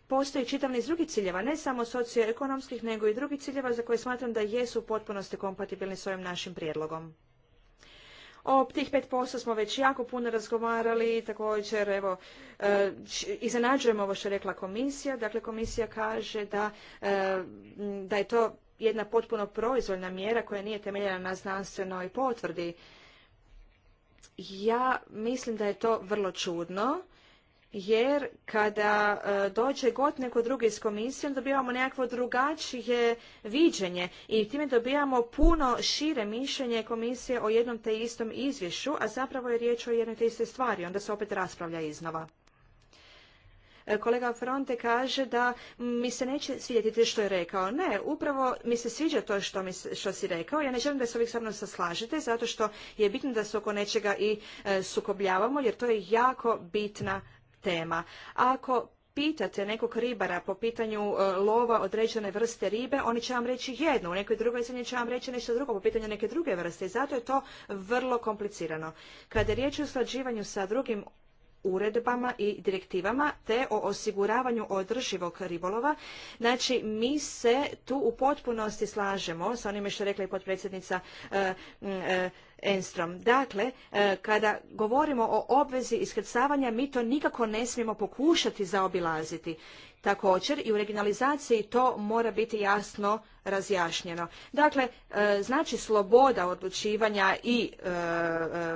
postoji čitav niz drugih ciljeva, ne samo socioekonomskih, nego i drugih ciljeva za koje smatram da jesu u potpunosti kompatibilni s ovim našim prijedlogom. O tih 5% smo već jako puno razgovarali, također evo, e, iznenađujemo ovo što je rekla komisija. Dakle, komisija kaže da, e, da je to jedna potpuno proizvoljna mjera koja nije temeljena na znanstvenoj potvrdi. Ja mislim da je to vrlo čudno jer kada e, dođe god neko drugi s komisijom, dobivamo nekakvo drugačije viđenje i time dobijamo puno šire mišljenje komisije o jednom te istom izvješću, a zapravo je riječ o jednoj te istoj stvari, onda se opet raspravlja iznova. E, kolega Fronte kaže da mi se neće svidjeti što je rekao. Ne, upravo mi se sviđa to što, mi, što si rekao. Ja ne želim da se ovih sa mnom saslažete, zato što je bitno da se oko nečega i e, sukobljavamo, jer to je jako bitna tema. Ako pitate nekog ribara po pitanju e, lova određene vrste ribe, oni će vam reći jedno, u nekoj drugoj zemlji će vam reći nešto drugo po pitanju neke druge vrste i zato je to vrlo komplicirano. Kada je riječ o slađivanju sa drugim uredbama i direktivama te o osiguravanju održivog ribolova. Znači, mi se tu u potpunosti slažemo sa onime što je rekla i potpredsjednica e, e, Enstrom. Dakle, e, kada govorimo o obvezi iskrcavanja, mi to nikako ne smijemo pokušati zaobilaziti. Također i u regionalizaciji to mora biti jasno razjašnjeno. Dakle, e, znači sloboda odlučivanja i e, e,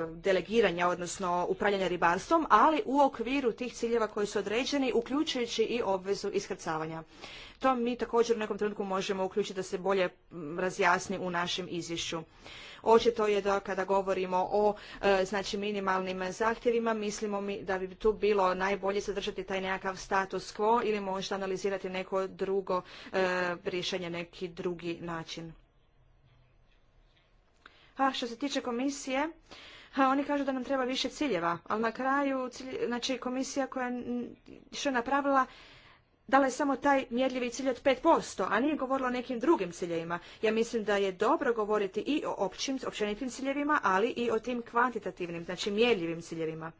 delegiranja, odnosno upravljanja ribarstvom, ali u okviru tih ciljeva koji su određeni, uključujući i obvezu iskrcavanja. To mi također u nekom trenutku možemo uključiti da se bolje razjasni u našem izvješću. Očito je da kada govorimo o e, znači minimalnim zahtjevima mislimo mi da bi tu bilo najbolje zadržati taj nekakav status quo ili možda analizirati neko drugo e, rješenje, neki drugi način. A što se tiče komisije, ha, oni kažu da nam treba više ciljeva, ali na kraju znači komisija koja što je napravila dala je samo taj mjerljivi cilj od 5%, a nije govorila o nekim drugim ciljevima. Ja mislim da je dobro govoriti i o općim, općenitim ciljevima, ali i o tim kvantitativnim, znači mjerljivim ciljevima.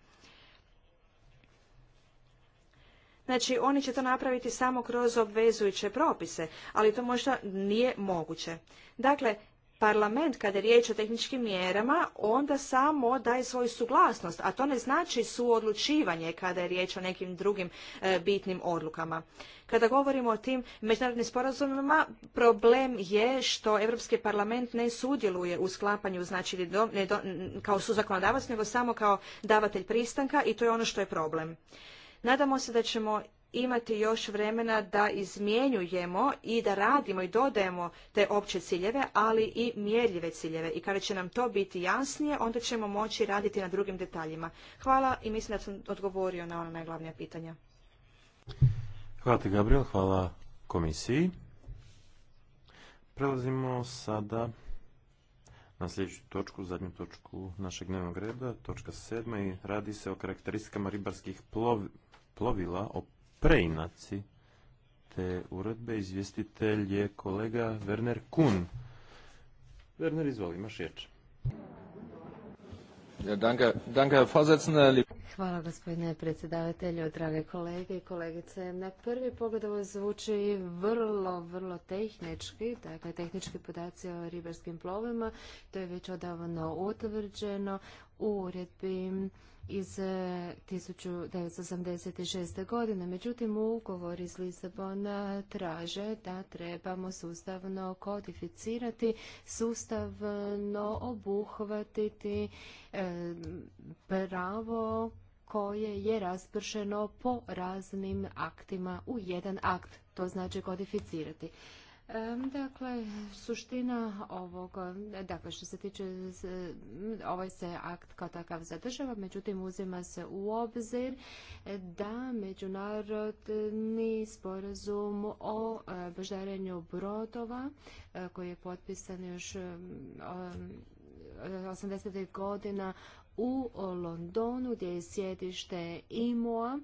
Znači, oni će to napraviti samo kroz obvezujuće propise, ali to možda nije moguće. Dakle, parlament kada je riječ o tehničkim mjerama onda samo daje svoju suglasnost, a to ne znači suodlučivanje kada je riječ o nekim drugim e, bitnim odlukama. Kada govorimo o tim međunarodnim sporazumima, problem je što Europski parlament ne sudjeluje u sklapanju, znači kao suzakonodavac, nego samo kao davatelj pristanka i to je ono što je problem. Nadamo se da ćemo imati još vremena da izmjenjujemo i da radimo i dodajemo te opće ciljeve, ali i mjerljive ciljeve. I kada će nam to biti jasnije, onda ćemo moći raditi na drugim detaljima. Hvala i mislim da sam odgovorio na ona najglavnija pitanja. Hvala ti, Gabriel. Hvala komisiji. Prelazimo sada na sljedeću točku, zadnju točku našeg dnevnog reda, točka sedma i radi se o karakteristikama ribarskih plovila, o preinaci te uredbe. Izvjestitelj je kolega Werner Kuhn. Werner, izvoli, imaš riječ. Hvala gospodine predsjedavatelju, drage kolege i kolegice. Na prvi pogled ovo zvuči vrlo, vrlo tehnički, dakle tehnički podaci o ribarskim plovima, to je već odavno utvrđeno u uredbi iz 1986. E, godine. Međutim, ugovor iz Lisabona traže da trebamo sustavno kodificirati, sustavno obuhvatiti e, pravo koje je raspršeno po raznim aktima u jedan akt, to znači kodificirati. Dakle, suština ovog, dakle što se tiče, ovaj se akt kao takav zadržava, međutim uzima se u obzir da međunarodni sporazum o baždarenju e, brodova e, koji je potpisan još 80. godina u Londonu gdje je sjedište imo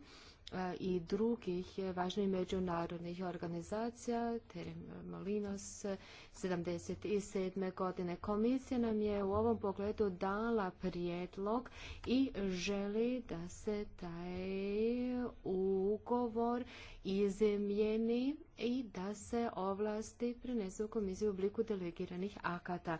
i drugih važnih međunarodnih organizacija, Terem Molinos, 77. godine. Komisija nam je u ovom pogledu dala prijedlog i želi da se taj ugovor izmjeni i da se ovlasti prenesu u komisiju u obliku delegiranih akata.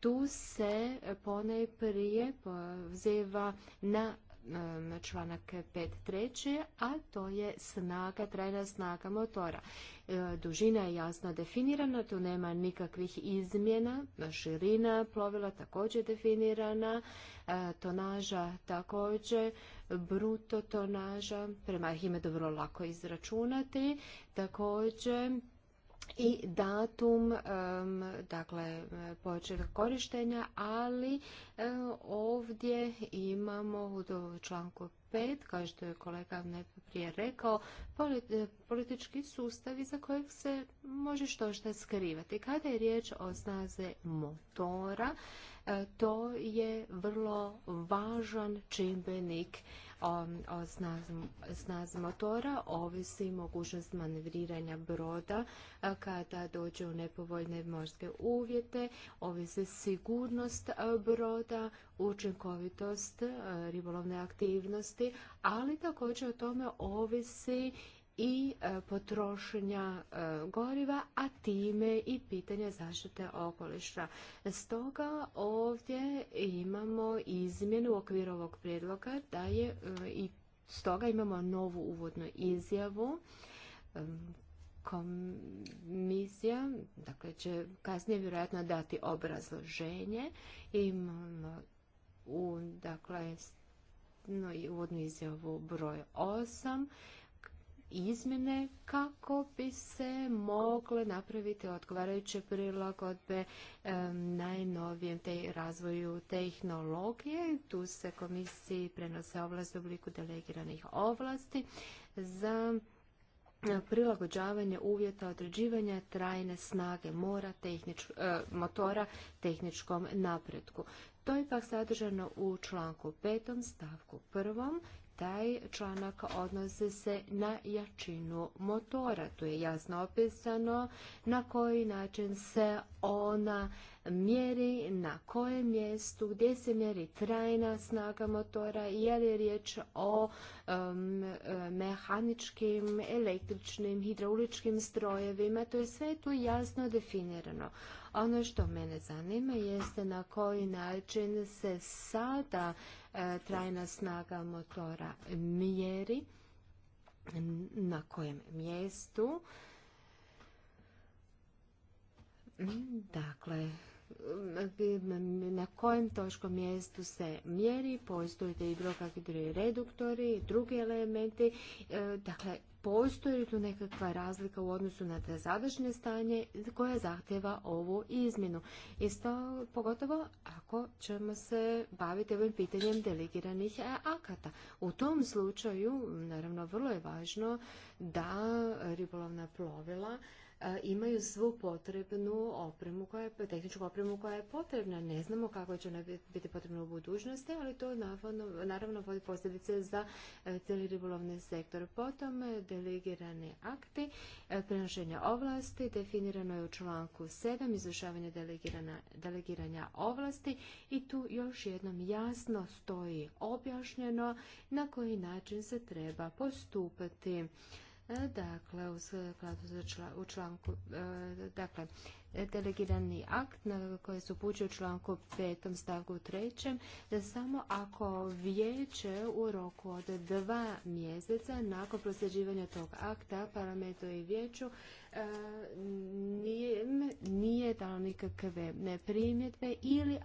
Tu se pone prije poziva na E, članak 5 treći, a to je snaga, trajna snaga motora. E, dužina je jasno definirana, tu nema nikakvih izmjena, širina plovila također definirana, e, tonaža također, bruto tonaža, prema ime vrlo lako izračunati, također i datum dakle početak korištenja, ali ovdje imamo u članku 5, kao što je kolega prije rekao, politički sustavi za kojeg se može što što skrivati. Kada je riječ o snaze motora, to je vrlo važan čimbenik Um, o, snazi, motora, ovisi mogućnost manevriranja broda kada dođe u nepovoljne morske uvjete, ovisi sigurnost broda, učinkovitost ribolovne aktivnosti, ali također o tome ovisi i e, potrošenja e, goriva, a time i pitanje zaštite okoliša. Stoga ovdje imamo izmjenu u okviru ovog prijedloga da je e, i stoga imamo novu uvodnu izjavu komisija dakle će kasnije vjerojatno dati obrazloženje imamo u dakle uvodnu izjavu broj 8 izmjene kako bi se mogle napraviti odgovarajuće prilagodbe najnovijem razvoju tehnologije. Tu se komisiji prenose ovlast u obliku delegiranih ovlasti za prilagođavanje uvjeta određivanja trajne snage mora, e, motora tehničkom napretku. To je pak sadržano u članku 5. stavku 1 taj članak odnosi se na jačinu motora. Tu je jasno opisano na koji način se ona mjeri, na kojem mjestu, gdje se mjeri trajna snaga motora, je li riječ o mehaničkim, električnim, hidrauličkim strojevima, to je sve tu jasno definirano. Ono što mene zanima jeste na koji način se sada e, trajna snaga motora mjeri, na kojem mjestu. Dakle, na kojem toškom mjestu se mjeri, postoje i i reduktori, drugi elementi. E, dakle, Postoji li tu nekakva razlika u odnosu na te sadašnje stanje koje zahtjeva ovu izmjenu? Isto pogotovo ako ćemo se baviti ovim pitanjem delegiranih e, akata. U tom slučaju, naravno, vrlo je važno da ribolovna plovila E, imaju svu potrebnu opremu, koja tehničku opremu koja je potrebna. Ne znamo kako će ona biti potrebna u budućnosti, ali to naravno, naravno vodi posljedice za e, cijeli ribolovni sektor. Potom e, delegirani akti, prenošenje ovlasti, definirano je u članku 7, izvršavanje delegiranja ovlasti i tu još jednom jasno stoji objašnjeno na koji način se treba postupati. E, dakle u skladu sa čl- u članku e, dakle E, delegirani akt na koje se upućuje u članku 5. stavku 3. da samo ako vijeće u roku od dva mjeseca nakon prosljeđivanja tog akta parlamentu i vijeću e, nije, dalo nikakve primjedbe ili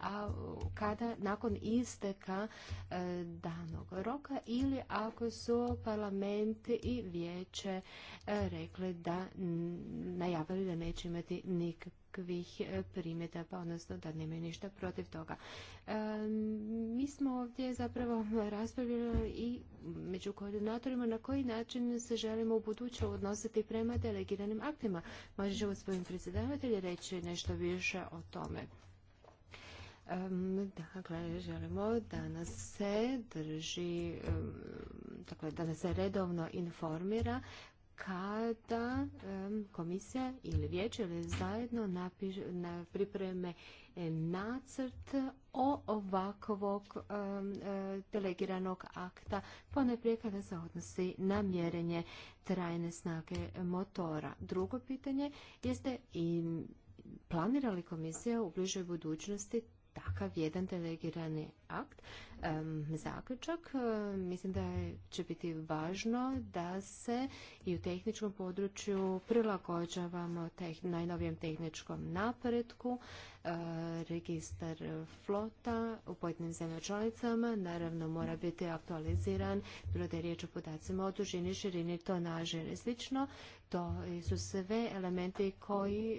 kada nakon isteka e, danog roka ili ako su parlament i vijeće rekle rekli da najavili da neće imati nikakve nikakvih e, primjedaba, odnosno da nemaju ništa protiv toga. E, mi smo ovdje zapravo raspravljali i među koordinatorima na koji način se želimo u buduće odnositi prema delegiranim aktima. Možda će gospodin predsjedavatelj reći nešto više o tome. dakle, želimo da nas se drži, dakle, da nas se redovno informira kada komisija ili vijeće ili zajedno pripreme nacrt o ovakvog e, delegiranog akta, ponajprije kada se odnosi na mjerenje trajne snage motora. Drugo pitanje jeste i planira li komisija u bližoj budućnosti takav jedan delegirani akt, zaključak, e, mislim da će biti važno da se i u tehničkom području prilagođavamo najnovijem tehničkom napretku, e, registar flota u pojedinim zemljama članicama naravno mora biti aktualiziran, bilo da je riječ o podacima o dužini, širini, naže i slično. To su sve elementi koji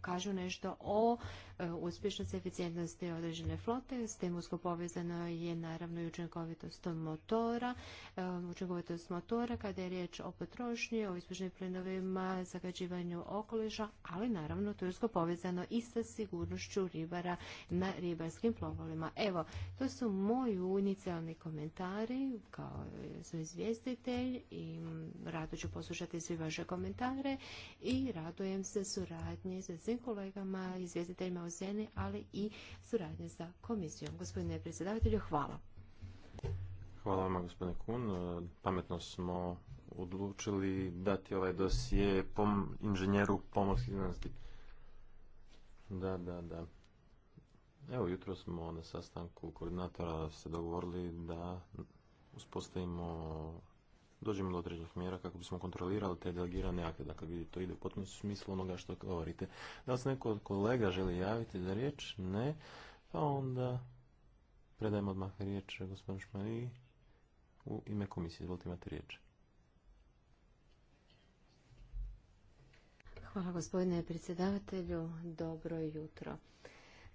kažu nešto o e, uspješnosti i eficijentnosti određene flote temo usko povezano je naravno i učinkovitost motora, e, učinkovitost motora kada je riječ o potrošnji, o ispušnim plinovima, zagađivanju okoliša, ali naravno to je usko povezano i sa sigurnošću ribara na ribarskim plovolima. Evo, to su moji inicijalni komentari kao su izvjestitelj i rado ću poslušati svi vaše komentare i radujem se suradnji sa svim kolegama, izvjestiteljima u Zeni, ali i suradnje sa komisijom. Gospodine predsjedavatelju, hvala. Hvala vama, gospodine Kun. Pametno smo odlučili dati ovaj dosije pom inženjeru pomorskih znanosti. Da, da, da. Evo, jutro smo na sastanku koordinatora se dogovorili da uspostavimo, dođemo do određenih mjera kako bismo kontrolirali te delegirane akte. Dakle, vidi, to ide u potpuno smislu onoga što govorite. Da li se neko od kolega želi javiti za riječ? Ne. Pa onda Predajem odmah riječ gospodinu Šmaniji u ime komisije. Izvolite imate riječ. Hvala gospodine predsjedavatelju. Dobro jutro.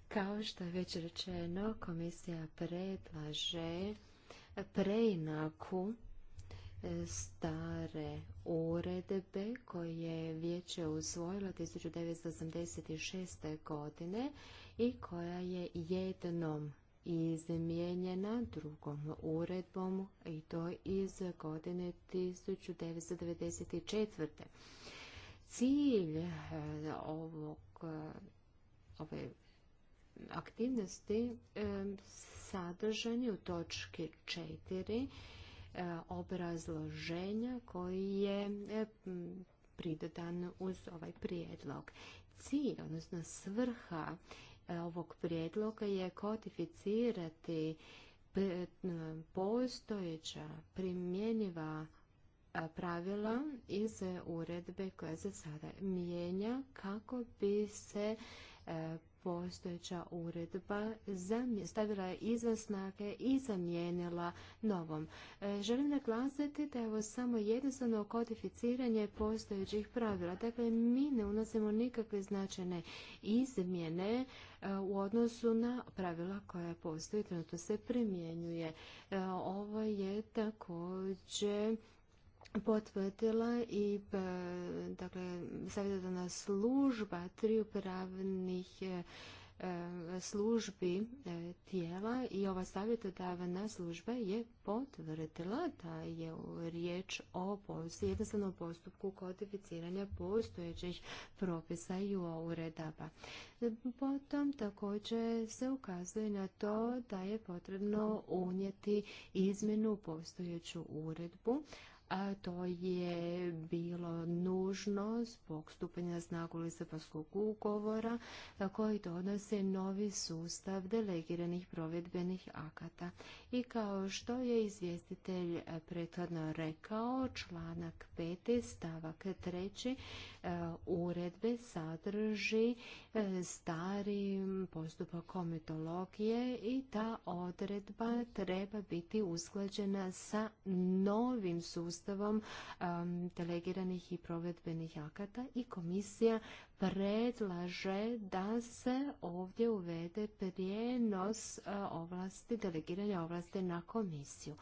Kao što je već rečeno, komisija predlaže preinaku e, stare uredbe koje je vijeće usvojilo 1986. godine i koja je jednom izmijenjena drugom uredbom i to iz godine 1994. Cilj eh, ovog eh, ove aktivnosti eh, sadržan je u točki 4 obrazloženja koji je pridodan uz ovaj prijedlog. Cilj, odnosno svrha ovog prijedloga je kodificirati e, postojeća primjenjiva e, pravila iz uredbe koja se sada mijenja kako bi se e, postojeća uredba stavila je izvan snage i zamijenila novom. E, želim naglasiti da je ovo samo jednostavno kodificiranje postojećih pravila. Dakle, mi ne unosimo nikakve značajne izmjene e, u odnosu na pravila koja postoje, To se primjenjuje. E, ovo je također potvrdila i e, dakle, savjetodavna služba tri upravnih e, e, službi tijela i ova savjetodavna služba je potvrdila da je riječ o jednostavnom postupku kodificiranja postojećih propisa i uredaba. Potom također se ukazuje na to da je potrebno unijeti izmjenu u postojeću uredbu, to je bilo nužno zbog stupanja znaku Lisabonskog ugovora koji donose novi sustav delegiranih provedbenih akata. I kao što je izvjestitelj prethodno rekao, članak 5. stavak 3. E, uredbe sadrži e, stari postupak komitologije i ta odredba treba biti usklađena sa novim sustavom delegiranih i provedbenih akata i komisija predlaže da se ovdje uvede prijenos e, ovlasti, delegiranja ovlasti na komisiju.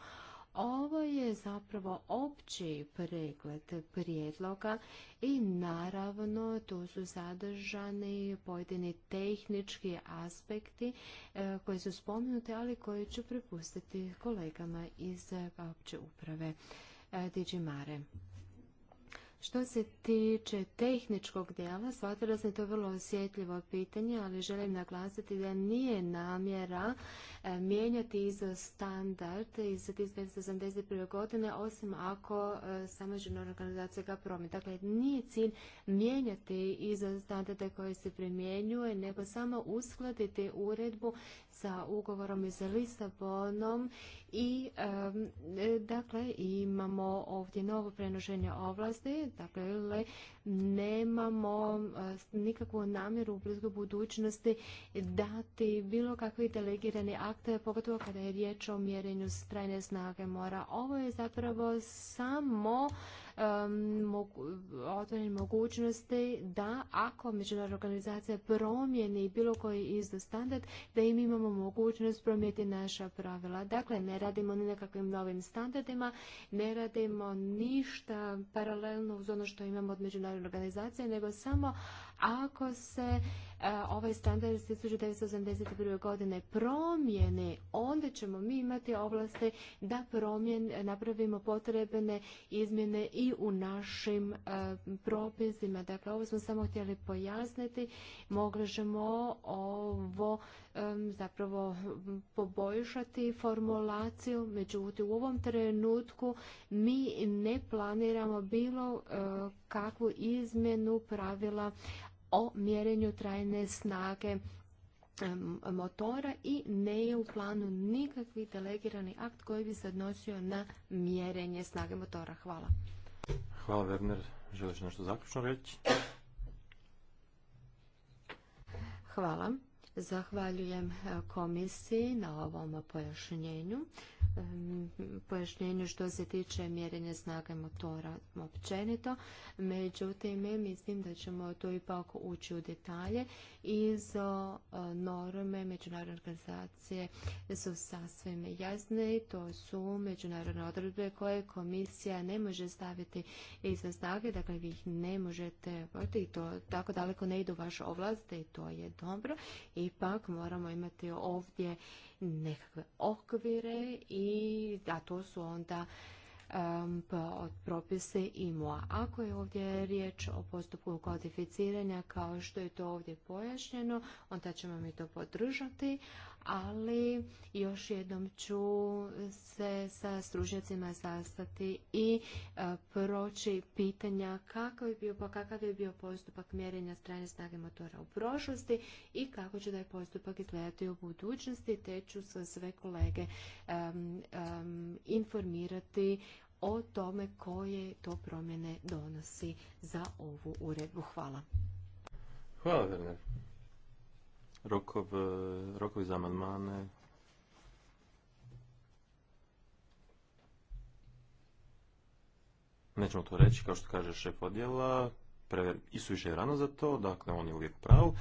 Ovo je zapravo opći pregled prijedloga i naravno tu su zadržani pojedini tehnički aspekti e, koji su spomenuti, ali koji ću prepustiti kolegama iz opće uprave e, Digimare. Što se tiče tehničkog dijela, shvatila sam to vrlo osjetljivo pitanje, ali želim naglasiti da nije namjera e, mijenjati ISO standard iz 1981. godine, osim ako e, sama žena organizacija ga promije. Dakle, nije cilj mijenjati ISO standarde koje se primjenjuje, nego samo uskladiti uredbu sa ugovorom iz Lisabonom i, e, dakle, imamo ovdje novo prenoženje ovlasti dakle nemamo nikakvu namjeru u bliskoj budućnosti dati bilo kakvi delegirani akte, pogotovo kada je riječ o mjerenju strajne snage mora. Ovo je zapravo samo otvorene mogućnosti da ako međunarodna organizacija promijeni bilo koji iznos standard, da im imamo mogućnost promijeniti naša pravila. Dakle, ne radimo ni nekakvim novim standardima, ne radimo ništa paralelno uz ono što imamo od međunarodne organizacije, nego samo ako se E, ovaj standard iz 1981. godine promjene onda ćemo mi imati ovlasti da promjen, napravimo potrebne izmjene i u našim e, propisima. Dakle, ovo smo samo htjeli pojasniti. ćemo ovo e, zapravo poboljšati formulaciju, međutim u ovom trenutku mi ne planiramo bilo kakvu izmjenu pravila o mjerenju trajne snage motora i ne je u planu nikakvi delegirani akt koji bi se odnosio na mjerenje snage motora. Hvala. Hvala Werner. Želiš nešto zaključno reći? Hvala. Zahvaljujem e, komisiji na ovom pojašnjenju pojašnjenju što se tiče mjerenja snage motora općenito. Međutim, mislim da ćemo to ipak ući u detalje. Izo e, norme međunarodne organizacije su sasvim jasne. To su međunarodne odredbe koje komisija ne može staviti iza snage. Dakle, vi ih ne možete i to tako daleko ne idu vaše ovlasti i to je dobro. Ipak moramo imati ovdje nekakve okvire i i a to su onda propise imo Ako je ovdje riječ o postupku kodificiranja kao što je to ovdje pojašnjeno, onda ćemo mi to podržati, ali još jednom ću se sa stručnjacima sastati i e, proći pitanja kakav je bio, kakav je bio postupak mjerenja strane snage motora u prošlosti i kako će taj postupak izgledati u budućnosti, te ću sve kolege informirati o tome koje to promjene donosi za ovu uredbu. Hvala. Hvala, Rokov, e, rokovi za amandmane nećemo to reći, kao što kaže šef odjela, prever, i rano za to, dakle on je uvijek prav.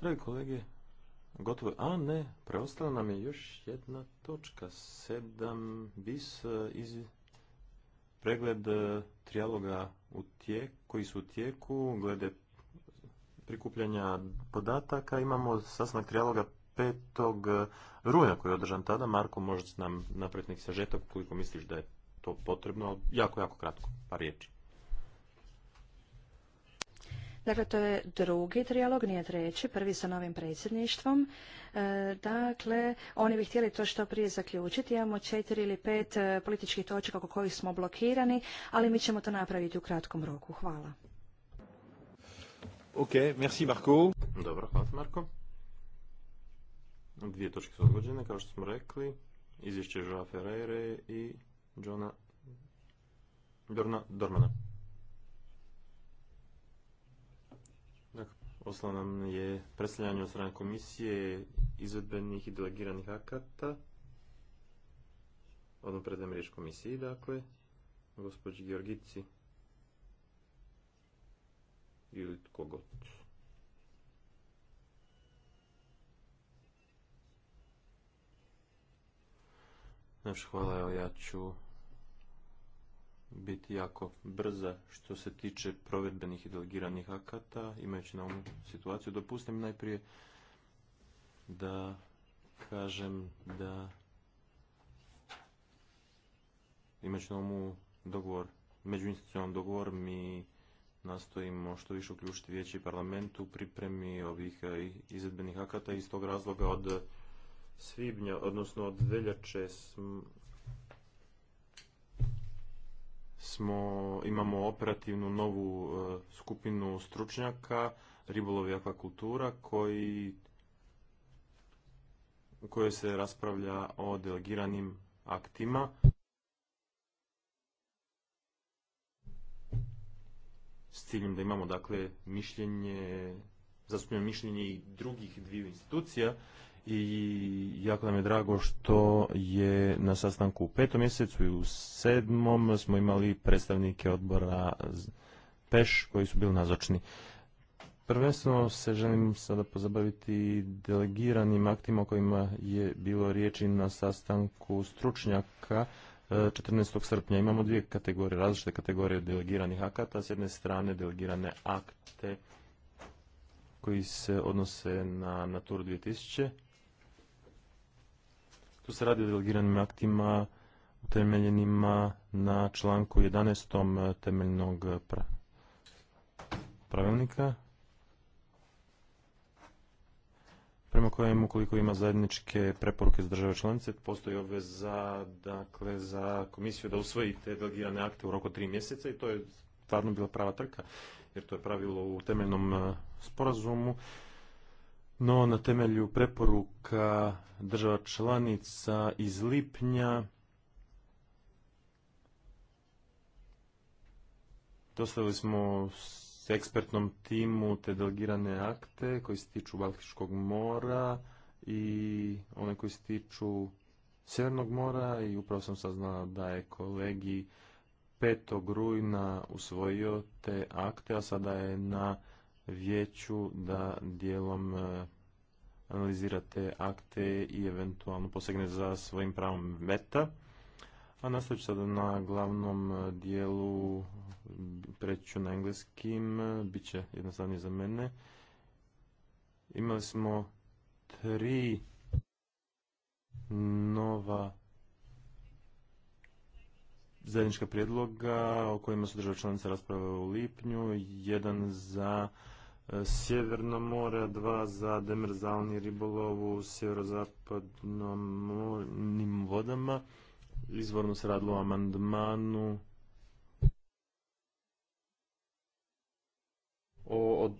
Dragi kolege, gotovo a ne, preostala nam je još jedna točka, Sedam bis e, iz pregled e, trijaloga u koji su u tijeku, glede prikupljanja podataka. Imamo sastanak trijaloga 5. rujna koji je održan tada. Marko, možeš nam napraviti neki sažetak koliko misliš da je to potrebno, ali jako, jako kratko, par riječi. Dakle, to je drugi trijalog, nije treći, prvi sa novim predsjedništvom. E, dakle, oni bi htjeli to što prije zaključiti. Imamo četiri ili pet e, političkih točaka oko kojih smo blokirani, ali mi ćemo to napraviti u kratkom roku. Hvala. Ok, merci Marko. Dobro, hvala Marko. Dvije točke su odgođene, kao što smo rekli. Izvješće Joa Ferreira i Johna Dorna Dormana. Dakle, oslan nam je predstavljanje od strane komisije izvedbenih i delegiranih akata. Odmah predajem riječ komisiji, dakle, gospođi Georgici ili tko god. hvala, evo ja ću biti jako brza što se tiče provedbenih i delegiranih akata, imajući na ovu situaciju. Dopustim najprije da kažem da imajući na ovu dogovor, međuinstitucionalni dogovor mi nastojimo što više uključiti vijeći parlament u pripremi ovih e, izvedbenih akata. Iz tog razloga od svibnja, odnosno od veljače smo, imamo operativnu novu e, skupinu stručnjaka, ribolov i akvakultura, koji u kojoj se raspravlja o delegiranim aktima ciljem da imamo dakle mišljenje, zastupljeno mišljenje i drugih dviju institucija i jako nam je drago što je na sastanku u petom mjesecu i u sedmom smo imali predstavnike odbora PEŠ koji su bili nazočni. Prvenstveno se želim sada pozabaviti delegiranim aktima o kojima je bilo riječi na sastanku stručnjaka 14. srpnja. Imamo dvije kategorije, različite kategorije delegiranih akata. S jedne strane delegirane akte koji se odnose na natur 2000. Tu se radi o delegiranim aktima utemeljenima na članku 11. temeljnog pravilnika. prema kojem ukoliko ima zajedničke preporuke za države članice, postoji obveza dakle, za komisiju da usvoji te delegirane akte u roku tri mjeseca i to je stvarno bila prava trka, jer to je pravilo u temeljnom e, sporazumu. No, na temelju preporuka država članica iz lipnja dostavili smo ekspertnom timu te delegirane akte koji se tiču Baltičkog mora i one koji se tiču Sjevernog mora i upravo sam saznao da je kolegi 5. rujna usvojio te akte, a sada je na vijeću da dijelom e, analizira te akte i eventualno posegne za svojim pravom meta. A nastavit ću sada na glavnom e, dijelu ću na engleskim, bit će jednostavnije za mene. Imali smo tri nova zajednička prijedloga o kojima su država članice rasprave u lipnju, jedan za e, Sjeverno more, dva za demerzalni ribolov u sjeverozapadnim vodama. Izvorno se radilo o amandmanu o,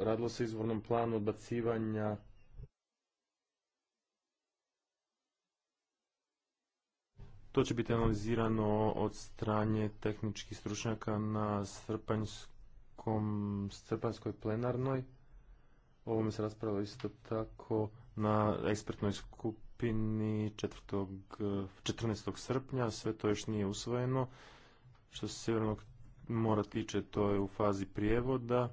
radilo se izvornom planu odbacivanja To će biti analizirano od strane tehničkih stručnjaka na srpanjskom, srpanjskoj plenarnoj. Ovome se raspravilo isto tako na ekspertnoj skupini 4. 14. srpnja. Sve to još nije usvojeno. Što se sjevernog mora tiče, to je u fazi prijevoda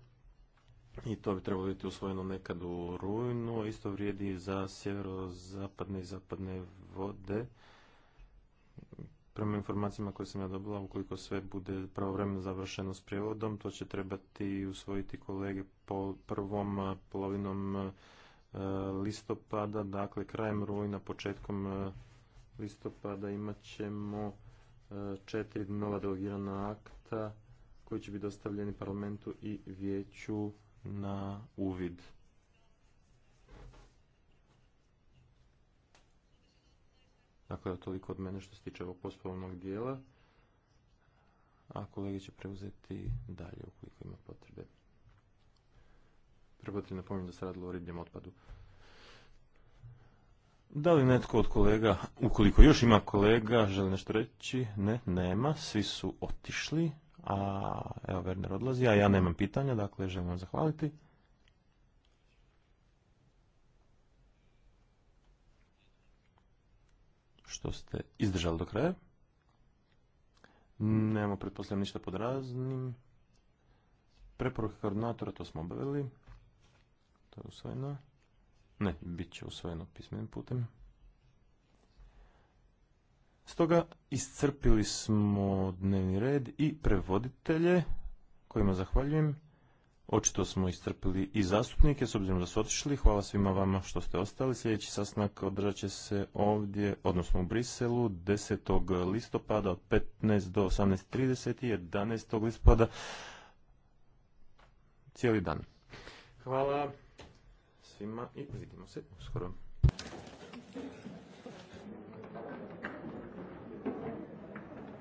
i to bi trebalo biti usvojeno nekad u rujnu. Isto vrijedi za sjeverozapadne i zapadne vode. Prema informacijama koje sam ja dobila, ukoliko sve bude pravovremeno završeno s prijevodom, to će trebati usvojiti kolege po prvom polovinom e, listopada, dakle krajem rujna, početkom e, listopada imat ćemo e, četiri nova delegirana akta koji će biti dostavljeni parlamentu i vijeću na uvid. Dakle, toliko od mene što se tiče ovog poslovnog dijela, a kolege će preuzeti dalje ukoliko ima potrebe. Prvo napominjem da se radilo o ribljem otpadu. Da li netko od kolega, ukoliko još ima kolega, želi nešto reći? Ne, nema, svi su otišli a evo Werner odlazi, a ja nemam pitanja, dakle želim vam zahvaliti. Što ste izdržali do kraja. Nemamo pretpostavljam ništa pod raznim. Preporuke koordinatora, to smo obavili. To je usvojeno. Ne, bit će usvojeno pismenim putem. Stoga iscrpili smo dnevni red i prevoditelje kojima zahvaljujem. Očito smo iscrpili i zastupnike, s obzirom da su otišli. Hvala svima vama što ste ostali. Sljedeći sastanak održat će se ovdje, odnosno u Briselu, 10. listopada od 15 do 18.30 i 11. listopada cijeli dan. Hvala svima i vidimo se uskoro.